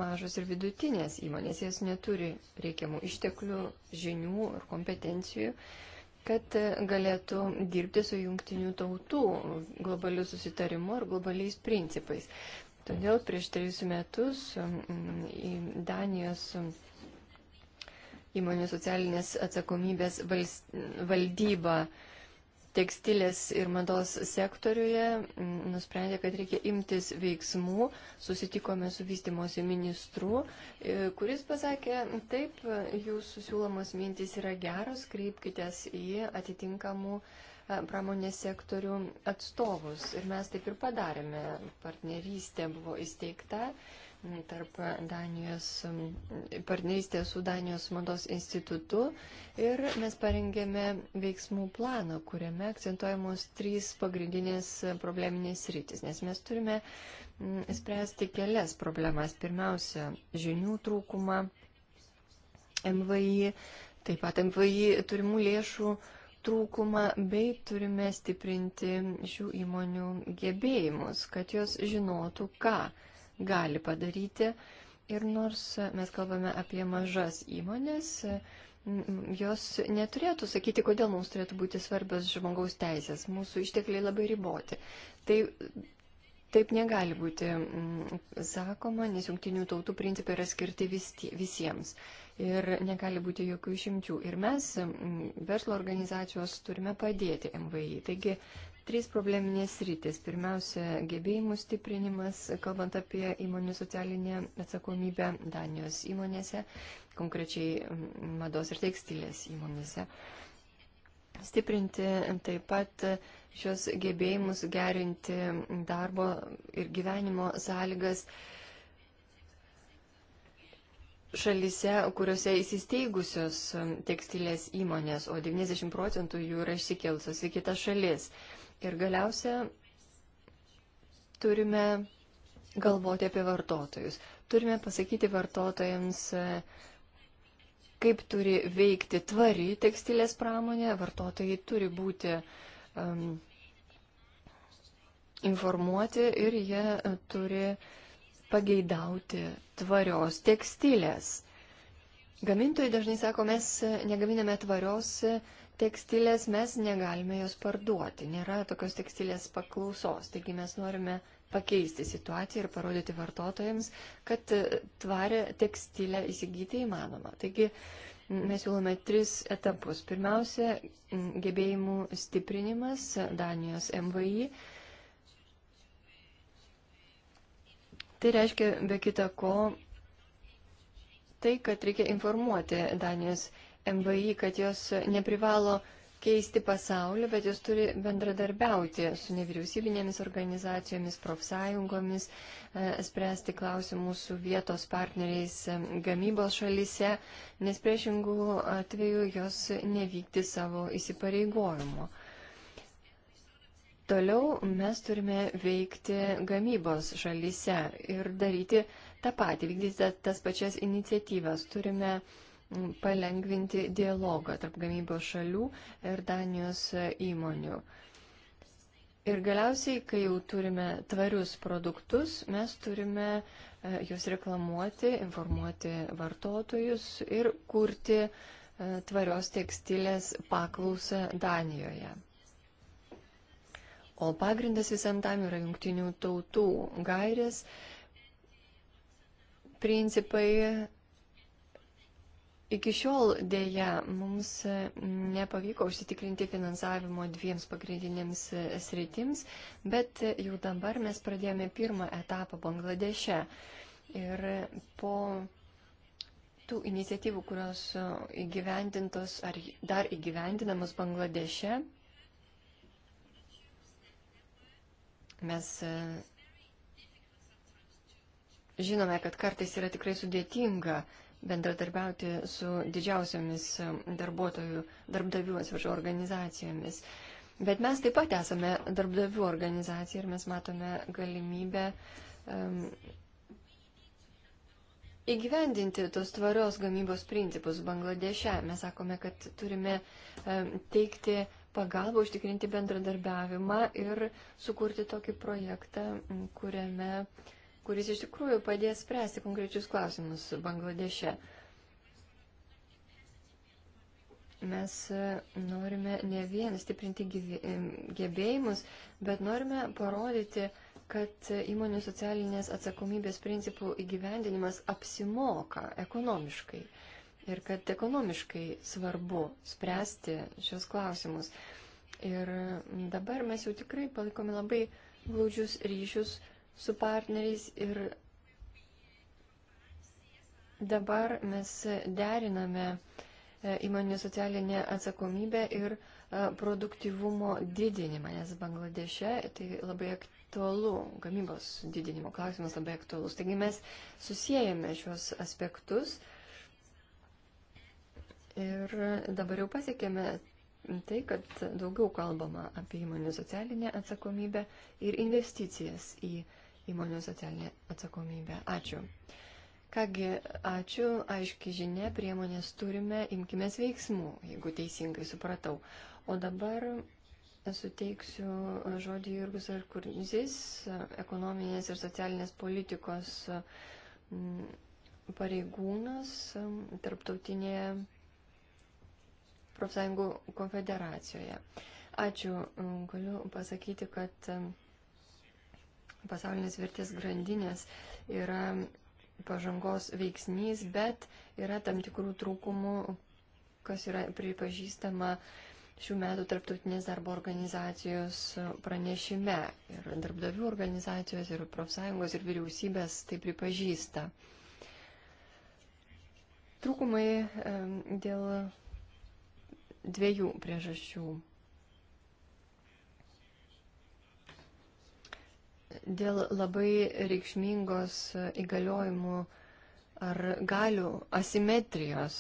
mažos ir vidutinės įmonės, jas neturi reikiamų išteklių, žinių ir kompetencijų kad galėtų dirbti su jungtinių tautų globaliu susitarimu ar globaliais principais. Todėl prieš trejus metus um, į Danijos um, įmonių socialinės atsakomybės valdyba tekstilės ir mados sektoriuje um, nusprendė, kad reikia imtis veiksmų. Susitikome su vystimosi ministru, e, kuris pasakė, taip, jūsų siūlomos mintys yra geros, kreipkitės į atitinkamų uh, E, pramonės sektorių atstovus. Ir mes taip ir padarėme. Partnerystė buvo įsteigta tarp Danijos, partnerystė su Danijos mados institutu ir mes parengėme veiksmų planą, kuriame akcentuojamos trys pagrindinės probleminės rytis, nes mes turime spręsti kelias problemas. Pirmiausia, žinių trūkumą, MVI, taip pat MVI turimų lėšų trūkumą bei turime stiprinti šių įmonių gebėjimus, kad jos žinotų, ką gali padaryti. Ir nors mes kalbame apie mažas įmonės, jos neturėtų sakyti, kodėl mums turėtų būti svarbios žmogaus teisės. Mūsų ištekliai labai riboti. Tai taip negali būti sakoma, nes jungtinių tautų principai yra skirti vis, visiems. Uh, ir negali būti jokių išimčių. Ir mes, verslo organizacijos, turime padėti MVI. Taigi, trys probleminės rytis. Pirmiausia, gebėjimų stiprinimas, kalbant apie įmonių socialinę atsakomybę Danijos įmonėse, konkrečiai mados ir tekstilės įmonėse. Stiprinti taip pat šios gebėjimus gerinti darbo ir gyvenimo sąlygas šalise, kuriuose įsisteigusios um, tekstilės įmonės, o 90 procentų jų yra išsikėlusios į kitas šalis. Ir galiausia turime galvoti apie vartotojus. Turime pasakyti vartotojams, e, kaip turi veikti tvari tekstilės pramonė. Vartotojai turi būti um, informuoti ir jie e, turi uh, pageidauti tvarios tekstilės. Gamintojai dažnai sako, mes negaminame tvarios tekstilės, mes negalime jos parduoti, nėra tokios tekstilės paklausos. Taigi mes norime pakeisti situaciją ir parodyti vartotojams, kad tvarę tekstilę įsigyti įmanoma. Taigi mes siūlome tris etapus. Pirmiausia, gebėjimų stiprinimas Danijos MVI Tai reiškia, be kita ko, tai, kad reikia informuoti Danijos MVI, kad jos neprivalo keisti pasaulį, bet jis turi bendradarbiauti su nevyriausybinėmis organizacijomis, profsąjungomis, e, spręsti klausimus su vietos partneriais e, gamybos šalyse, nes priešingų atveju jos nevykti savo įsipareigojimo. Toliau mes turime veikti gamybos šalyse ir daryti tą patį, vykdyti tas pačias iniciatyvas. Turime mm, palengvinti dialogą tarp gamybos šalių ir Danijos įmonių. Ir galiausiai, kai jau turime tvarius produktus, mes turime e, juos reklamuoti, informuoti vartotojus ir kurti e, tvarios tekstilės paklausą Danijoje. O pagrindas visam tam yra jungtinių tautų gairės, principai. Iki šiol dėja mums nepavyko užsitikrinti finansavimo dviems pagrindinėms sritims, bet jau dabar mes pradėjome pirmą etapą Bangladeše. Ir po tų iniciatyvų, kurios įgyvendintos ar dar įgyvendinamos Bangladeše, Mes e, žinome, kad kartais yra tikrai sudėtinga bendradarbiauti su didžiausiamis e, darbuotojų, darbdavių atsiprašau, organizacijomis. Bet mes taip pat esame darbdavių organizacija ir mes matome galimybę um, įgyvendinti tos tvarios gamybos principus Bangladeše. Mes sakome, kad turime um, teikti uh, pagalbą užtikrinti bendradarbiavimą ir sukurti tokį projektą, kuriame, kuris iš tikrųjų padės spręsti konkrečius klausimus Bangladeše. Mes e, norime ne vien stiprinti e, gebėjimus, bet norime parodyti, kad įmonių socialinės atsakomybės principų įgyvendinimas apsimoka ekonomiškai. Uh, ir kad ekonomiškai svarbu spręsti šios klausimus. Ir dabar mes jau tikrai palaikome labai glaudžius ryšius su partneriais ir dabar mes deriname e, įmonių socialinę atsakomybę ir e, produktivumo didinimą, nes Bangladeše tai labai aktualu, gamybos didinimo klausimas labai aktualus. Taigi mes susijęjame šios aspektus. Uh, Ir dabar jau pasiekėme tai, kad daugiau kalbama apie įmonių socialinę atsakomybę ir investicijas į įmonių socialinę atsakomybę. Ačiū. Kągi, ačiū, aiški žinia, priemonės turime, imkime veiksmų, jeigu teisingai supratau. O dabar suteiksiu žodį Jurgus Arkurzis, ekonominės ir socialinės politikos mm, pareigūnas tarptautinėje profsąjungų konfederacijoje. Ačiū. Galiu pasakyti, kad pasaulinės vertės grandinės yra pažangos veiksnys, bet yra tam tikrų trūkumų, kas yra pripažįstama šių metų tarptautinės darbo organizacijos pranešime. Ir darbdavių organizacijos, ir profsąjungos, ir vyriausybės tai pripažįsta. Trūkumai dėl dviejų priežasčių. Dėl labai reikšmingos įgaliojimų ar galių asimetrijos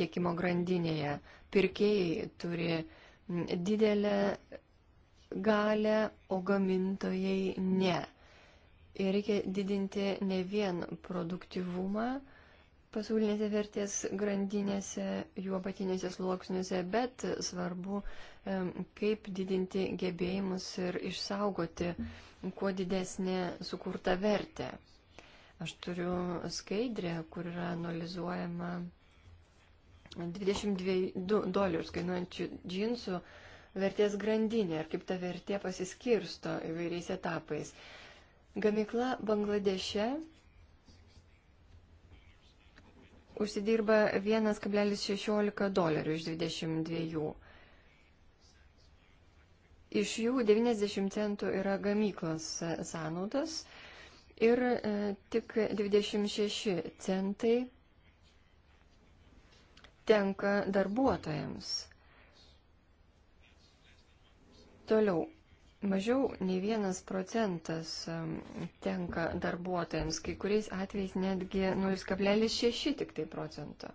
tiekimo grandinėje pirkėjai turi didelę galę, o gamintojai ne. Ir reikia didinti ne vien produktivumą, pasaulinėse vertės grandinėse, jų apatinėse sluoksniuose, bet svarbu, kaip didinti gebėjimus ir išsaugoti kuo didesnį sukurtą vertę. Aš turiu skaidrę, kur yra analizuojama 22 dolerius kainuojančių džinsų vertės grandinė ir kaip ta vertė pasiskirsto įvairiais etapais. Gamikla Bangladeše užsidirba 1,16 dolerių iš 22. Iš jų 90 centų yra gamyklos sąnaudos ir e, tik 26 centai tenka darbuotojams. Toliau Mažiau nei vienas procentas tenka darbuotojams, kai kuriais atvejais netgi 0,6 tik tai procento.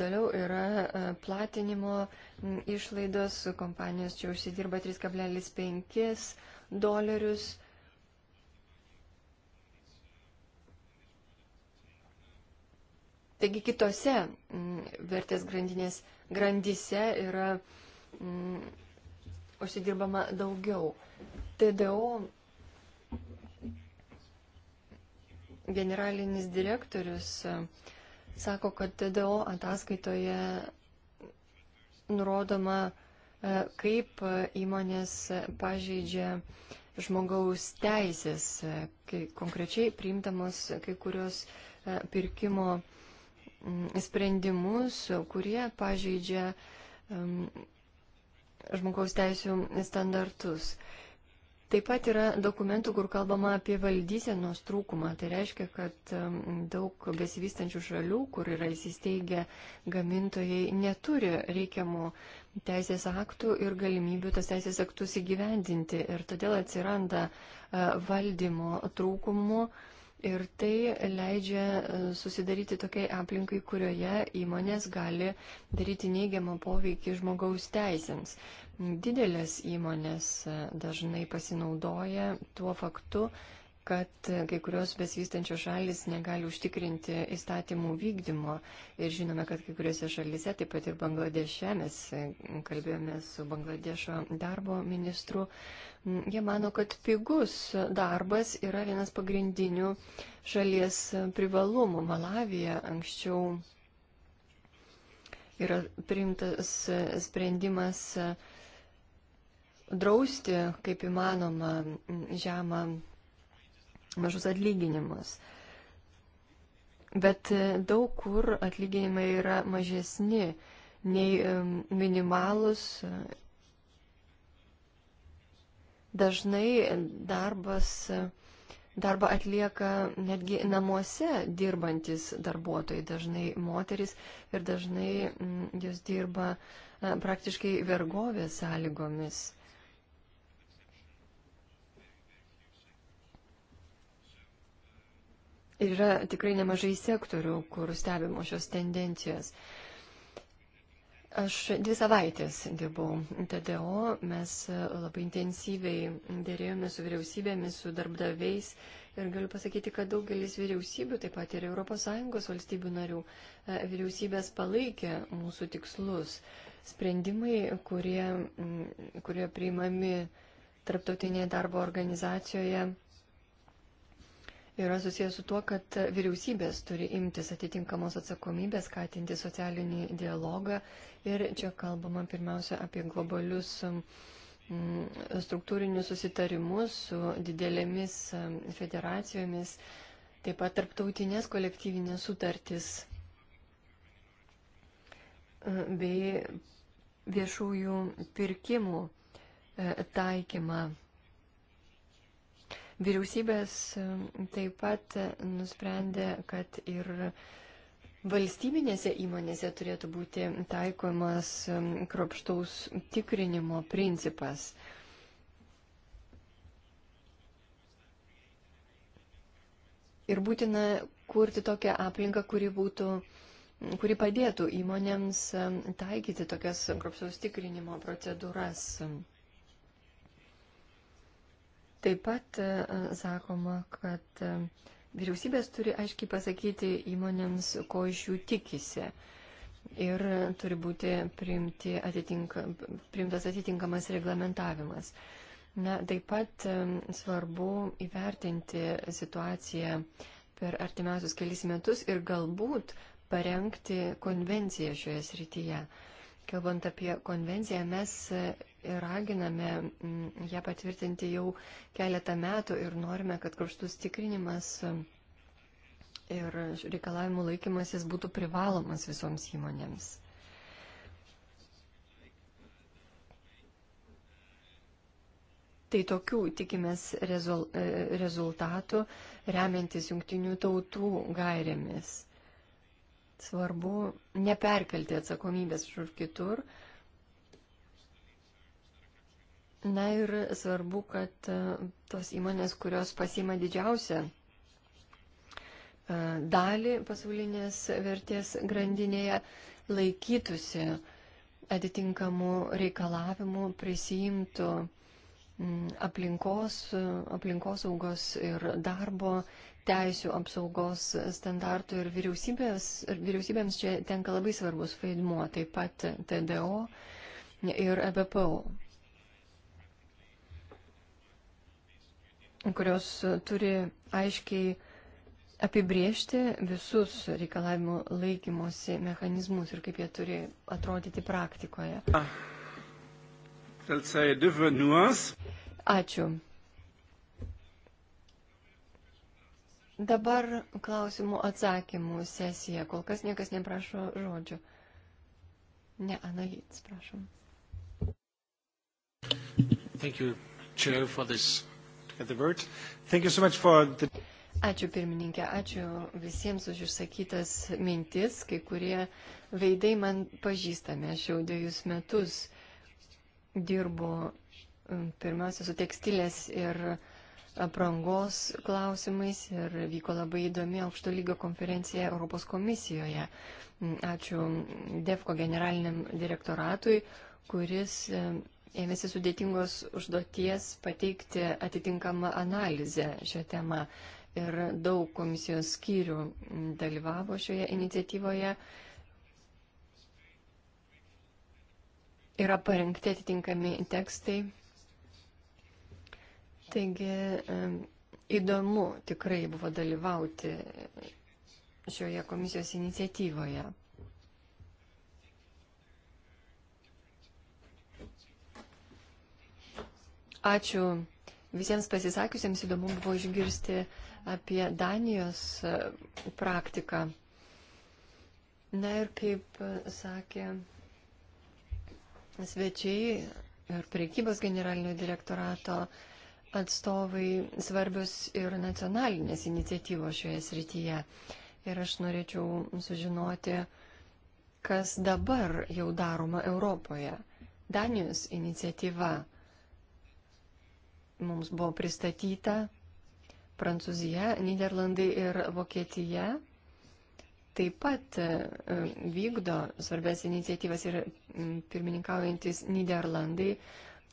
Toliau yra e, platinimo išlaidos, kompanijos čia užsidirba 3,5 dolerius. Taigi kitose vertės grandinės grandyse yra užsidirbama daugiau. TDO generalinis direktorius e, sako, kad TDO ataskaitoje nurodoma, e, kaip įmonės pažeidžia žmogaus teisės, e, kai konkrečiai priimtamos kai kurios pirkimo sprendimus, kurie pažeidžia žmogaus teisų standartus. Taip pat yra dokumentų, kur kalbama apie valdysenos trūkumą. Tai reiškia, kad um, daug besivystančių šalių, kur yra įsisteigę gamintojai, neturi reikiamų teisės aktų ir galimybių tas teisės aktus įgyvendinti. Ir todėl atsiranda uh, valdymo trūkumų Ir tai leidžia e, susidaryti tokiai aplinkai, kurioje įmonės gali daryti neigiamą poveikį žmogaus teisėms. Didelės įmonės e, dažnai pasinaudoja tuo faktu, kad kai kurios besivystančios šalis negali užtikrinti įstatymų vykdymo. Ir žinome, kad kai kuriuose šalise, taip pat ir Bangladeše, mes kalbėjome su Bangladešo darbo ministru, jie mano, kad pigus darbas yra vienas pagrindinių šalies privalumų. Malavija anksčiau yra priimtas sprendimas drausti, kaip įmanoma, žemą mažus atlyginimus. Bet e, daug kur atlyginimai yra mažesni nei e, minimalus. E, dažnai darbas, darbą atlieka netgi namuose dirbantis darbuotojai, dažnai moteris ir dažnai jos dirba praktiškai vergovės sąlygomis. Ir yra tikrai nemažai sektorių, kur stebimo šios tendencijos. Aš dvi savaitės dirbau TDO, mes labai intensyviai dėrėjome su vyriausybėmis, su darbdaviais ir galiu pasakyti, kad daugelis vyriausybių, taip pat ir ES valstybių narių, e, vyriausybės palaikė mūsų tikslus. Sprendimai, kurie, kurie priimami tarptautinėje darbo organizacijoje yra susijęs su tuo, kad vyriausybės turi imtis atitinkamos atsakomybės, skatinti socialinį dialogą. Ir čia kalbama pirmiausia apie globalius mm, struktūrinius susitarimus su didelėmis mm, federacijomis, taip pat tarptautinės kolektyvinės sutartis mm, bei viešųjų pirkimų e, taikymą Vyriausybės taip pat nusprendė, kad ir valstybinėse įmonėse turėtų būti taikomas kropštaus tikrinimo principas. Ir būtina kurti tokią aplinką, kuri būtų kuri padėtų įmonėms taikyti tokias kropsaus tikrinimo procedūras. Taip pat e, sakoma, kad e, vyriausybės turi aiškiai pasakyti įmonėms, ko iš jų tikisi. Ir turi būti atitink, priimtas atitinkamas reglamentavimas. Na, taip pat e, svarbu įvertinti situaciją per artimiausius kelis metus ir galbūt parengti konvenciją šioje srityje. Kalbant apie konvenciją, mes raginame mm, ją patvirtinti jau keletą metų ir norime, kad kruštus tikrinimas mm, ir reikalavimų laikymasis būtų privalomas visoms įmonėms. Tai tokių tikimės rezul, e, rezultatų remiantis jungtinių tautų gairėmis. Svarbu neperkelti atsakomybės kažkur kitur, Na ir svarbu, kad e, tos įmonės, kurios pasima didžiausią e, dalį pasaulinės vertės grandinėje, laikytųsi atitinkamų reikalavimų, prisijimtų aplinkos, aplinkosaugos ir darbo teisų apsaugos standartų ir vyriausybės, ir vyriausybėms čia tenka labai svarbus vaidmuo, taip pat TDO ir EBPO. kurios e, turi aiškiai apibriežti visus reikalavimų laikymosi mechanizmus ir kaip jie turi atrodyti praktikoje. Ačiū. Dabar klausimų atsakymų sesija. Kol kas niekas neprašo žodžių. Ne, Analytis, prašom. Thank you, Chair, for this The... Ačiū pirmininkė, ačiū visiems už išsakytas mintis, kai kurie veidai man pažįstami. Aš jau dviejus metus dirbu pirmiausia su tekstilės ir aprangos klausimais ir vyko labai įdomi aukšto lygio konferencija Europos komisijoje. Ačiū DEFCO generaliniam direktoratui, kuris ėmėsi sudėtingos užduoties pateikti atitinkamą analizę šią temą. Ir daug komisijos skyrių dalyvavo šioje iniciatyvoje. Yra parengti atitinkami tekstai. Taigi įdomu tikrai buvo dalyvauti šioje komisijos iniciatyvoje. Ačiū visiems pasisakiusiems, įdomu buvo išgirsti apie Danijos e, praktiką. Na ir kaip e, sakė svečiai ir priekybos generalinio direktorato atstovai, svarbios ir nacionalinės iniciatyvos šioje srityje. Ir aš norėčiau sužinoti, kas dabar jau daroma Europoje. Danijos iniciatyva mums buvo pristatyta Prancūzija, Niderlandai ir Vokietija taip pat e, vykdo svarbės iniciatyvas ir pirmininkaujantis Niderlandai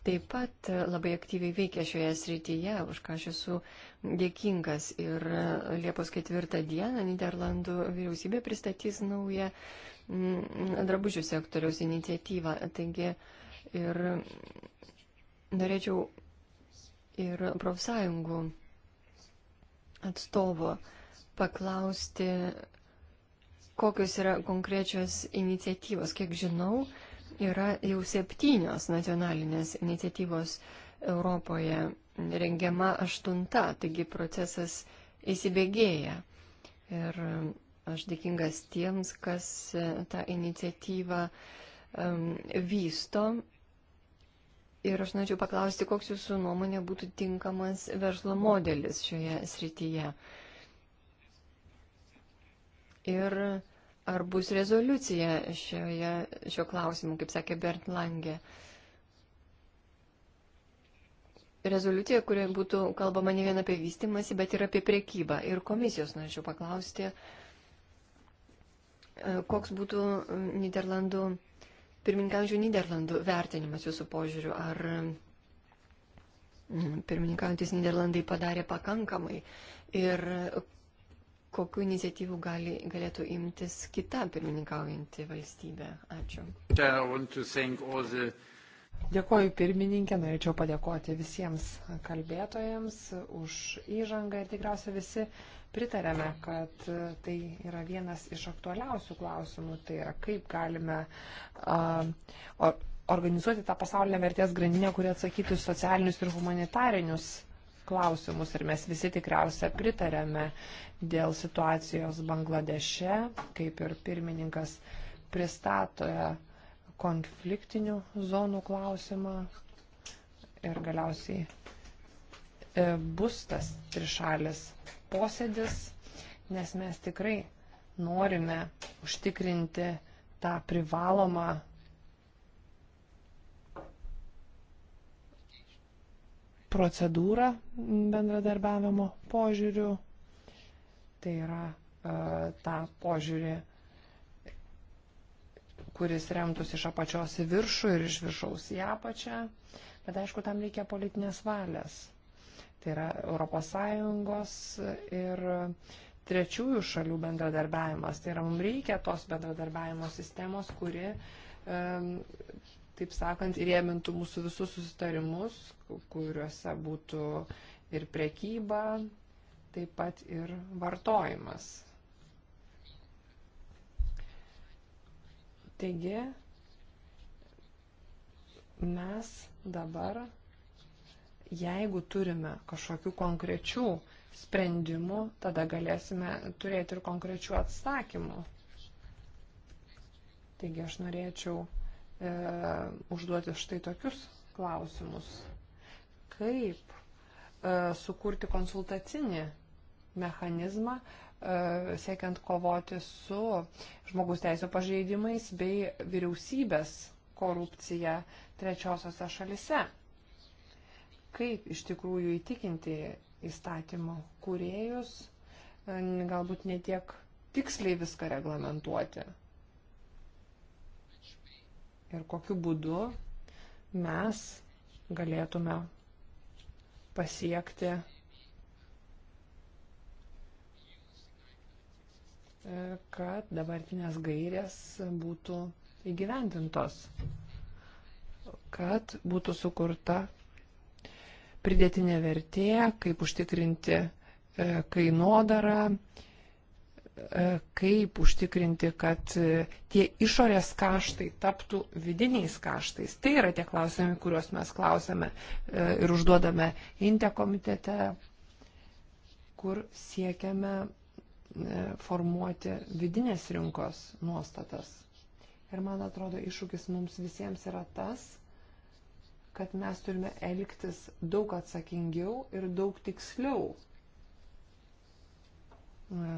taip pat e, labai aktyviai veikia šioje srityje, už ką aš esu dėkingas. Ir e, Liepos ketvirtą dieną Niderlandų vyriausybė pristatys naują drabužių sektoriaus iniciatyvą. Taigi ir norėčiau ir profsąjungų atstovo paklausti, kokios yra konkrečios iniciatyvos. Kiek žinau, yra jau septynios nacionalinės iniciatyvos Europoje, rengiama aštunta, taigi procesas įsibėgėja. Ir aš dėkingas tiems, kas tą iniciatyvą um, vysto Ir aš norėčiau paklausti, koks jūsų nuomonė būtų tinkamas verslo modelis šioje srityje. Ir ar bus rezoliucija šioje, šio klausimu, kaip sakė Bernd Lange. Rezoliucija, kurioje būtų kalbama ne vien apie vystimąsi, bet ir apie priekybą. Ir komisijos norėčiau paklausti, e, koks būtų Niderlandų pirmininkaujančių Niderlandų vertinimas jūsų požiūriu, ar mm, pirmininkaujantis Niderlandai padarė pakankamai ir kokiu iniciatyvu gali, galėtų imtis kita pirmininkaujanti valstybė. Ačiū. Dėkoju pirmininkė, norėčiau padėkoti visiems kalbėtojams už įžangą ir tikriausiai visi pritarėme, kad e, tai yra vienas iš aktualiausių klausimų, tai yra kaip galime uh, organizuoti tą pasaulinę vertės grandinę, kuri atsakytų socialinius ir humanitarinius klausimus. Ir mes visi tikriausia pritarėme dėl situacijos Bangladeše, kaip ir pirmininkas pristatoja konfliktinių zonų klausimą ir galiausiai E, bus tas trišalis posėdis, nes mes tikrai norime užtikrinti tą privalomą procedūrą bendradarbiavimo požiūrių. Tai yra e, tą požiūrį, kuris remtųsi iš apačios į viršų ir iš viršaus į apačią. Bet aišku, tam reikia politinės valios tai yra ES ir trečiųjų šalių bendradarbiavimas. Tai yra, mums reikia tos bendradarbiavimo sistemos, kuri, taip sakant, įrėmintų mūsų visus susitarimus, kuriuose būtų ir prekyba, taip pat ir vartojimas. Taigi, mes dabar jeigu turime kažkokių konkrečių sprendimų, tada galėsime turėti ir konkrečių atsakymų. Taigi aš norėčiau e, užduoti štai tokius klausimus. Kaip e, sukurti konsultacinį mechanizmą, e, siekiant kovoti su žmogus teisų pažeidimais bei vyriausybės korupcija trečiosiose šalise? kaip iš tikrųjų įtikinti įstatymo kūrėjus, e, galbūt netiek tiksliai viską reglamentuoti. Ir kokiu būdu mes galėtume pasiekti e, kad dabartinės gairės būtų įgyvendintos, kad būtų sukurta pridėtinė vertė, kaip užtikrinti e, kainodarą, e, kaip užtikrinti, kad e, tie išorės kaštai taptų vidiniais kaštais. Tai yra tie klausimai, kuriuos mes klausėme ir užduodame Inte komitete, kur siekiame formuoti vidinės rinkos nuostatas. Ir man atrodo, iššūkis mums visiems yra tas, kad mes turime elgtis daug atsakingiau ir daug tiksliau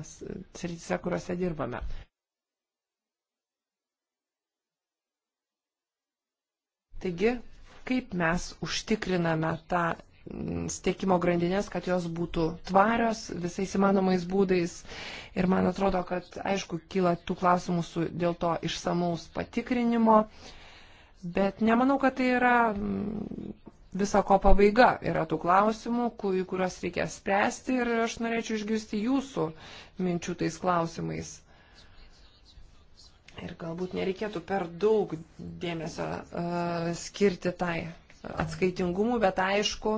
srityse, kuriuose dirbame. Taigi, kaip mes užtikriname tą mm, stiekimo grandinės, kad jos būtų tvarios visais įmanomais būdais. Ir man atrodo, kad aišku, kyla tų klausimų su dėl to išsamaus patikrinimo. Uh, Bet nemanau, kad tai yra mm, visako pabaiga. Yra tų klausimų, kur, kuriuos reikia spręsti ir aš norėčiau išgirsti jūsų minčių tais klausimais. Ir galbūt nereikėtų per daug dėmesio uh, skirti tai atskaitingumui, bet aišku,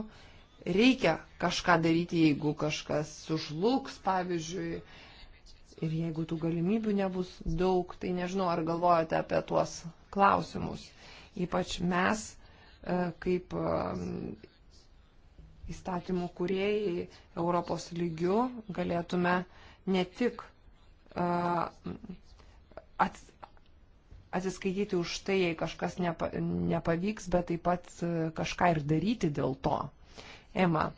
reikia kažką daryti, jeigu kažkas sužlugs, pavyzdžiui, ir jeigu tų galimybių nebus daug, tai nežinau, ar galvojate apie tuos klausimus. Ypač mes, e, kaip e, įstatymų kuriejai Europos lygių, galėtume ne tik e, atsiskaityti už tai, jei kažkas nepa, nepavyks, bet taip pat kažką ir daryti dėl to. Ema,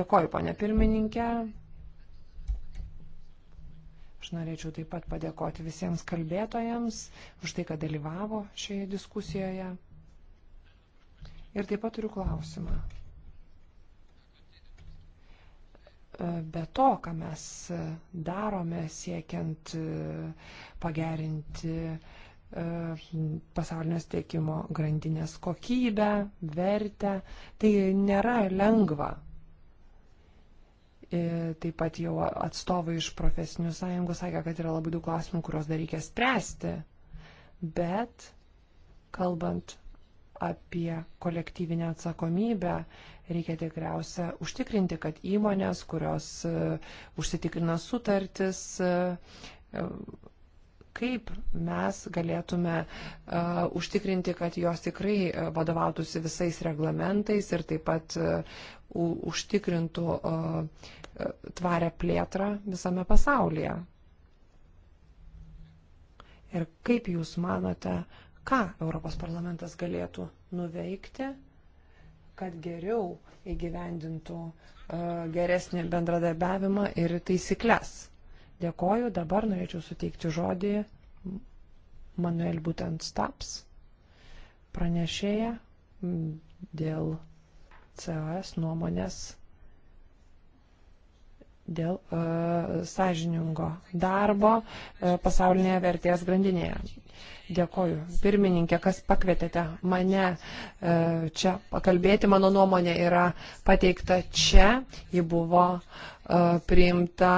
dėkoju, ponė pirmininkė. Aš norėčiau taip pat padėkoti visiems kalbėtojams už tai, kad dalyvavo šioje diskusijoje. Ir taip pat turiu klausimą. E, be to, ką mes darome siekiant e, pagerinti e, pasaulinės tiekimo grandinės kokybę, vertę, tai nėra lengva E, taip pat jau atstovai iš profesinių sąjungų sakė, kad yra labai daug klausimų, kuriuos dar reikia spręsti. Bet kalbant apie kolektyvinę atsakomybę, reikia tikriausia užtikrinti, kad įmonės, kurios e, užsitikrina sutartis, e, kaip mes galėtume uh, užtikrinti, kad jos tikrai vadovautųsi visais reglamentais ir taip pat uh, užtikrintų tvarę plėtrą visame pasaulyje. Ir kaip Jūs manote, ką Europos parlamentas galėtų nuveikti, kad geriau įgyvendintų geresnį bendradarbiavimą ir taisyklės? Dėkoju, dabar norėčiau suteikti žodį Manuel Būtent Staps, pranešėja dėl CAS nuomonės dėl e, sąžiningo darbo e, pasaulinėje vertės grandinėje. Dėkoju. Pirmininkė, kas pakvietėte mane e, čia pakalbėti, mano nuomonė yra pateikta čia, ji buvo e, priimta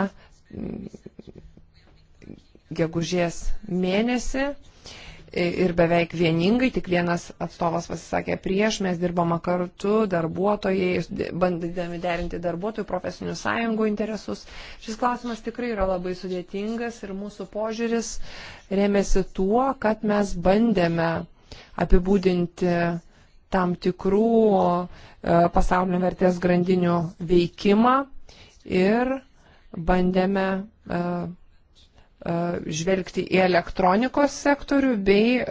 gegužės mėnesį ir beveik vieningai, tik vienas atstovas pasisakė prieš, mes dirbama kartu, darbuotojai, bandydami derinti darbuotojų profesinių sąjungų interesus. Šis klausimas tikrai yra labai sudėtingas ir mūsų požiūris rėmėsi tuo, kad mes bandėme apibūdinti tam tikrų e, pasaulio vertės grandinių veikimą ir bandėme e, E, žvelgti į elektronikos sektorių bei e,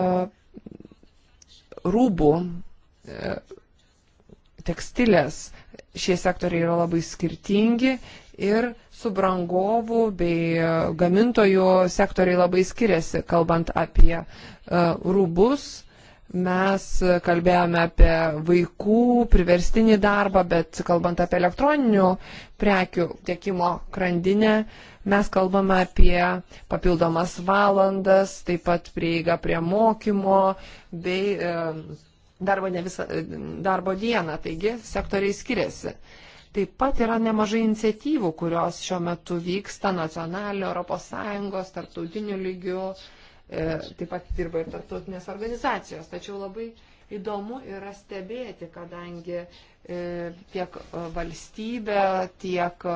e, rūbų, tekstilės. Šie sektoriai yra labai skirtingi ir subrangovų bei gamintojų sektoriai labai skiriasi, kalbant apie rūbus Mes kalbėjome apie vaikų priverstinį darbą, bet kalbant apie elektroninių prekių tiekimo grandinę, mes kalbame apie papildomas valandas, taip pat prieigą prie mokymo bei e, darbo, visą, e, darbo dieną. Taigi sektoriai skiriasi. Taip pat yra nemažai iniciatyvų, kurios šiuo metu vyksta nacionaliniu, ES, tarptautiniu lygiu. E, taip pat dirba ir tarptautinės organizacijos. Tačiau labai įdomu yra stebėti, kadangi e, tiek e, valstybė, tiek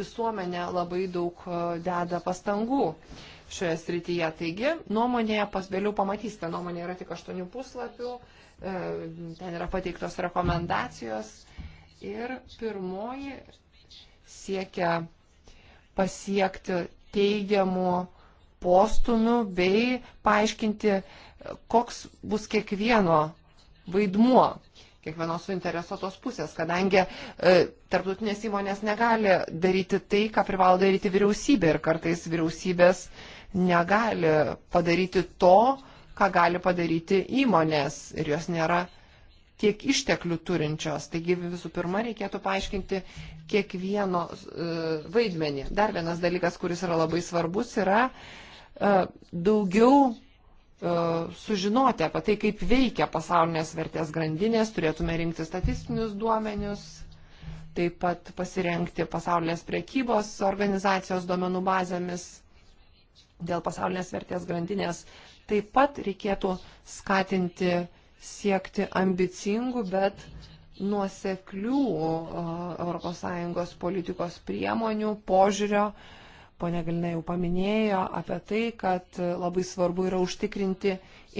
visuomenė labai daug deda pastangų šioje srityje. Taigi, nuomonėje pas vėliau pamatysite, nuomonė yra tik aštuonių puslapių, ten yra pateiktos rekomendacijos ir pirmoji siekia pasiekti teigiamų postumių bei paaiškinti, koks bus kiekvieno vaidmuo, kiekvienos suinteresuotos pusės, kadangi e, tarptautinės įmonės negali daryti tai, ką privalo daryti vyriausybė ir kartais vyriausybės negali padaryti to, ką gali padaryti įmonės ir jos nėra tiek išteklių turinčios. Taigi visų pirma reikėtų paaiškinti kiekvieno e, vaidmenį. Dar vienas dalykas, kuris yra labai svarbus, yra e, E, daugiau e, sužinoti apie tai, kaip veikia pasaulinės vertės grandinės, turėtume rinkti statistinius duomenius, taip pat pasirenkti pasaulinės priekybos organizacijos duomenų bazėmis dėl pasaulinės vertės grandinės. Taip pat reikėtų skatinti siekti ambicingų, bet nuoseklių ES politikos priemonių, požiūrio, uh, Pone Galina jau paminėjo apie tai, kad labai svarbu yra užtikrinti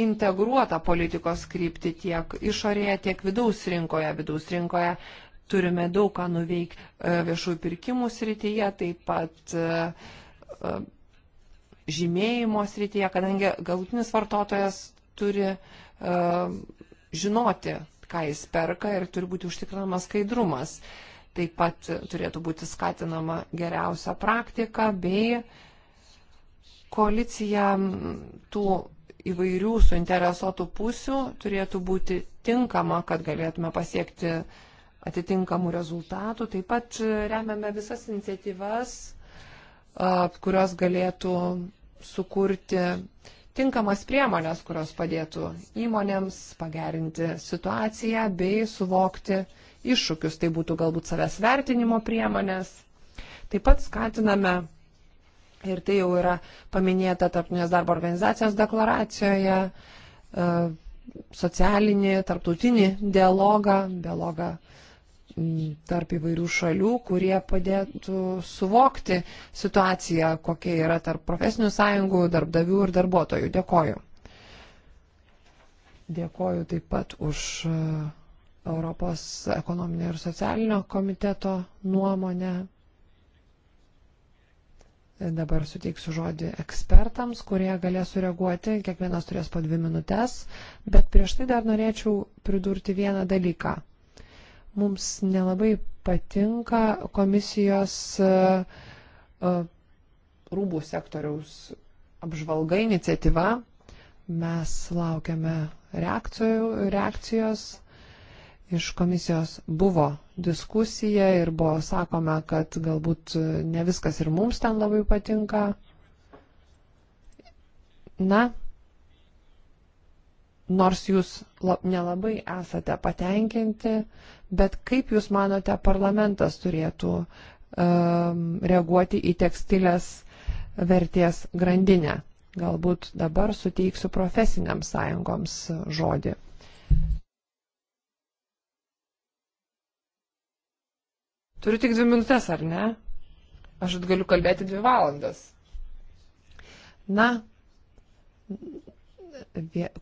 integruotą politikos kryptį tiek išorėje, tiek vidaus rinkoje. Vidaus rinkoje turime daug ką nuveikti e, viešųjų pirkimų srityje, taip pat e, e, žymėjimo srityje, kadangi galutinis vartotojas turi žinoti, ką jis perka ir turi būti užtikrinamas skaidrumas. Uh, Taip pat turėtų būti skatinama geriausia praktika bei koalicija tų įvairių suinteresuotų pusių turėtų būti tinkama, kad galėtume pasiekti atitinkamų rezultatų. Taip pat remiame visas iniciatyvas, kurios galėtų sukurti tinkamas priemonės, kurios padėtų įmonėms pagerinti situaciją bei suvokti iššūkius, tai būtų galbūt savęs vertinimo priemonės. Taip pat skatiname, ir tai jau yra paminėta tarptautinės darbo organizacijos deklaracijoje, e, socialinį, tarptautinį dialogą, dialogą tarp įvairių šalių, kurie padėtų suvokti situaciją, kokia yra tarp profesinių sąjungų, darbdavių ir darbuotojų. Dėkoju. Dėkoju taip pat už e, Europos ekonominio ir socialinio komiteto nuomonę. Dabar suteiksiu žodį ekspertams, kurie galės sureaguoti, kiekvienas turės po dvi minutės, bet prieš tai dar norėčiau pridurti vieną dalyką. Mums nelabai patinka komisijos e, e, rūbų sektoriaus apžvalga iniciatyva. Mes laukiame reakcijų, reakcijos iš komisijos buvo diskusija ir buvo sakoma, kad galbūt ne viskas ir mums ten labai patinka. Na, nors jūs nelabai esate patenkinti, bet kaip jūs manote, parlamentas turėtų um, reaguoti į tekstilės vertės grandinę? Galbūt dabar suteiksiu profesiniams sąjungoms žodį. Turiu tik dvi minutės, ar ne? Aš galiu kalbėti dvi valandas. Na,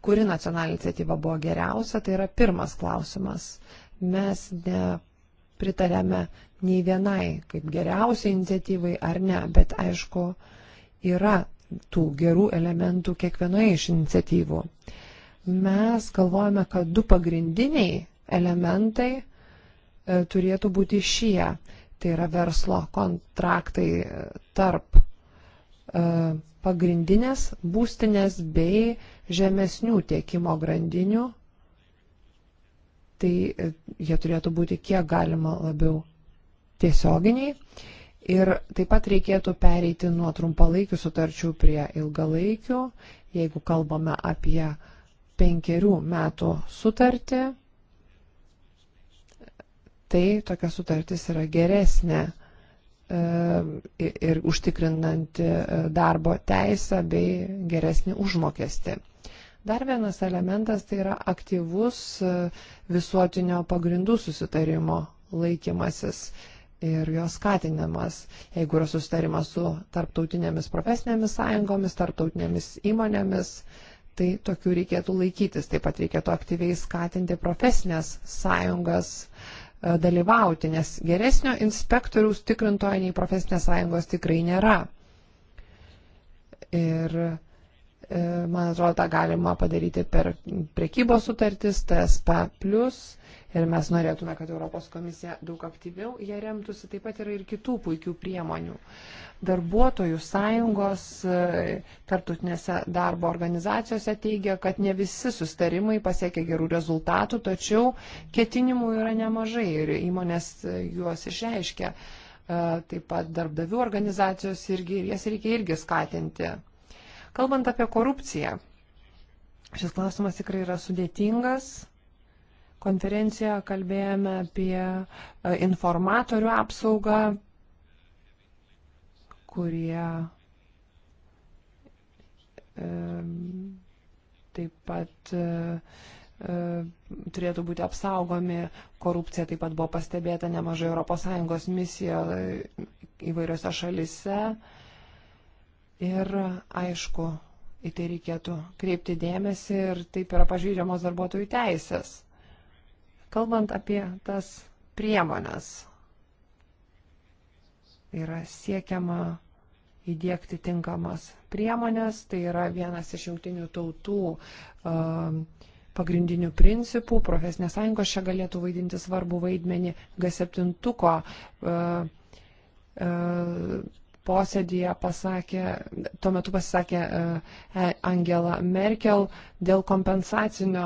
kuri nacionalinė iniciatyva buvo geriausia, tai yra pirmas klausimas. Mes nepritarėme nei vienai kaip geriausiai iniciatyvai ar ne, bet aišku, yra tų gerų elementų kiekvienoje iš iniciatyvų. Mes galvojame, kad du pagrindiniai elementai E, turėtų būti šie. Tai yra verslo kontraktai e, tarp e, pagrindinės būstinės bei žemesnių tiekimo grandinių. Tai jie turėtų būti kiek galima labiau tiesioginiai. Ir taip pat reikėtų pereiti nuo trumpalaikių sutarčių prie ilgalaikių. Jeigu kalbame apie penkerių metų sutartį, tai tokia sutartis yra geresnė e, ir užtikrinanti e, darbo teisę bei geresnį užmokestį. Dar vienas elementas tai yra aktyvus e, visuotinio pagrindų susitarimo laikymasis ir jos skatinimas, jeigu yra susitarimas su tarptautinėmis profesinėmis sąjungomis, tarptautinėmis įmonėmis, tai tokių reikėtų laikytis. Taip pat reikėtų aktyviai skatinti profesinės sąjungas E, dalyvauti, nes geresnio inspektoriaus tikrintojo nei profesinės sąjungos tikrai nėra. Ir e, man atrodo, tą galima padaryti per prekybos sutartis, TSP, Ir mes norėtume, kad Europos komisija daug aktyviau ją remtųsi. Taip pat yra ir kitų puikių priemonių. Darbuotojų sąjungos e, tartutinėse darbo organizacijose teigia, kad ne visi sustarimai pasiekia gerų rezultatų, tačiau ketinimų yra nemažai ir įmonės e, juos išreiškia. E, taip pat darbdavių organizacijos irgi, jas reikia irgi skatinti. Kalbant apie korupciją, šis klausimas tikrai yra sudėtingas konferencijoje kalbėjome apie e, informatorių apsaugą, kurie e, taip pat e, turėtų būti apsaugomi. Korupcija taip pat buvo pastebėta nemažai ES misijo įvairiose šalise. Ir aišku, į tai reikėtų kreipti dėmesį ir taip yra pažydžiamos darbuotojų teisės. Kalbant apie tas priemonės, yra siekiama įdėkti tinkamas priemonės, tai yra vienas iš jungtinių tautų pagrindinių principų, profesinės sąjungos čia galėtų vaidinti svarbu vaidmenį G7 posėdėje pasakė, tuo metu pasisakė Angela Merkel dėl kompensacinio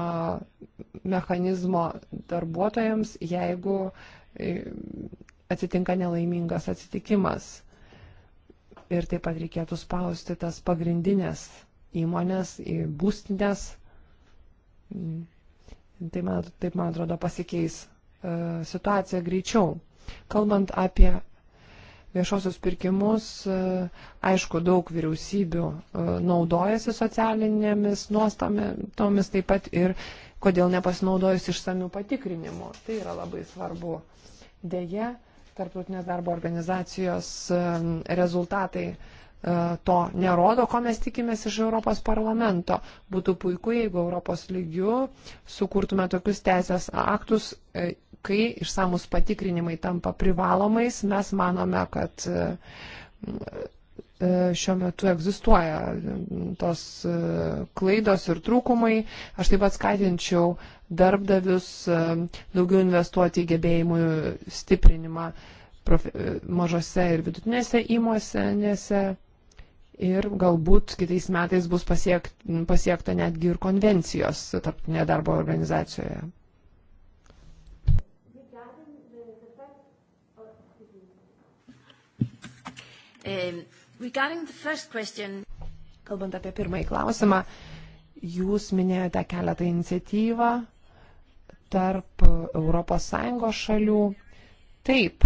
mechanizmo darbuotojams, jeigu e, atsitinka nelaimingas atsitikimas. Ir taip pat reikėtų spausti tas pagrindinės įmonės, būstinės. Mm. Tai man, taip, man atrodo, pasikeis e, situacija greičiau. Kalbant apie viešosius pirkimus, e, aišku, daug vyriausybių naudojasi socialinėmis nuostomis, taip pat ir kodėl nepasinaudojus išsamių patikrinimų. Tai yra labai svarbu. Deja, tarptautinės darbo organizacijos rezultatai e, to nerodo, ko mes tikimės iš Europos parlamento. Būtų puiku, jeigu Europos lygių sukurtume tokius teisės aktus, e, kai išsamus patikrinimai tampa privalomais. Mes manome, kad e, E, šiuo metu egzistuoja e, tos e, klaidos ir trūkumai. Aš taip pat skatinčiau darbdavius daugiau investuoti į gebėjimų stiprinimą profe, mažose ir vidutinėse įmonėse. Ir galbūt kitais metais bus pasiekt, pasiekta netgi ir konvencijos tarptautinėje darbo organizacijoje. Um Kalbant apie pirmąjį klausimą, jūs minėjote keletą iniciatyvą tarp ES šalių. Taip,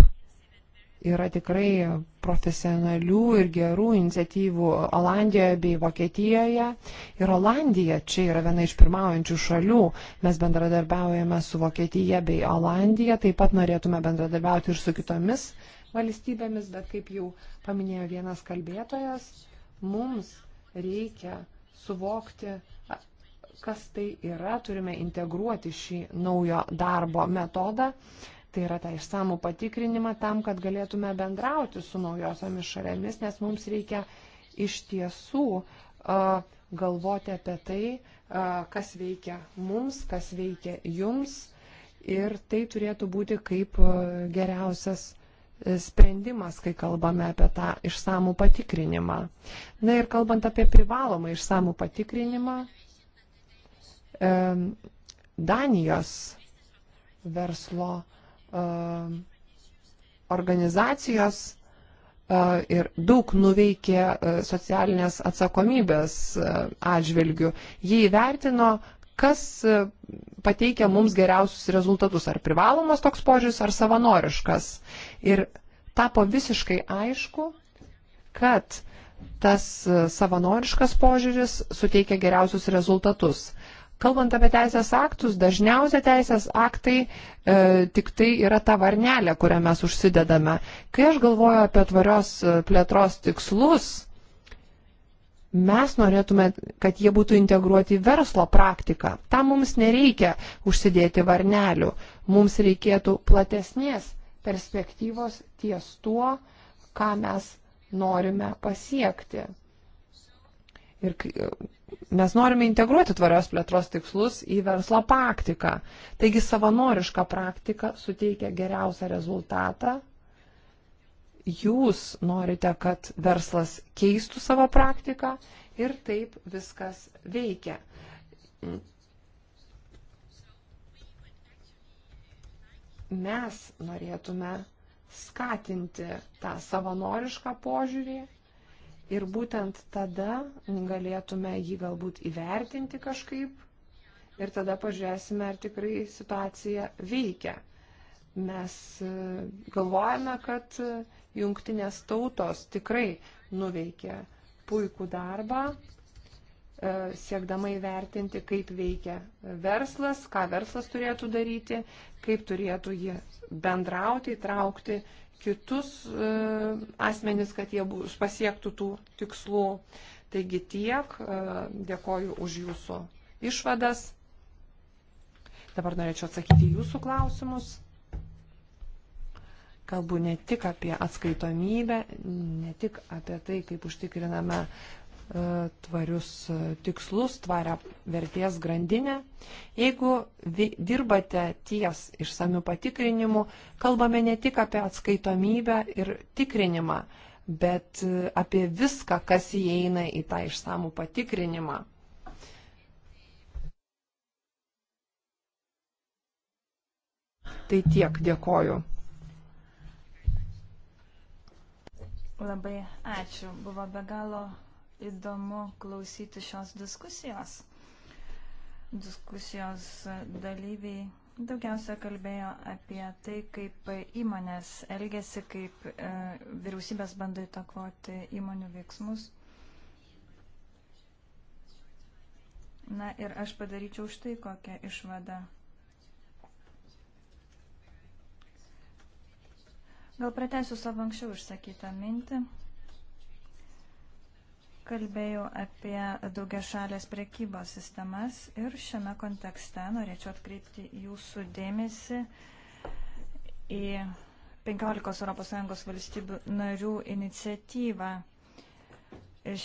yra tikrai profesionalių ir gerų iniciatyvų Olandijoje bei Vokietijoje. Ir Olandija čia yra viena iš pirmaujančių šalių. Mes bendradarbiaujame su Vokietija bei Olandija, taip pat norėtume bendradarbiauti ir su kitomis valstybėmis, bet kaip jau paminėjo vienas kalbėtojas, mums reikia suvokti, kas tai yra, turime integruoti šį naujo darbo metodą. Tai yra tą išsamų patikrinimą tam, kad galėtume bendrauti su naujosiomis šalėmis, nes mums reikia iš tiesų uh, galvoti apie tai, uh, kas veikia mums, kas veikia jums. Ir tai turėtų būti kaip uh, geriausias sprendimas, kai kalbame apie tą išsamų patikrinimą. Na ir kalbant apie privalomą išsamų patikrinimą, Danijos verslo e, organizacijos e, ir daug nuveikė e, socialinės atsakomybės atžvilgių. Jie įvertino, kas e, pateikia mums geriausius rezultatus, ar privalomas toks požiūris, ar savanoriškas. Ir tapo visiškai aišku, kad tas e, savanoriškas požiūris suteikia geriausius rezultatus. Kalbant apie teisės aktus, dažniausia teisės aktai e, tik tai yra ta varnelė, kurią mes užsidedame. Kai aš galvoju apie tvarios e, plėtros tikslus, Mes norėtume, kad jie būtų integruoti į verslo praktiką. Tam mums nereikia užsidėti varnelių. Mums reikėtų platesnės perspektyvos ties tuo, ką mes norime pasiekti. Ir mes norime integruoti tvarios plėtros tikslus į verslo praktiką. Taigi savanoriška praktika suteikia geriausią rezultatą jūs norite, kad verslas keistų savo praktiką ir taip viskas veikia. Mes norėtume skatinti tą savanorišką požiūrį ir būtent tada galėtume jį galbūt įvertinti kažkaip ir tada pažiūrėsime, ar tikrai situacija veikia. Mes e, galvojame, kad e, jungtinės tautos tikrai nuveikė puikų darbą, e, siekdama įvertinti, kaip veikia verslas, ką verslas turėtų daryti, kaip turėtų jie bendrauti, įtraukti kitus asmenis, kad jie pasiektų tų tikslų. Taigi tiek, dėkoju už jūsų išvadas. Dabar norėčiau atsakyti jūsų klausimus. Kalbu ne tik apie atskaitomybę, ne tik apie tai, kaip užtikriname e, tvarius e, tikslus, tvarią vertės grandinę. Jeigu dirbate ties išsamių patikrinimų, kalbame ne tik apie atskaitomybę ir tikrinimą, bet e, apie viską, kas įeina į tą išsamų patikrinimą. Tai tiek, dėkoju. Labai ačiū. Buvo be galo įdomu klausyti šios diskusijos. Diskusijos dalyviai daugiausia kalbėjo apie tai, kaip įmonės elgesi, kaip e, vyriausybės bando įtakoti įmonių veiksmus. Na ir aš padaryčiau štai kokią išvadą. Gal pratęsiu savo anksčiau išsakytą mintį. Kalbėjau apie daugia šalės prekybos sistemas ir šiame kontekste norėčiau atkreipti jūsų dėmesį į 15 ES valstybių narių iniciatyvą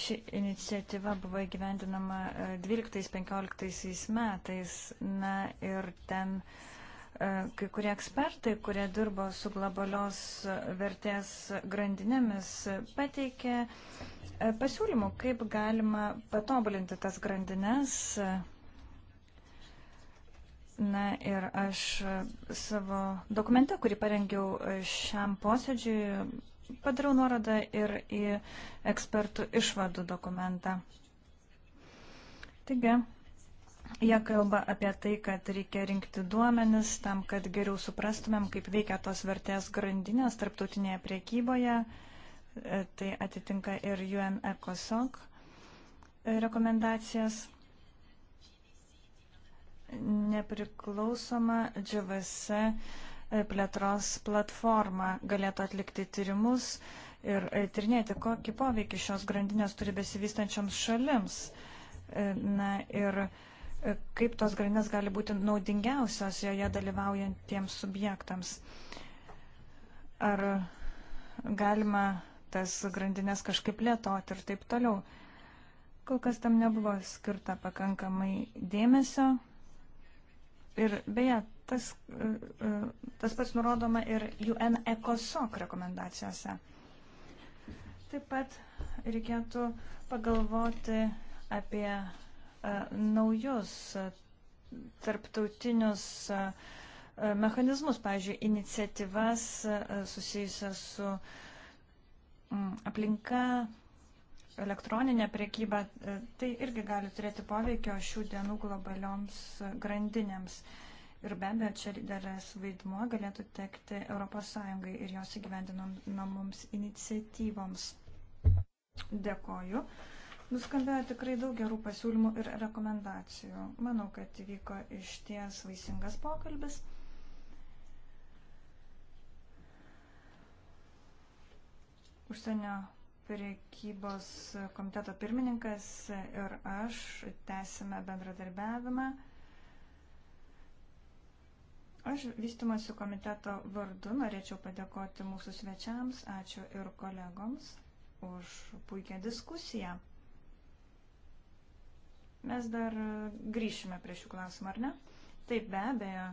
ši iniciatyva buvo įgyvendinama 12-15 metais, na ir ten uh, E, kai kurie ekspertai, kurie dirbo su globalios vertės grandinėmis, pateikė e, pasiūlymų, kaip galima patobulinti tas grandinės. Na ir aš savo dokumente, kurį parengiau šiam posėdžiui, padariau nuorodą ir į ekspertų išvadų dokumentą. Taigi, Jie kalba apie tai, kad reikia rinkti duomenis tam, kad geriau suprastumėm, kaip veikia tos vertės grandinės tarptautinėje priekyboje. E, tai atitinka ir UN ECOSOC e, rekomendacijas. Nepriklausoma GVS e, plėtros platforma galėtų atlikti tyrimus ir tirinėti, kokį poveikį šios grandinės turi besivystančioms šalims. Na ir kaip tos grandinės gali būti naudingiausios joje dalyvaujantiems subjektams. Ar galima tas grandinės kažkaip plėtoti ir taip toliau. Kol kas tam nebuvo skirta pakankamai dėmesio. Ir beje, tas, e, e, tas pats nurodoma ir UN ECOSOC rekomendacijose. Taip pat reikėtų pagalvoti apie naujus tarptautinius mechanizmus, pavyzdžiui, iniciatyvas susijusias su mm, aplinka, elektroninė priekyba, tai irgi gali turėti poveikio šių dienų globalioms grandinėms. Ir be abejo, čia didelis vaidmuo galėtų tekti ES ir jos įgyvendinamoms iniciatyvoms. Dėkoju. Nuskambėjo tikrai daug gerų pasiūlymų ir rekomendacijų. Manau, kad įvyko iš ties vaisingas pokalbis. Užsienio priekybos komiteto pirmininkas ir aš tęsime bendradarbiavimą. Aš vystimosi komiteto vardu norėčiau padėkoti mūsų svečiams, ačiū ir kolegoms už puikią diskusiją. Mes dar e, grįšime prie šių klausimų, ar ne? Taip, be abejo,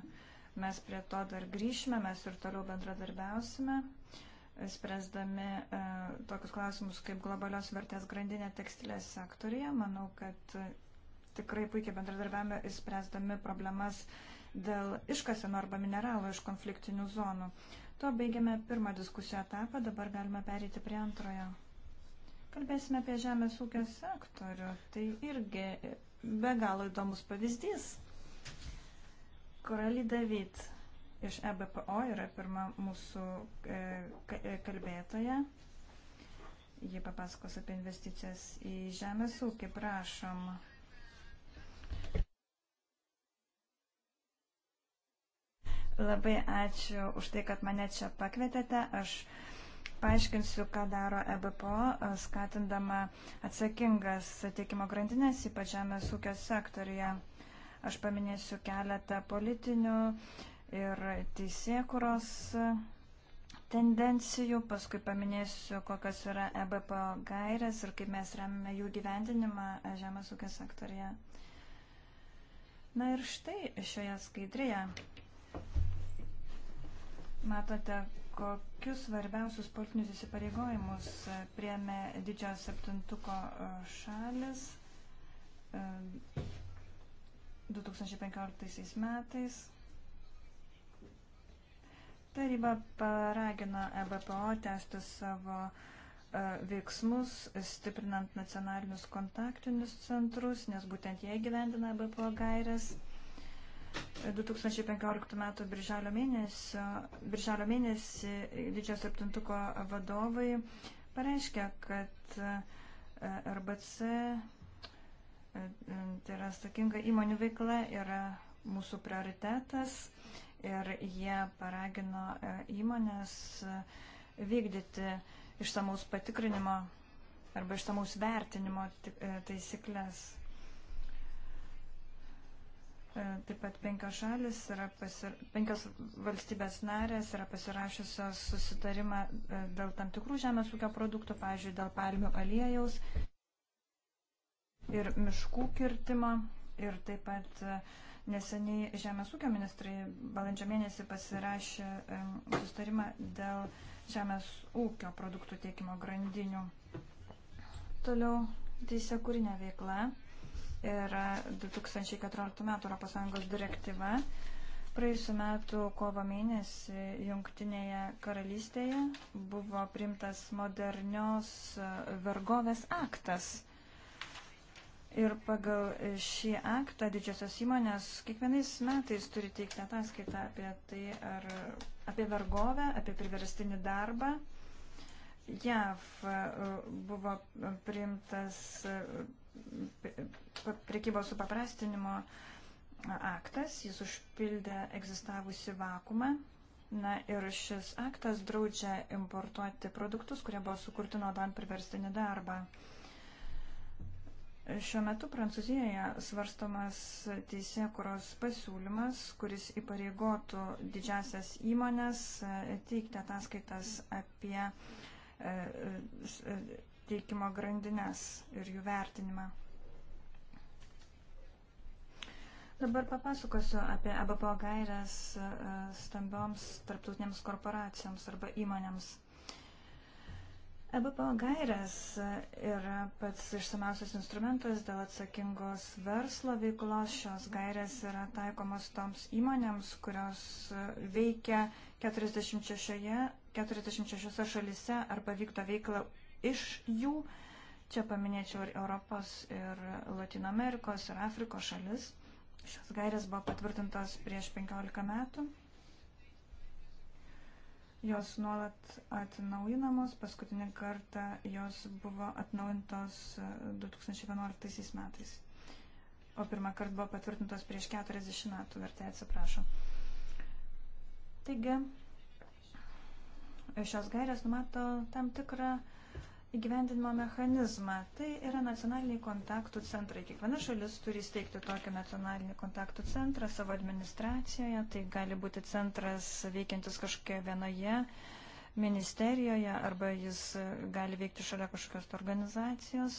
mes prie to dar grįšime, mes ir toliau bendradarbiausime, e, spręsdami e, tokius klausimus kaip globalios vertės grandinė tekstilės sektorija. Manau, kad e, tikrai puikiai bendradarbiavame įspręsdami problemas dėl iškasenų arba mineralų iš konfliktinių zonų. Tuo baigiame pirmą diskusijų etapą, dabar galime perėti prie antrojo. Kalbėsime apie žemės ūkio sektorių. Tai irgi be galo įdomus pavyzdys. Korali David iš EBPO yra pirma mūsų e, e, kalbėtoja. Ji papasakos apie investicijas į žemės ūkį. Prašom. Labai ačiū už tai, kad mane čia pakvietėte. Aš uh, Paaiškinsiu, ką daro EBPO, skatindama atsakingas tiekimo grandinės, ypač žemės ūkio sektorija. Aš paminėsiu keletą politinių ir teisėkuros tendencijų, paskui paminėsiu, kokios yra EBPO gairės ir kaip mes remiame jų gyvendinimą žemės ūkio sektorija. Na ir štai šioje skaidrėje matote, Kokius svarbiausius politinius įsipareigojimus priemė didžiojo septintuko e, šalis 2015 e, metais? Taryba paragino EBPO tęsti savo e, veiksmus, stiprinant nacionalinius kontaktinius centrus, nes būtent jie gyvendina EBPO gairias. 2015 m. Birželio, mėnesio, birželio mėnesį didžiojo septintuko vadovai pareiškia, kad e, RBC, e, e, tai yra sakinga įmonių veikla, yra mūsų prioritetas ir jie paragino įmonės vykdyti išsamaus patikrinimo arba išsamaus vertinimo taisyklės E, taip pat penkios šalis yra pasir... penkios valstybės narės yra pasirašiusios susitarimą e, dėl tam tikrų žemės ūkio produktų, pavyzdžiui, dėl palmių aliejaus ir miškų kirtimo. Ir taip pat e, neseniai žemės ūkio ministrai balandžio mėnesį pasirašė susitarimą dėl žemės ūkio produktų tiekimo grandinių. Toliau teisė kūrinė veikla yra 2014 m. ES direktyva. Praėjusiu metu kovo mėnesį Junktinėje karalystėje buvo primtas modernios vergovės aktas. Ir pagal šį aktą didžiosios įmonės kiekvienais metais turi teikti ataskaitą apie tai, ar apie vergovę, apie priverstinį darbą. JAV e, buvo priimtas priekybos supaprastinimo aktas, jis užpildė egzistavusi vakumą. Na ir šis aktas draudžia importuoti produktus, kurie buvo sukurti naudojant priverstinį darbą. Šiuo metu Prancūzijoje svarstomas teisėkuros pasiūlymas, kuris įpareigotų didžiasias įmonės teikti ataskaitas apie e, e, teikimo grandinės ir jų vertinimą. Dabar papasakosiu apie ABPO gairias e, stambioms tarptautinėms korporacijoms arba įmonėms. EBPO gairės e, yra pats išsamiausias instrumentas dėl atsakingos verslo veiklos. Šios gairės yra taikomos toms įmonėms, kurios e, veikia 46, 46 šalise arba vykdo veiklą iš jų. Čia paminėčiau ir Europos, ir Latino Amerikos, ir Afrikos šalis. Šios gairės buvo patvirtintos prieš 15 metų. Jos nuolat atnaujinamos, paskutinį kartą jos buvo atnaujintos 2011 e, metais. O pirmą kartą buvo patvirtintos prieš 40 metų, vertė atsiprašo. Taigi, šios gairės numato tam tikrą uh, įgyvendinimo mechanizmą. Tai yra nacionaliniai kontaktų centrai. Kiekviena šalis turi steigti tokį nacionalinį kontaktų centrą savo administracijoje. Tai gali būti centras veikiantis kažkokioje vienoje ministerijoje arba jis gali veikti šalia kažkokios tai organizacijos.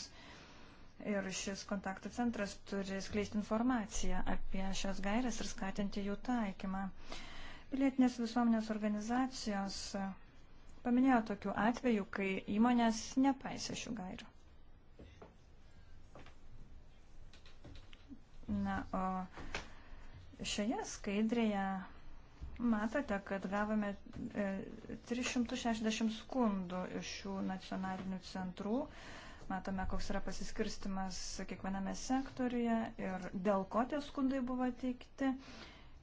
Ir šis kontaktų centras turi skleisti informaciją apie šias gairias ir skatinti jų taikymą. Pilietinės visuomenės organizacijos paminėjo tokių atvejų, kai įmonės nepaisė šių gairių. Na, o šioje skaidrėje matote, kad gavome 360 e, skundų iš šių nacionalinių centrų. Matome, koks yra pasiskirstimas kiekviename sektoriuje ir dėl ko tie skundai buvo teikti.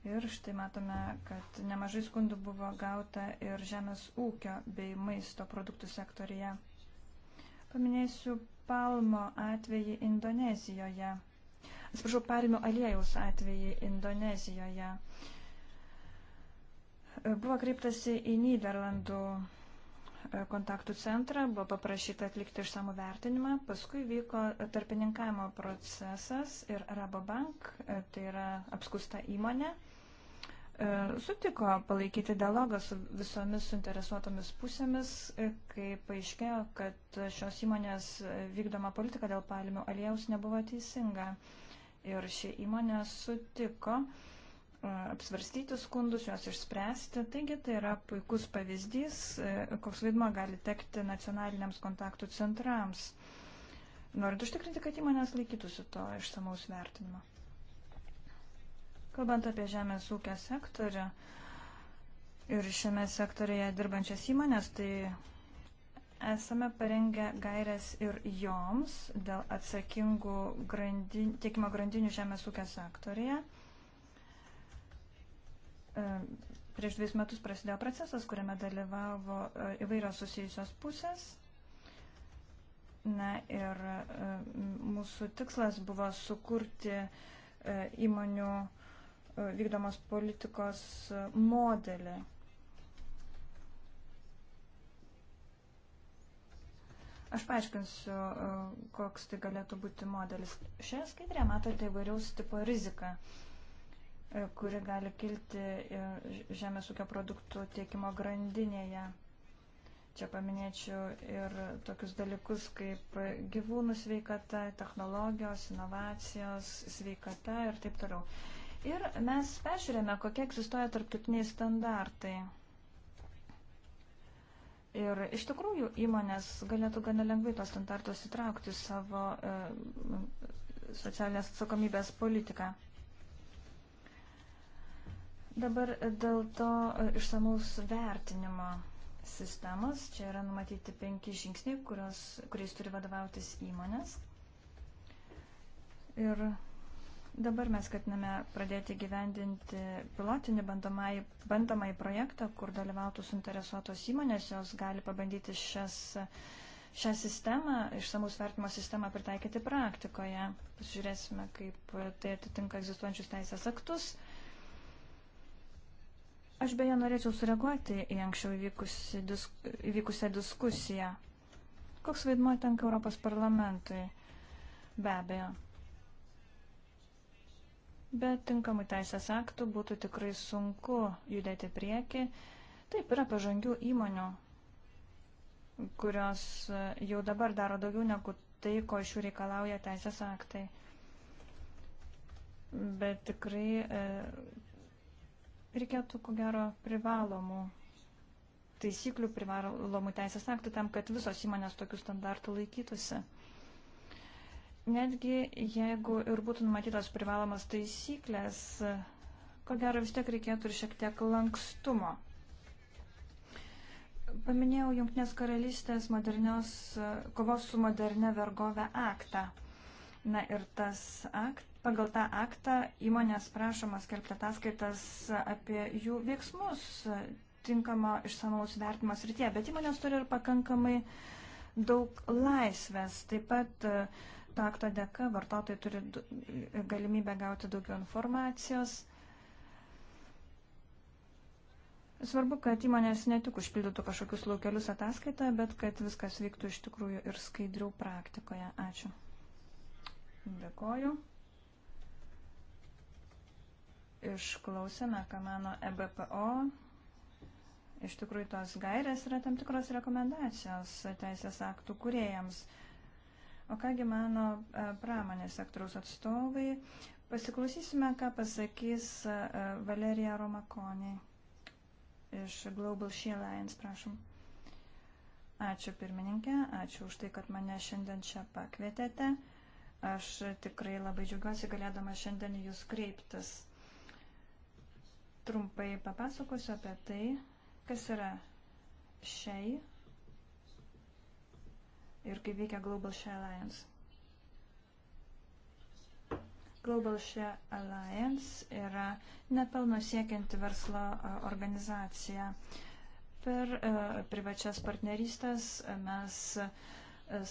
Ir štai matome, kad nemažai skundų buvo gauta ir žemės ūkio bei maisto produktų sektorija. Paminėsiu palmo atvejį Indonezijoje. Atsiprašau, palmių aliejaus atvejį Indonezijoje. Buvo kreiptasi į Niderlandų e, kontaktų centrą, buvo paprašyta atlikti išsamų vertinimą, paskui vyko tarpininkavimo procesas ir Rabobank, e, tai yra apskusta įmonė, E, sutiko palaikyti dialogą su visomis suinteresuotomis pusėmis, e, kai paaiškėjo, kad šios įmonės vykdoma politika dėl palmių aliejaus nebuvo teisinga. Ir ši įmonė sutiko e, apsvarstyti skundus, juos išspręsti. Taigi tai yra puikus pavyzdys, koks vaidmo gali tekti nacionaliniams kontaktų centrams. Norint užtikrinti, kad įmonės laikytųsi to išsamaus vertinimo. Kalbant apie žemės ūkio sektorių ir šiame sektorėje dirbančias įmonės, tai esame parengę gairias ir joms dėl atsakingų grandin, tiekimo grandinių žemės ūkio sektorėje. E, prieš dvies metus prasidėjo procesas, kuriame dalyvavo e, įvairios susijusios pusės. Na ir e, mūsų tikslas buvo sukurti įmonių vykdomos politikos modelį. Aš paaiškinsiu, e, koks tai galėtų būti modelis. Šioje skaidrėje matote įvairiaus tipo riziką, e, kuri gali kilti e, žemės ūkio produktų tiekimo grandinėje. Čia paminėčiau ir tokius dalykus kaip gyvūnų sveikata, technologijos, inovacijos, sveikata ir taip toliau. Ir mes peržiūrėjome, kokie egzistuoja tarptautiniai standartai. Ir iš tikrųjų įmonės galėtų gana lengvai tos standartus įtraukti savo e, socialinės atsakomybės politiką. Dabar dėl to e, išsamaus vertinimo sistemos. Čia yra numatyti penki žingsniai, kurios, kuriais turi vadovautis įmonės. Ir Dabar mes skatiname pradėti gyvendinti pilotinį bandomąjį projektą, kur dalyvautų suinteresuotos įmonės, jos gali pabandyti šias, šią sistemą, išsamus vertimo sistemą pritaikyti praktikoje. Pasižiūrėsime, kaip tai atitinka egzistuojančius teisės aktus. Aš beje norėčiau sureaguoti į anksčiau įvykusią disk, įvykusią diskusiją. Koks vaidmuo tenka Europos parlamentui? Be abejo, bet tinkamų teisės aktų būtų tikrai sunku judėti prieki. Taip, yra pažangių įmonių, kurios e, jau dabar daro daugiau negu tai, ko iš jų reikalauja teisės aktai. Bet tikrai e, reikėtų, ko gero, privalomų taisyklių, privalomų teisės aktų tam, kad visos įmonės tokių standartų laikytųsi netgi jeigu ir būtų numatytos privalomas taisyklės, ko gero vis tiek reikėtų ir šiek tiek lankstumo. Paminėjau Junktinės karalystės modernios, kovos su moderne vergovė aktą. Na ir tas akt, pagal tą aktą įmonės prašoma skelbti ataskaitas apie jų veiksmus tinkamo išsamaus vertimo srityje, bet įmonės turi ir pakankamai daug laisvės. Taip pat uh, To akto dėka vartotojai turi galimybę gauti daugiau informacijos. Svarbu, kad įmonės ne tik užpildytų kažkokius laukelius ataskaitoje, bet kad viskas vyktų iš tikrųjų ir skaidriau praktikoje. Ačiū. Dėkoju. Išklausėme, ką mano EBPO. Iš tikrųjų, tos gairės yra tam tikros rekomendacijos teisės aktų kuriejams. O kągi mano e, pramonės sektoriaus atstovai, pasiklausysime, ką pasakys e, e, Valerija Romakonė iš Global She Alliance, prašom. Ačiū pirmininkė, ačiū už tai, kad mane šiandien čia pakvietėte. Aš tikrai labai džiugiuosi galėdama šiandien jūs kreiptis. Trumpai papasakosiu apie tai, kas yra šiai ir kaip veikia Global Share Alliance. Global Share Alliance yra nepelno siekianti verslo organizacija. Per privačias partnerystės mes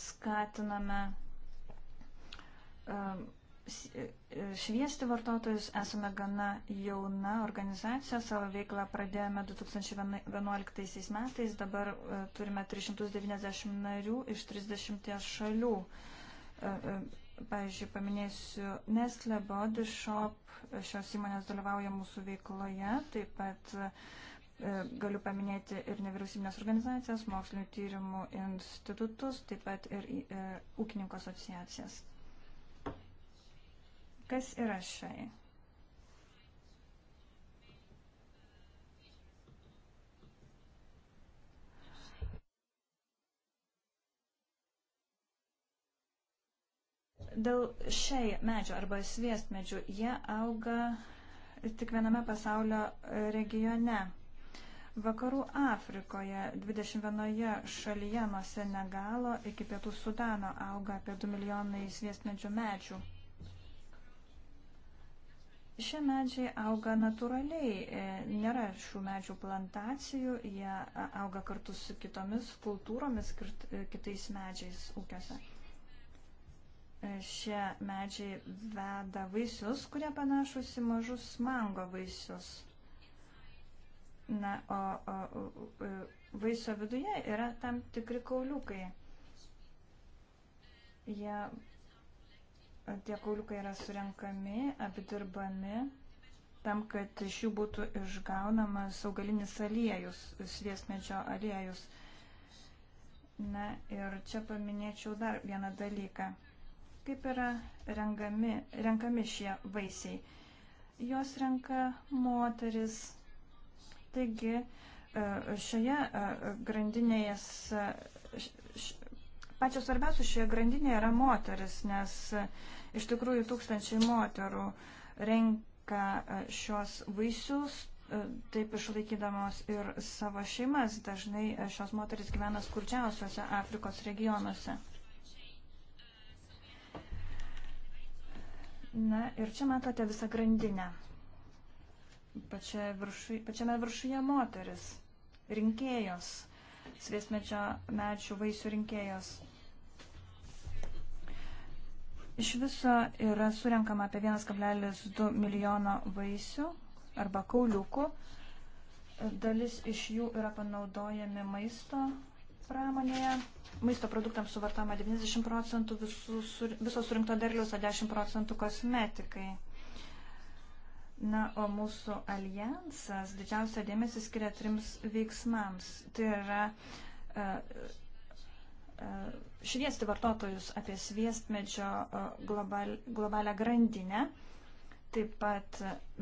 skatiname E, e, šviesti vartotojus. Esame gana jauna organizacija, savo veiklą pradėjome 2011 metais, dabar e, turime 390 narių iš 30 šalių. Pavyzdžiui, paminėsiu Nestle, Body Shop, šios įmonės dalyvauja mūsų veikloje, taip pat galiu paminėti ir nevyriausybinės organizacijas, mokslinio tyrimų institutus, taip pat ir ūkininko asociacijas. Kas yra šai? Dėl šiai medžių arba sviestmedžių jie auga tik viename pasaulio regione. Vakarų Afrikoje 21 šalyje nuo Senegalo iki pietų Sudano auga apie 2 milijonai sviestmedžių medžių. medžių. Šie medžiai auga natūraliai, e, nėra šių medžių plantacijų, jie auga kartu su kitomis kultūromis, e, kitais medžiais ūkiuose. E, šie medžiai veda vaisius, kurie panašus į mažus mango vaisius. Na, o, o, o vaisio viduje yra tam tikri kauliukai. Jie tie kauliukai yra surenkami, apdirbami tam, kad iš jų būtų išgaunamas augalinis aliejus, sviesmedžio aliejus. Na ir čia paminėčiau dar vieną dalyką. Kaip yra rengami, renkami šie vaisiai? Jos renka moteris. Taigi e, šioje e, grandinėje, pačios svarbiausios šioje grandinėje yra moteris, nes Iš tikrųjų, tūkstančiai moterų renka e, šios vaisius, e, taip išlaikydamos ir savo šeimas. Dažnai e, šios moteris gyvena skurdžiausiuose Afrikos regionuose. Na ir čia matote visą grandinę. Pačia viršuje, pačiame viršuje moteris, rinkėjos, sviesmečio medžių vaisių rinkėjos. Iš viso yra surenkama apie 1,2 milijono vaisių arba kauliukų. Dalis iš jų yra panaudojami maisto pramonėje. Maisto produktams suvartama 90 procentų viso surinkto derliaus, o 10 procentų kosmetikai. Na, o mūsų alijansas didžiausia dėmesį skiria trims veiksmams. Tai yra e, šviesti vartotojus apie sviestmedžio e, global, globalią grandinę. Taip pat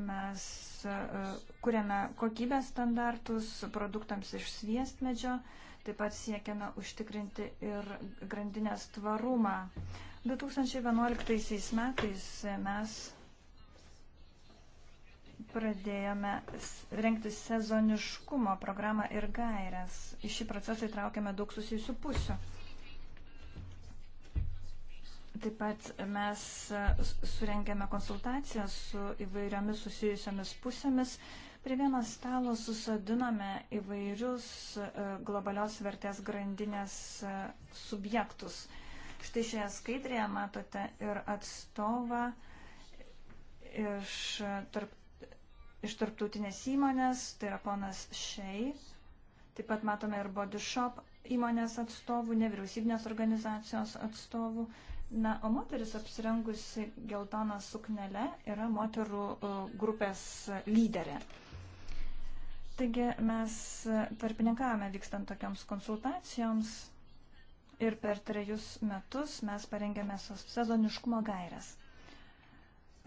mes e, kuriame kokybės standartus produktams iš sviestmedžio, taip pat siekiame užtikrinti ir grandinės tvarumą. 2011 metais mes pradėjome renkti sezoniškumo programą ir gairias. Į šį procesą įtraukėme daug susijusių pusių. Taip pat mes e, surengėme konsultaciją su įvairiomis susijusiamis pusėmis. Prie vieno stalo susadinome įvairius e, globalios vertės grandinės e, subjektus. Štai šioje skaidrėje matote ir atstovą iš, tarp, iš tarptautinės įmonės, tai yra ponas Šei. Taip pat matome ir Body Shop įmonės atstovų, nevyriausybinės organizacijos atstovų, Na, o moteris apsirengusi geltoną suknelę yra moterų e, grupės lyderė. Taigi mes tarpininkavome vykstant tokiams konsultacijoms ir per trejus metus mes parengėme sezoniškumo gairias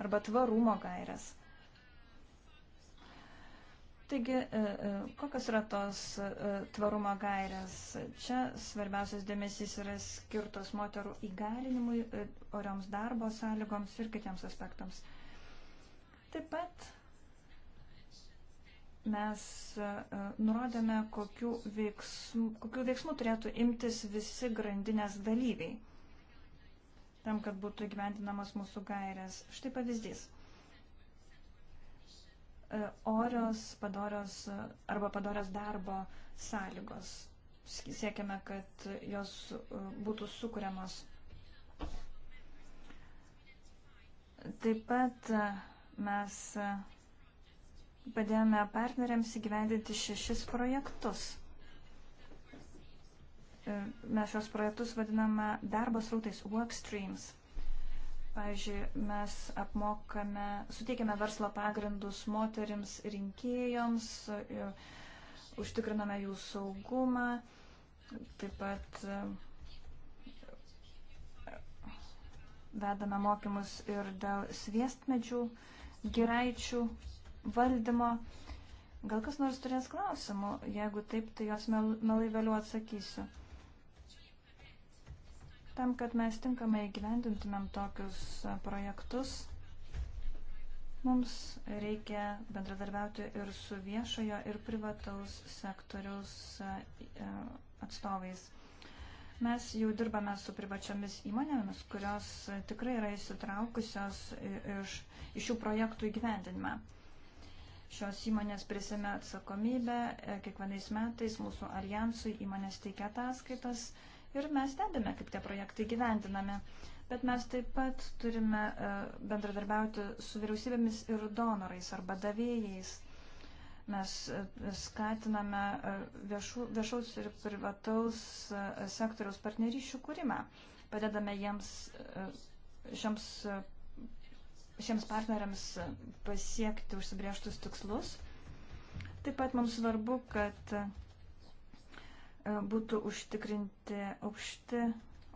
arba tvarumo gairias. Taigi, e, e, kokios yra tos e, tvarumo gairės? Čia svarbiausias dėmesys yra skirtos moterų įgalinimui, orioms darbo sąlygoms ir kitiems aspektams. Taip pat mes nurodėme, kokiu veiksmu, kokiu veiksmu turėtų imtis visi grandinės dalyviai, tam, kad būtų įgyvendinamas mūsų gairės. Štai pavyzdys. E, orios, padorios e, arba padorios darbo sąlygos. Siekiame, kad jos e, būtų sukūriamos. Taip pat mes padėjome partneriams įgyvendinti šešis projektus. Mes šios projektus vadiname darbo srautais, work streams. Pavyzdžiui, mes apmokame, suteikiame verslo pagrindus moterims rinkėjoms, e, užtikriname jų saugumą, taip pat e, vedame mokymus ir dėl sviestmedžių, giraičių valdymo. Gal kas nors turės klausimų, jeigu taip, tai jos melai vėliau atsakysiu. Tam, kad mes tinkamai gyvendintumėm tokius e, projektus, mums reikia bendradarbiauti ir su viešojo ir privataus sektoriaus e, e, atstovais. Mes jau dirbame su privačiomis įmonėmis, kurios tikrai yra įsitraukusios iš, iš šių projektų įgyvendinimą. Šios įmonės prisėmė atsakomybę, kiekvienais metais mūsų alijansui įmonės teikia ataskaitas, ir mes stebime, kaip tie projektai gyvendinami. Bet mes taip pat turime e, bendradarbiauti su vyriausybėmis ir donorais arba davėjais. Mes e, skatiname e, viešų, viešaus ir privataus sektoriaus partnerysčių kūrimą. Padedame jiems, šiems, šiems partneriams pasiekti užsibrieštus tikslus. Taip pat mums svarbu, kad E, būtų užtikrinti aukšti,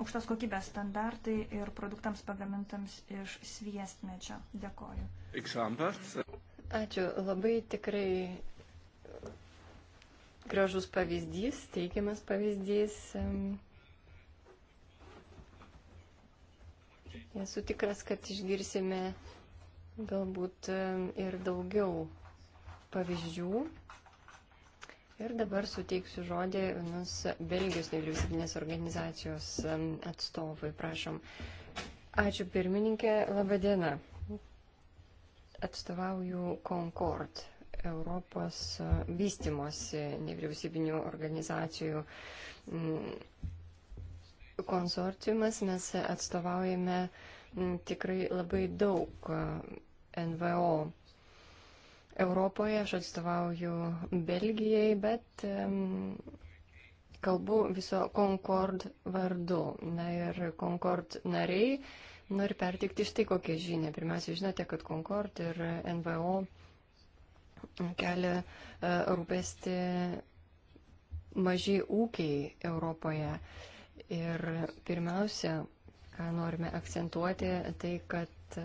aukštos kokybės standartai ir produktams pagamintams iš sviestmečio. Dėkoju. Examples. Ačiū. Labai tikrai gražus pavyzdys, teikiamas pavyzdys. Ehm, esu tikras, kad išgirsime galbūt ehm, ir daugiau pavyzdžių Ir dabar suteiksiu žodį vienos Belgijos nevyriausybinės organizacijos atstovui. Prašom. Ačiū pirmininkė, laba diena. Atstovauju Concord, Europos e, vystimosi nevyriausybinių organizacijų konsortiumas. Mes atstovaujame tikrai labai daug e, NVO Europoje, aš atstovauju Belgijai, bet um, kalbu viso Concord vardu. Na ir Concord nariai nori pertikti štai kokią žinę. Pirmiausia, žinote, kad Concord ir NVO kelia e, rūpesti maži ūkiai Europoje. Ir pirmiausia, ką norime akcentuoti, tai kad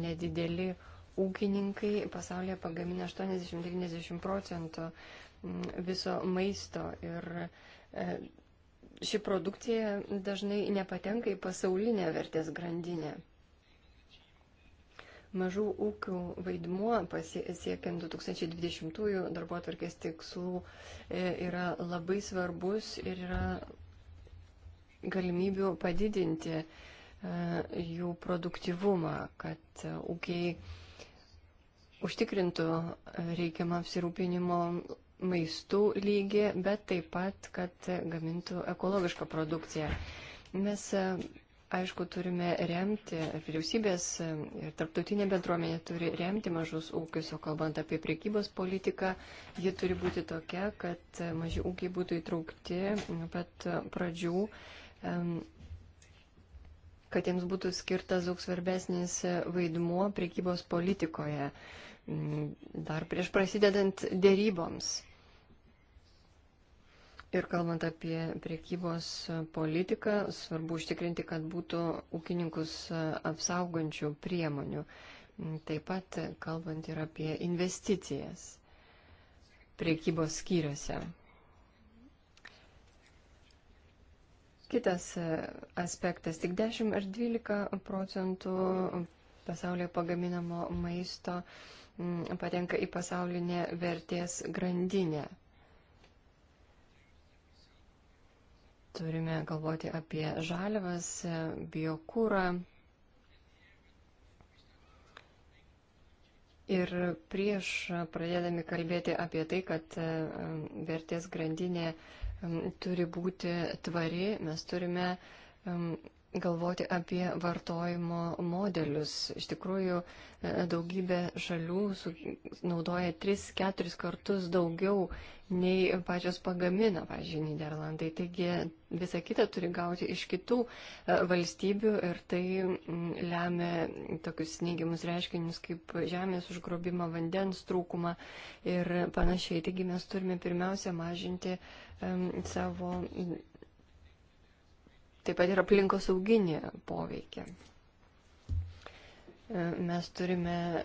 nedideli ūkiai ūkininkai pasaulyje pagamina 80-90 procentų mm, viso maisto ir e, ši produkcija dažnai nepatenka į pasaulinę vertės grandinę. Mažų ūkių vaidmuo siekiant 2020-ųjų darbo atvarkės tikslų e, yra labai svarbus ir yra galimybių padidinti e, jų produktivumą, kad ūkiai užtikrintų reikiamą apsirūpinimo maistų lygį, bet taip pat, kad gamintų ekologišką produkciją. Mes, aišku, turime remti, vyriausybės ir tarptautinė bendruomenė turi remti mažus ūkius, o kalbant apie priekybos politiką, ji turi būti tokia, kad maži ūkiai būtų įtraukti nuo pat pradžių kad jiems būtų skirtas daug svarbesnis vaidmuo priekybos politikoje. Uh, Mm, dar prieš prasidedant dėryboms. Ir kalbant apie priekybos politiką, svarbu užtikrinti, kad būtų ūkininkus apsaugančių priemonių. Mm, taip pat kalbant ir apie investicijas priekybos skyriuose. Kitas aspektas - tik 10 ar 12 procentų pasaulyje pagaminamo maisto Mm, patenka į pasaulinę vertės grandinę. Turime galvoti apie žalvas, biokūrą. Ir prieš pradėdami kalbėti apie tai, kad mm, vertės grandinė mm, turi būti tvari, mes turime galvoti apie vartojimo modelius. Iš tikrųjų, e, daugybė šalių naudoja 3-4 kartus daugiau nei pačios pagamina, pavyzdžiui, Niderlandai. Taigi visa kita turi gauti iš kitų e, valstybių ir tai lemia tokius neigiamus reiškinius kaip žemės užgrobimą, vandens trūkumą ir panašiai. Taigi mes turime pirmiausia mažinti um, savo taip pat ir aplinkos auginį poveikį. E, mes turime e,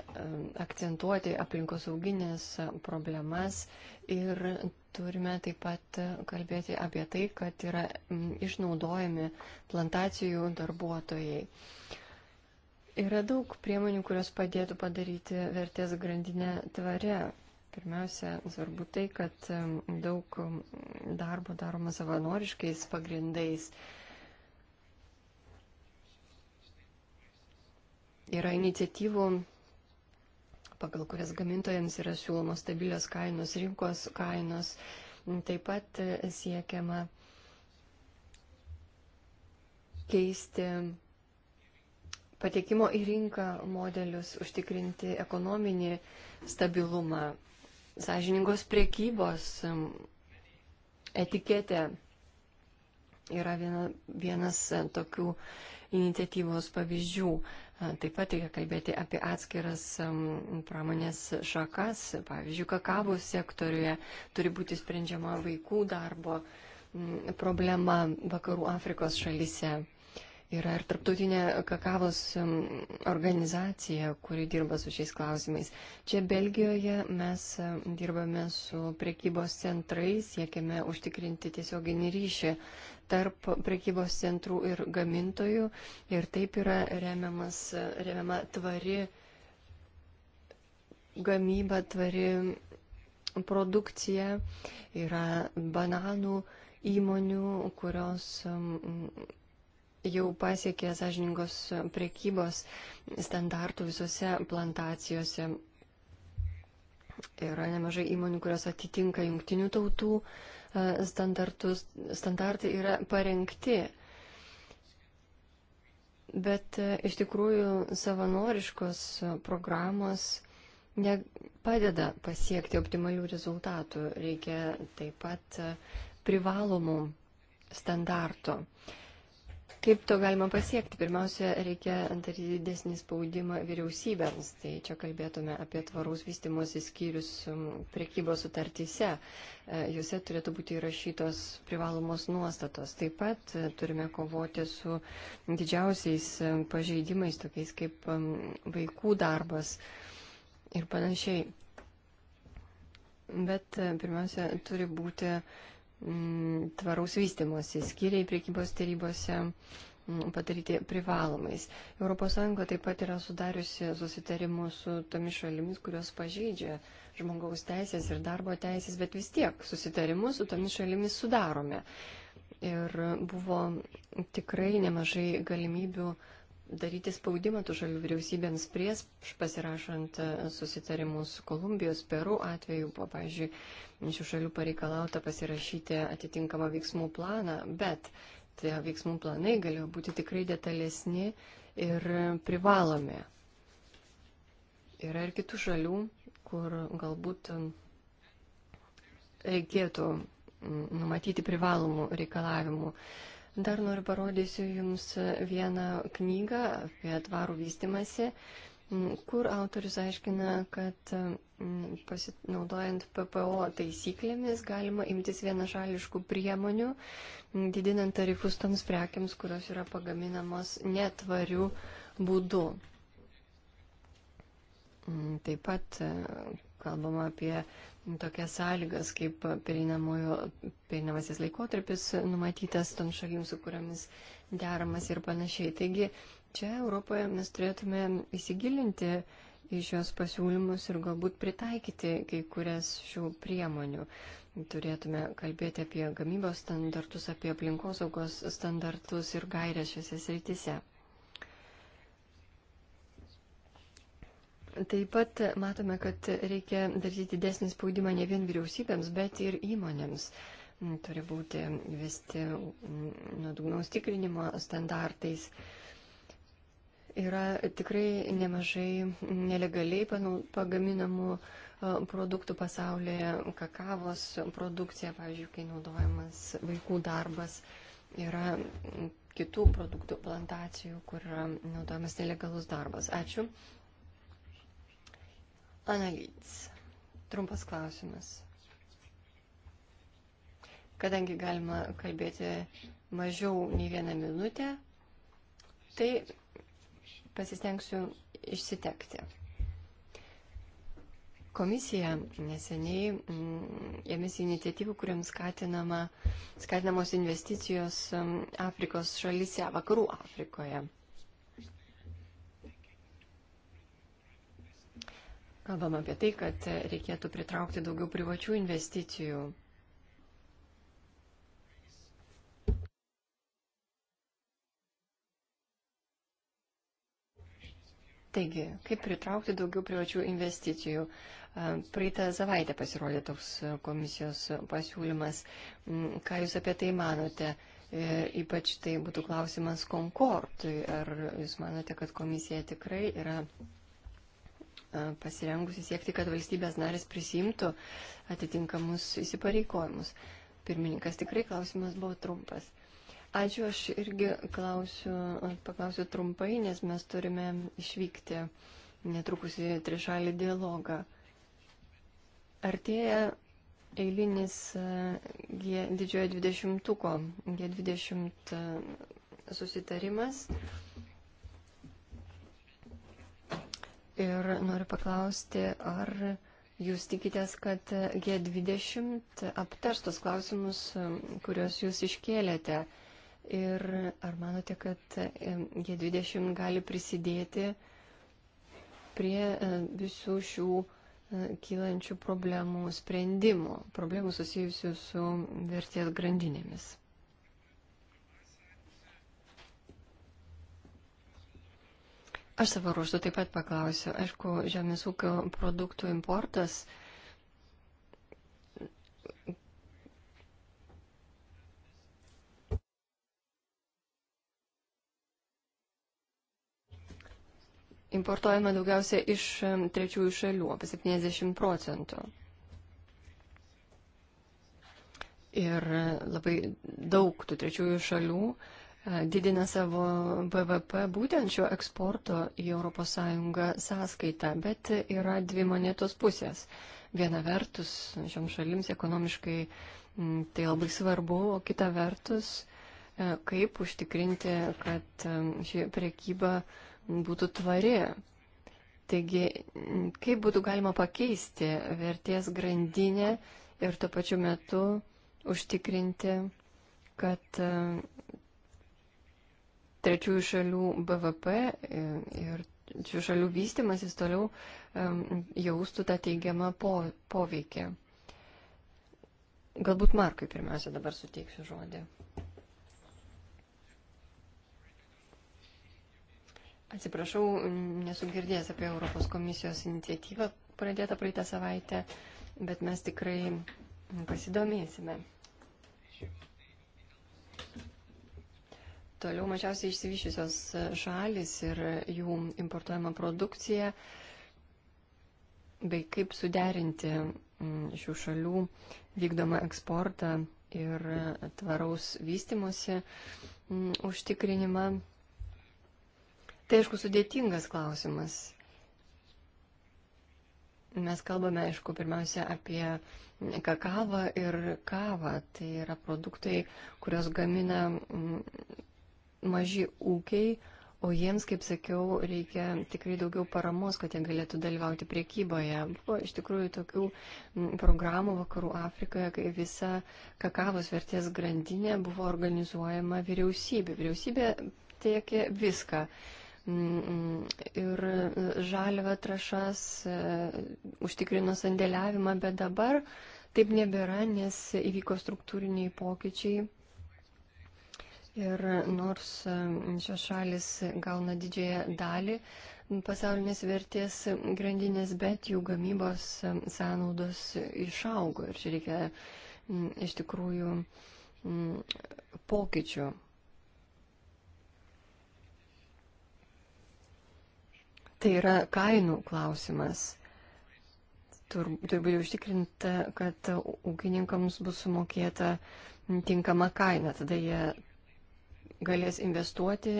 akcentuoti aplinkos auginės problemas ir turime taip pat kalbėti apie tai, kad yra išnaudojami plantacijų darbuotojai. Yra daug priemonių, kurios padėtų padaryti vertės grandinę tvare. Pirmiausia, svarbu tai, kad daug darbo daroma savanoriškais pagrindais. Yra iniciatyvų, pagal kurias gamintojams yra siūlomos stabilios kainos, rinkos kainos. Taip pat siekiama keisti patekimo į rinką modelius, užtikrinti ekonominį stabilumą, sąžiningos priekybos etiketė yra viena, vienas tokių iniciatyvos pavyzdžių. Taip pat reikia kalbėti apie atskiras pramonės šakas. Pavyzdžiui, kakavų sektoriuje turi būti sprendžiama vaikų darbo problema vakarų Afrikos šalise. Yra ir tarptautinė kakavos organizacija, kuri dirba su šiais klausimais. Čia Belgijoje mes dirbame su priekybos centrais, siekiame užtikrinti tiesioginį ryšį tarp prekybos centrų ir gamintojų ir taip yra remiamas, remiama tvari gamyba, tvari produkcija, yra bananų įmonių, kurios um, jau pasiekė sąžiningos prekybos standartų visose plantacijose. Yra nemažai įmonių, kurios atitinka jungtinių tautų uh, E, standartai yra parengti. Bet e, iš tikrųjų savanoriškos programos nepadeda pasiekti optimalių rezultatų. Reikia taip pat e, privalomų standartų. Kaip to galima pasiekti? Pirmiausia, reikia daryti didesnį spaudimą vyriausybėms. Tai čia kalbėtume apie tvaraus vystimosi skyrius priekybos sutartyse. E, juose turėtų būti įrašytos privalomos nuostatos. Taip pat e, turime kovoti su didžiausiais e, pažeidimais, tokiais kaip vaikų darbas ir panašiai. Bet pirmiausia, turi būti Mm, tvaraus vystimosi skiriai priekybos tarybose mm, padaryti privalomais. ES taip pat yra sudariusi susitarimus su tomis šalimis, kurios pažeidžia žmogaus teisės ir darbo teisės, bet vis tiek susitarimus su tomis šalimis sudarome. Ir buvo tikrai nemažai galimybių uh, daryti spaudimą tų šalių vyriausybėms prieš pasirašant e, susitarimus Kolumbijos, Peru atveju, po, pavyzdžiui, šių šalių pareikalauta pasirašyti atitinkamą veiksmų planą, bet tie veiksmų planai galėjo būti tikrai detalesni ir privalomi. Yra ir kitų šalių, kur galbūt reikėtų mm, numatyti privalomų reikalavimų Dar noriu parodysiu Jums vieną knygą apie tvarų vystimąsi, kur autorius aiškina, kad pasinaudojant PPO taisyklėmis galima imtis vienašališkų priemonių, didinant tarifus toms prekiams, kurios yra pagaminamos netvarių būdų. Taip pat kalbama apie tokias sąlygas, kaip pereinamasis laikotarpis numatytas tom šalim, su kuriamis deramas ir panašiai. Taigi čia Europoje mes turėtume įsigilinti į šios pasiūlymus ir galbūt pritaikyti kai kurias šių priemonių. Turėtume kalbėti apie gamybos standartus, apie aplinkosaugos standartus ir gairės šiuose srityse. Taip pat matome, kad reikia daryti didesnį spaudimą ne vien vyriausybėms, bet ir įmonėms. Mm, turi būti vesti mm, nuodugnaus tikrinimo standartais. Yra tikrai nemažai nelegaliai pagaminamų produktų pasaulyje, kakavos produkcija, pavyzdžiui, kai naudojamas vaikų darbas. Yra mm, kitų produktų plantacijų, kur yra naudojamas nelegalus darbas. Ačiū. Analyts. Trumpas klausimas. Kadangi galima kalbėti mažiau nei vieną minutę, tai pasistengsiu išsitekti. Komisija neseniai mm, ėmėsi iniciatyvų, kuriams skatinama, skatinamos investicijos mm, Afrikos šalyse, vakarų Afrikoje. Kalbam apie tai, kad reikėtų pritraukti daugiau privačių investicijų. Taigi, kaip pritraukti daugiau privačių investicijų? Praeitą savaitę pasirodė toks komisijos pasiūlymas. Mm, ką Jūs apie tai manote? E, ypač tai būtų klausimas Concordui. Ar Jūs manote, kad komisija tikrai yra E, pasirengusi siekti, kad valstybės narės prisimtų atitinkamus įsipareigojimus. Pirmininkas tikrai klausimas buvo trumpas. Ačiū, aš irgi klausiu, paklausiu trumpai, nes mes turime išvykti netrukus į trišalį dialogą. Artėja eilinis e, G, didžiojo 20-ko, G20 e, susitarimas. Ir noriu paklausti, ar jūs tikitės, kad G20 aptars tos klausimus, kuriuos jūs iškėlėte. Ir ar manote, kad G20 gali prisidėti prie e, visų šių e, kylančių problemų sprendimo, problemų susijusių su vertės grandinėmis? Aš savo ruoštų taip pat paklausiu. Aišku, žemės ūkio produktų importas importuojama daugiausia iš trečiųjų šalių, apie 70 procentų. Ir labai daug tų trečiųjų šalių uh, didina savo BVP būtent šio eksporto į ES sąskaitą, bet yra dvi monetos pusės. Viena vertus, šiom šalims ekonomiškai tai labai svarbu, o kita vertus, kaip užtikrinti, kad ši prekyba būtų tvari. Taigi, kaip būtų galima pakeisti vertės grandinę ir tuo pačiu metu užtikrinti, kad trečiųjų šalių BVP e, ir šių šalių vystimasis toliau jaustų tą teigiamą po, poveikį. Galbūt Markui pirmiausia dabar suteiksiu žodį. Atsiprašau, nesu girdėjęs apie Europos komisijos iniciatyvą pradėtą praeitą savaitę, bet mes tikrai pasidomėsime. Thank you. Toliau mažiausiai išsivyšusios šalis ir jų importuojama produkcija, bei kaip suderinti mm, šių šalių vykdomą eksportą ir tvaraus vystimosi mm, užtikrinimą. Tai aišku sudėtingas klausimas. Mes kalbame, aišku, pirmiausia apie kakavą ir kavą. Tai yra produktai, kurios gamina mm, maži ūkiai, o jiems, kaip sakiau, reikia tikrai daugiau paramos, kad jie galėtų dalyvauti priekyboje. Buvo iš tikrųjų tokių programų Vakarų Afrikoje, kai visa kakavos vertės grandinė buvo organizuojama vyriausybė. Vyriausybė tiekė viską ir e, žalvę trašas, e, užtikrino sandėliavimą, bet dabar taip nebėra, nes įvyko struktūriniai pokyčiai Ir nors e, šios šalis gauna didžiąją dalį pasaulinės vertės grandinės, bet jų gamybos e, sąnaudos išaugo ir čia reikia iš tikrųjų pokyčių. Tai yra kainų klausimas. Turbūt užtikrinta, kad ūkininkams bus sumokėta tinkama kaina, tada jie galės investuoti,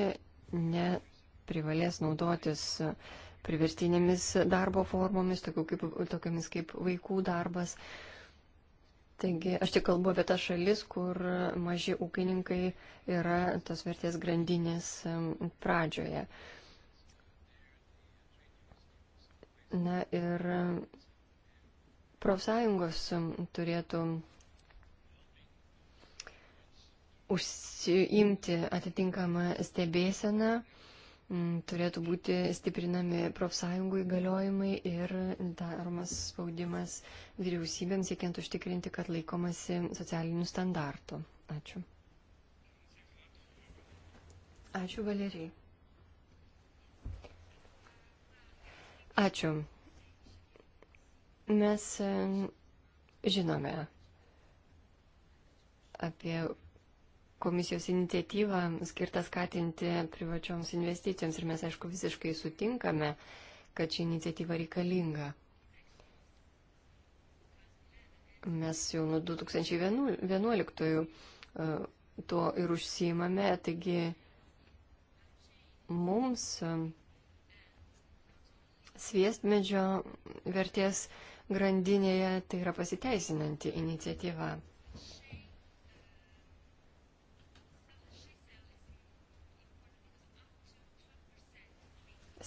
neprivalės naudotis priverstinėmis darbo formomis, kaip, tokiamis kaip vaikų darbas. Taigi aš tik kalbu apie tą šalis, kur maži ūkininkai yra tos vertės grandinės pradžioje. Na ir profsąjungos turėtų užsiimti atitinkamą stebėseną, turėtų būti stiprinami profsąjungų įgaliojimai ir daromas spaudimas vyriausybėms, siekiant užtikrinti, kad laikomasi socialinių standartų. Ačiū. Ačiū, Valerijai. Ačiū. Mes e, žinome apie komisijos iniciatyvą skirtą skatinti privačioms investicijoms ir mes, aišku, visiškai sutinkame, kad ši iniciatyva reikalinga. Mes jau nuo 2011 e, tuo ir užsiimame, taigi mums e, sviestmedžio vertės grandinėje tai yra pasiteisinanti iniciatyva.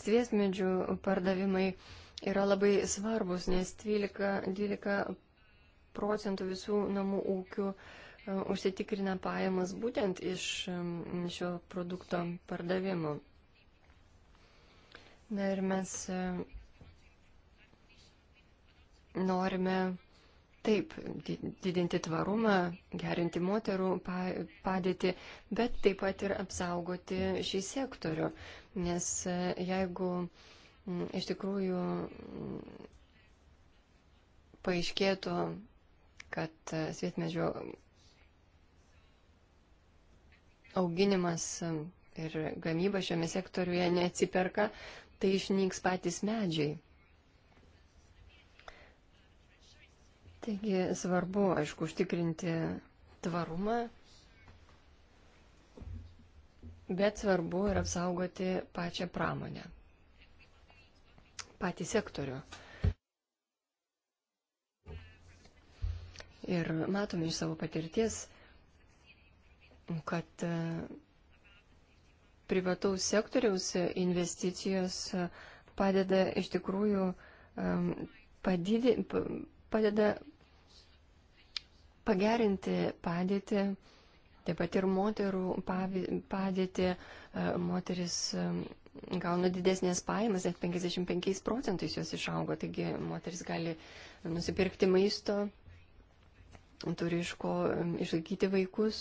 sviesmedžių pardavimai yra labai svarbus, nes 12, 12 procentų visų namų ūkių e, užsitikrina pajamas būtent iš šio produkto pardavimo. Na ir mes e, norime taip didinti tvarumą, gerinti moterų padėtį, bet taip pat ir apsaugoti šį sektorių. Nes e, jeigu iš tikrųjų paaiškėtų, kad e, svietmedžio auginimas e, ir gamyba šiame sektoriuje neatsiperka, tai išnyks patys medžiai. Taigi svarbu, aišku, užtikrinti tvarumą bet svarbu ir apsaugoti pačią pramonę, patį sektorių. Ir matome iš savo patirties, kad e, privataus sektoriaus investicijos e, padeda iš tikrųjų e, padidė, padeda pagerinti padėtį Taip pat ir moterų padėti, e, moteris e, gauna didesnės pajamas, net 55 procentais jos išaugo, taigi moteris gali nusipirkti maisto, turi iš ko e, išlaikyti vaikus.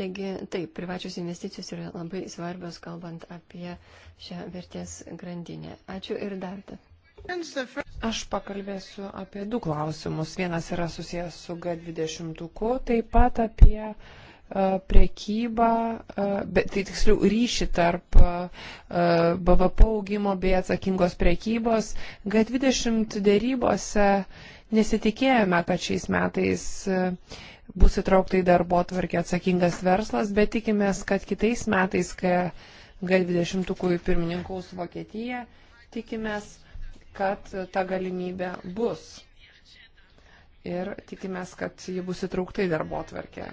Taigi, taip, privačios investicijos yra labai svarbios, kalbant apie šią vertės grandinę. Ačiū ir dar. Aš pakalbėsiu apie du klausimus. Vienas yra susijęs su G20, taip pat apie uh, priekybą, bet, tai tiksliau ryšį tarp BVP augimo bei atsakingos priekybos. G20 dėrybose nesitikėjome, kad šiais metais bus įtraukta į darbo tvarkę atsakingas verslas, bet tikimės, kad kitais metais, kai G20 pirmininkaus Vokietija, tikimės, kad ta galimybė bus. Ir tikimės, kad ji bus įtraukta į darbo tvarkę.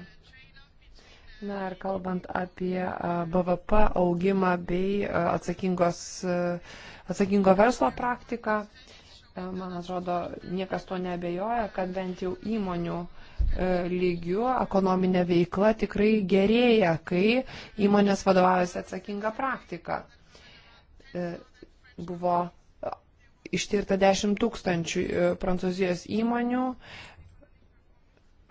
Na ir kalbant apie BVP augimą bei atsakingo verslo praktiką, man atrodo, niekas to nebejoja, kad bent jau įmonių lygių ekonominė veikla tikrai gerėja, kai įmonės vadovaujasi atsakinga praktika. Buvo ištirta 10 tūkstančių prancūzijos įmonių,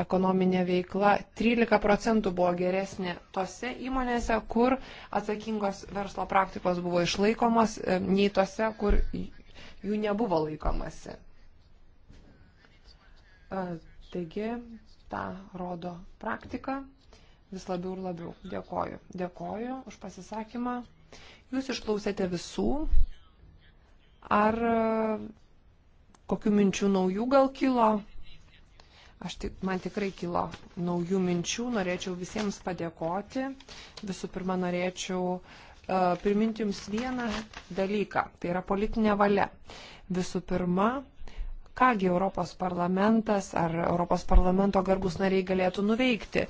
ekonominė veikla 13 procentų buvo geresnė tose įmonėse, kur atsakingos verslo praktikos buvo išlaikomos, e, nei tose, kur jų nebuvo laikomasi. E, taigi, tą rodo praktika vis labiau ir labiau. Dėkoju. Dėkoju už pasisakymą. Jūs išklausėte visų. Ar kokių minčių naujų gal kilo? Aš tik, man tikrai kilo naujų minčių, norėčiau visiems padėkoti. Visų pirma, norėčiau uh, priminti Jums vieną dalyką, tai yra politinė valia. Visų pirma, kągi Europos parlamentas ar Europos parlamento garbus nariai galėtų nuveikti.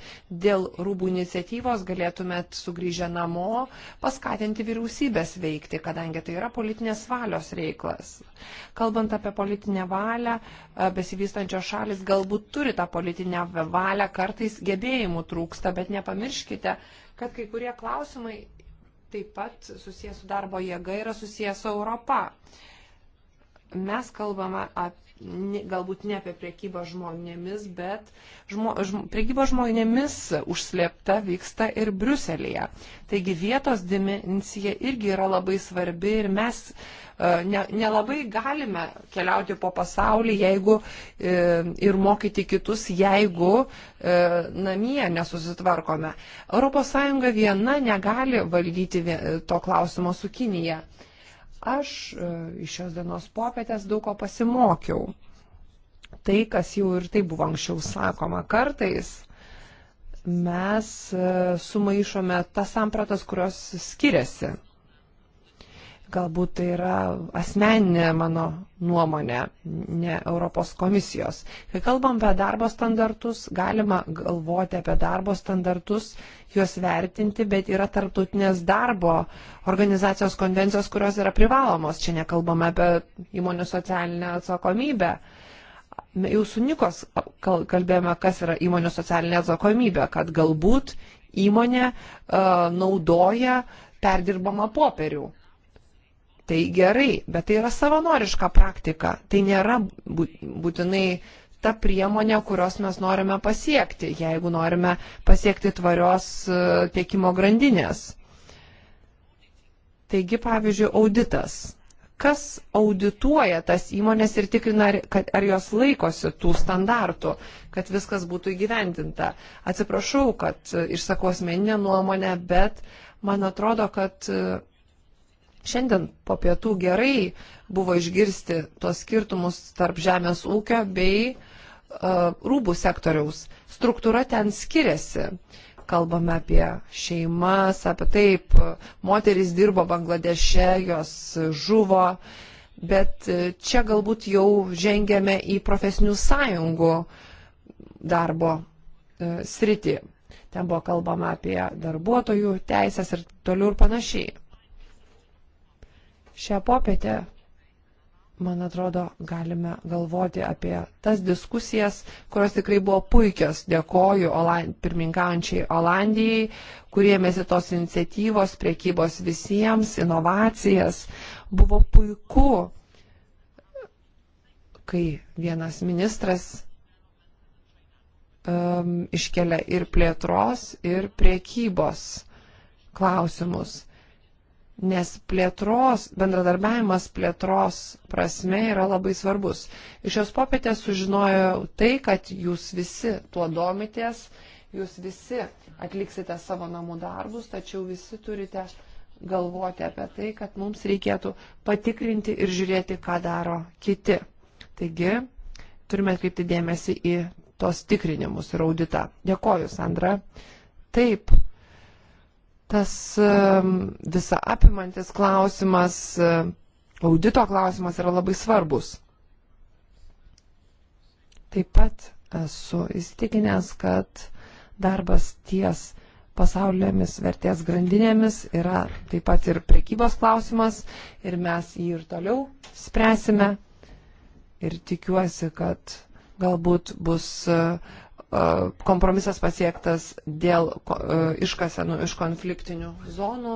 Dėl rūbų iniciatyvos galėtumėt sugrįžę namo paskatinti vyriausybės veikti, kadangi tai yra politinės valios reiklas. Kalbant apie politinę valią, e, besivystančios šalis galbūt turi tą politinę valią, kartais gebėjimų trūksta, bet nepamirškite, kad kai kurie klausimai taip pat susijęs su darbo jėga yra susijęs su Europa mes kalbame apie galbūt ne apie priekybą žmonėmis, bet žmo, žmo, priekyba žmonėmis užslėpta vyksta ir Bruselėje. Taigi vietos dimensija irgi yra labai svarbi ir mes e, ne, nelabai galime keliauti po pasaulį jeigu, e, ir mokyti kitus, jeigu e, namie nesusitvarkome. ES viena negali valdyti to klausimo su Kinija. Aš e, iš šios dienos popietės daug ko pasimokiau. Tai, kas jau ir tai buvo anksčiau sakoma kartais, mes e, sumaišome tas sampratas, kurios skiriasi. Galbūt tai yra asmeninė mano nuomonė, ne Europos komisijos. Kai kalbam apie darbo standartus, galima galvoti apie darbo standartus, juos vertinti, bet yra tarptautinės darbo organizacijos konvencijos, kurios yra privalomos. Čia nekalbame apie įmonių socialinę atsakomybę jau su Nikos kalbėjome, kas yra įmonių socialinė atsakomybė, kad galbūt įmonė uh, naudoja perdirbamą popierių. Tai gerai, bet tai yra savanoriška praktika. Tai nėra būtinai ta priemonė, kurios mes norime pasiekti, jeigu norime pasiekti tvarios e, tiekimo grandinės. Taigi, pavyzdžiui, auditas. Kas audituoja tas įmonės ir tikrina, kad ar jos laikosi tų standartų, kad viskas būtų įgyvendinta. Atsiprašau, kad e, išsakau asmeninę nuomonę, bet man atrodo, kad e, Šiandien po pietų gerai buvo išgirsti tuos skirtumus tarp žemės ūkio bei uh, rūbų sektoriaus. Struktūra ten skiriasi. Kalbame apie šeimas, apie taip, moteris dirbo Bangladeše, jos žuvo, bet e, čia galbūt jau žengėme į profesinių sąjungų darbo e, sritį. Ten buvo kalbama apie darbuotojų teisės ir toliau ir panašiai. Šią popietę, man atrodo, galime galvoti apie tas diskusijas, kurios tikrai buvo puikios. Dėkoju Oland... pirmininkaujančiai Olandijai, kuriemėsi tos iniciatyvos, priekybos visiems, inovacijas. Buvo puiku, kai vienas ministras um, iškelia ir plėtros, ir priekybos klausimus nes plėtros, bendradarbiavimas plėtros prasme yra labai svarbus. Iš šios popietės sužinojau tai, kad jūs visi tuo domitės, jūs visi atliksite savo namų darbus, tačiau visi turite galvoti apie tai, kad mums reikėtų patikrinti ir žiūrėti, ką daro kiti. Taigi, turime atkreipti dėmesį į tos tikrinimus ir auditą. Dėkoju, Sandra. Taip, tas visa apimantis klausimas, audito klausimas yra labai svarbus. Taip pat esu įsitikinęs, kad darbas ties pasaulėmis vertės grandinėmis yra taip pat ir prekybos klausimas ir mes jį ir toliau spręsime. Ir tikiuosi, kad galbūt bus kompromisas pasiektas dėl iškasenų iš konfliktinių zonų.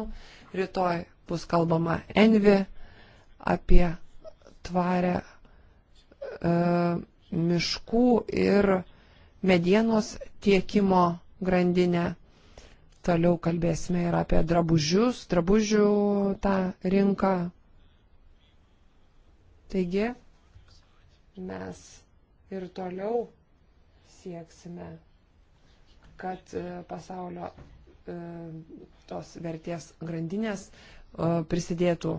Rytoj bus kalbama Envi apie tvarę miškų ir medienos tiekimo grandinę. Toliau kalbėsime ir apie drabužius, drabužių tą rinką. Taigi, mes ir toliau sieksime, kad e, pasaulio e, tos vertės grandinės e, prisidėtų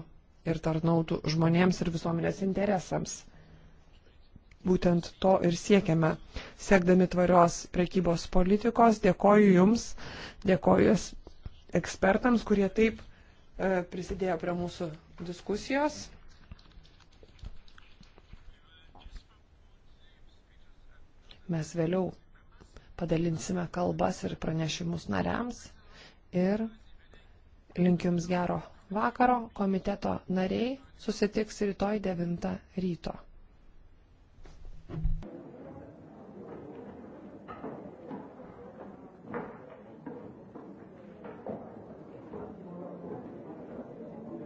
ir tarnautų žmonėms ir visuomenės interesams. Būtent to ir siekiame. Siekdami tvarios prekybos politikos, dėkoju Jums, dėkoju ekspertams, kurie taip prisidėjo prie mūsų diskusijos. Mes vėliau padalinsime kalbas ir pranešimus nariams ir linkiu Jums gero vakaro. Komiteto nariai susitiks rytoj 9 ryto.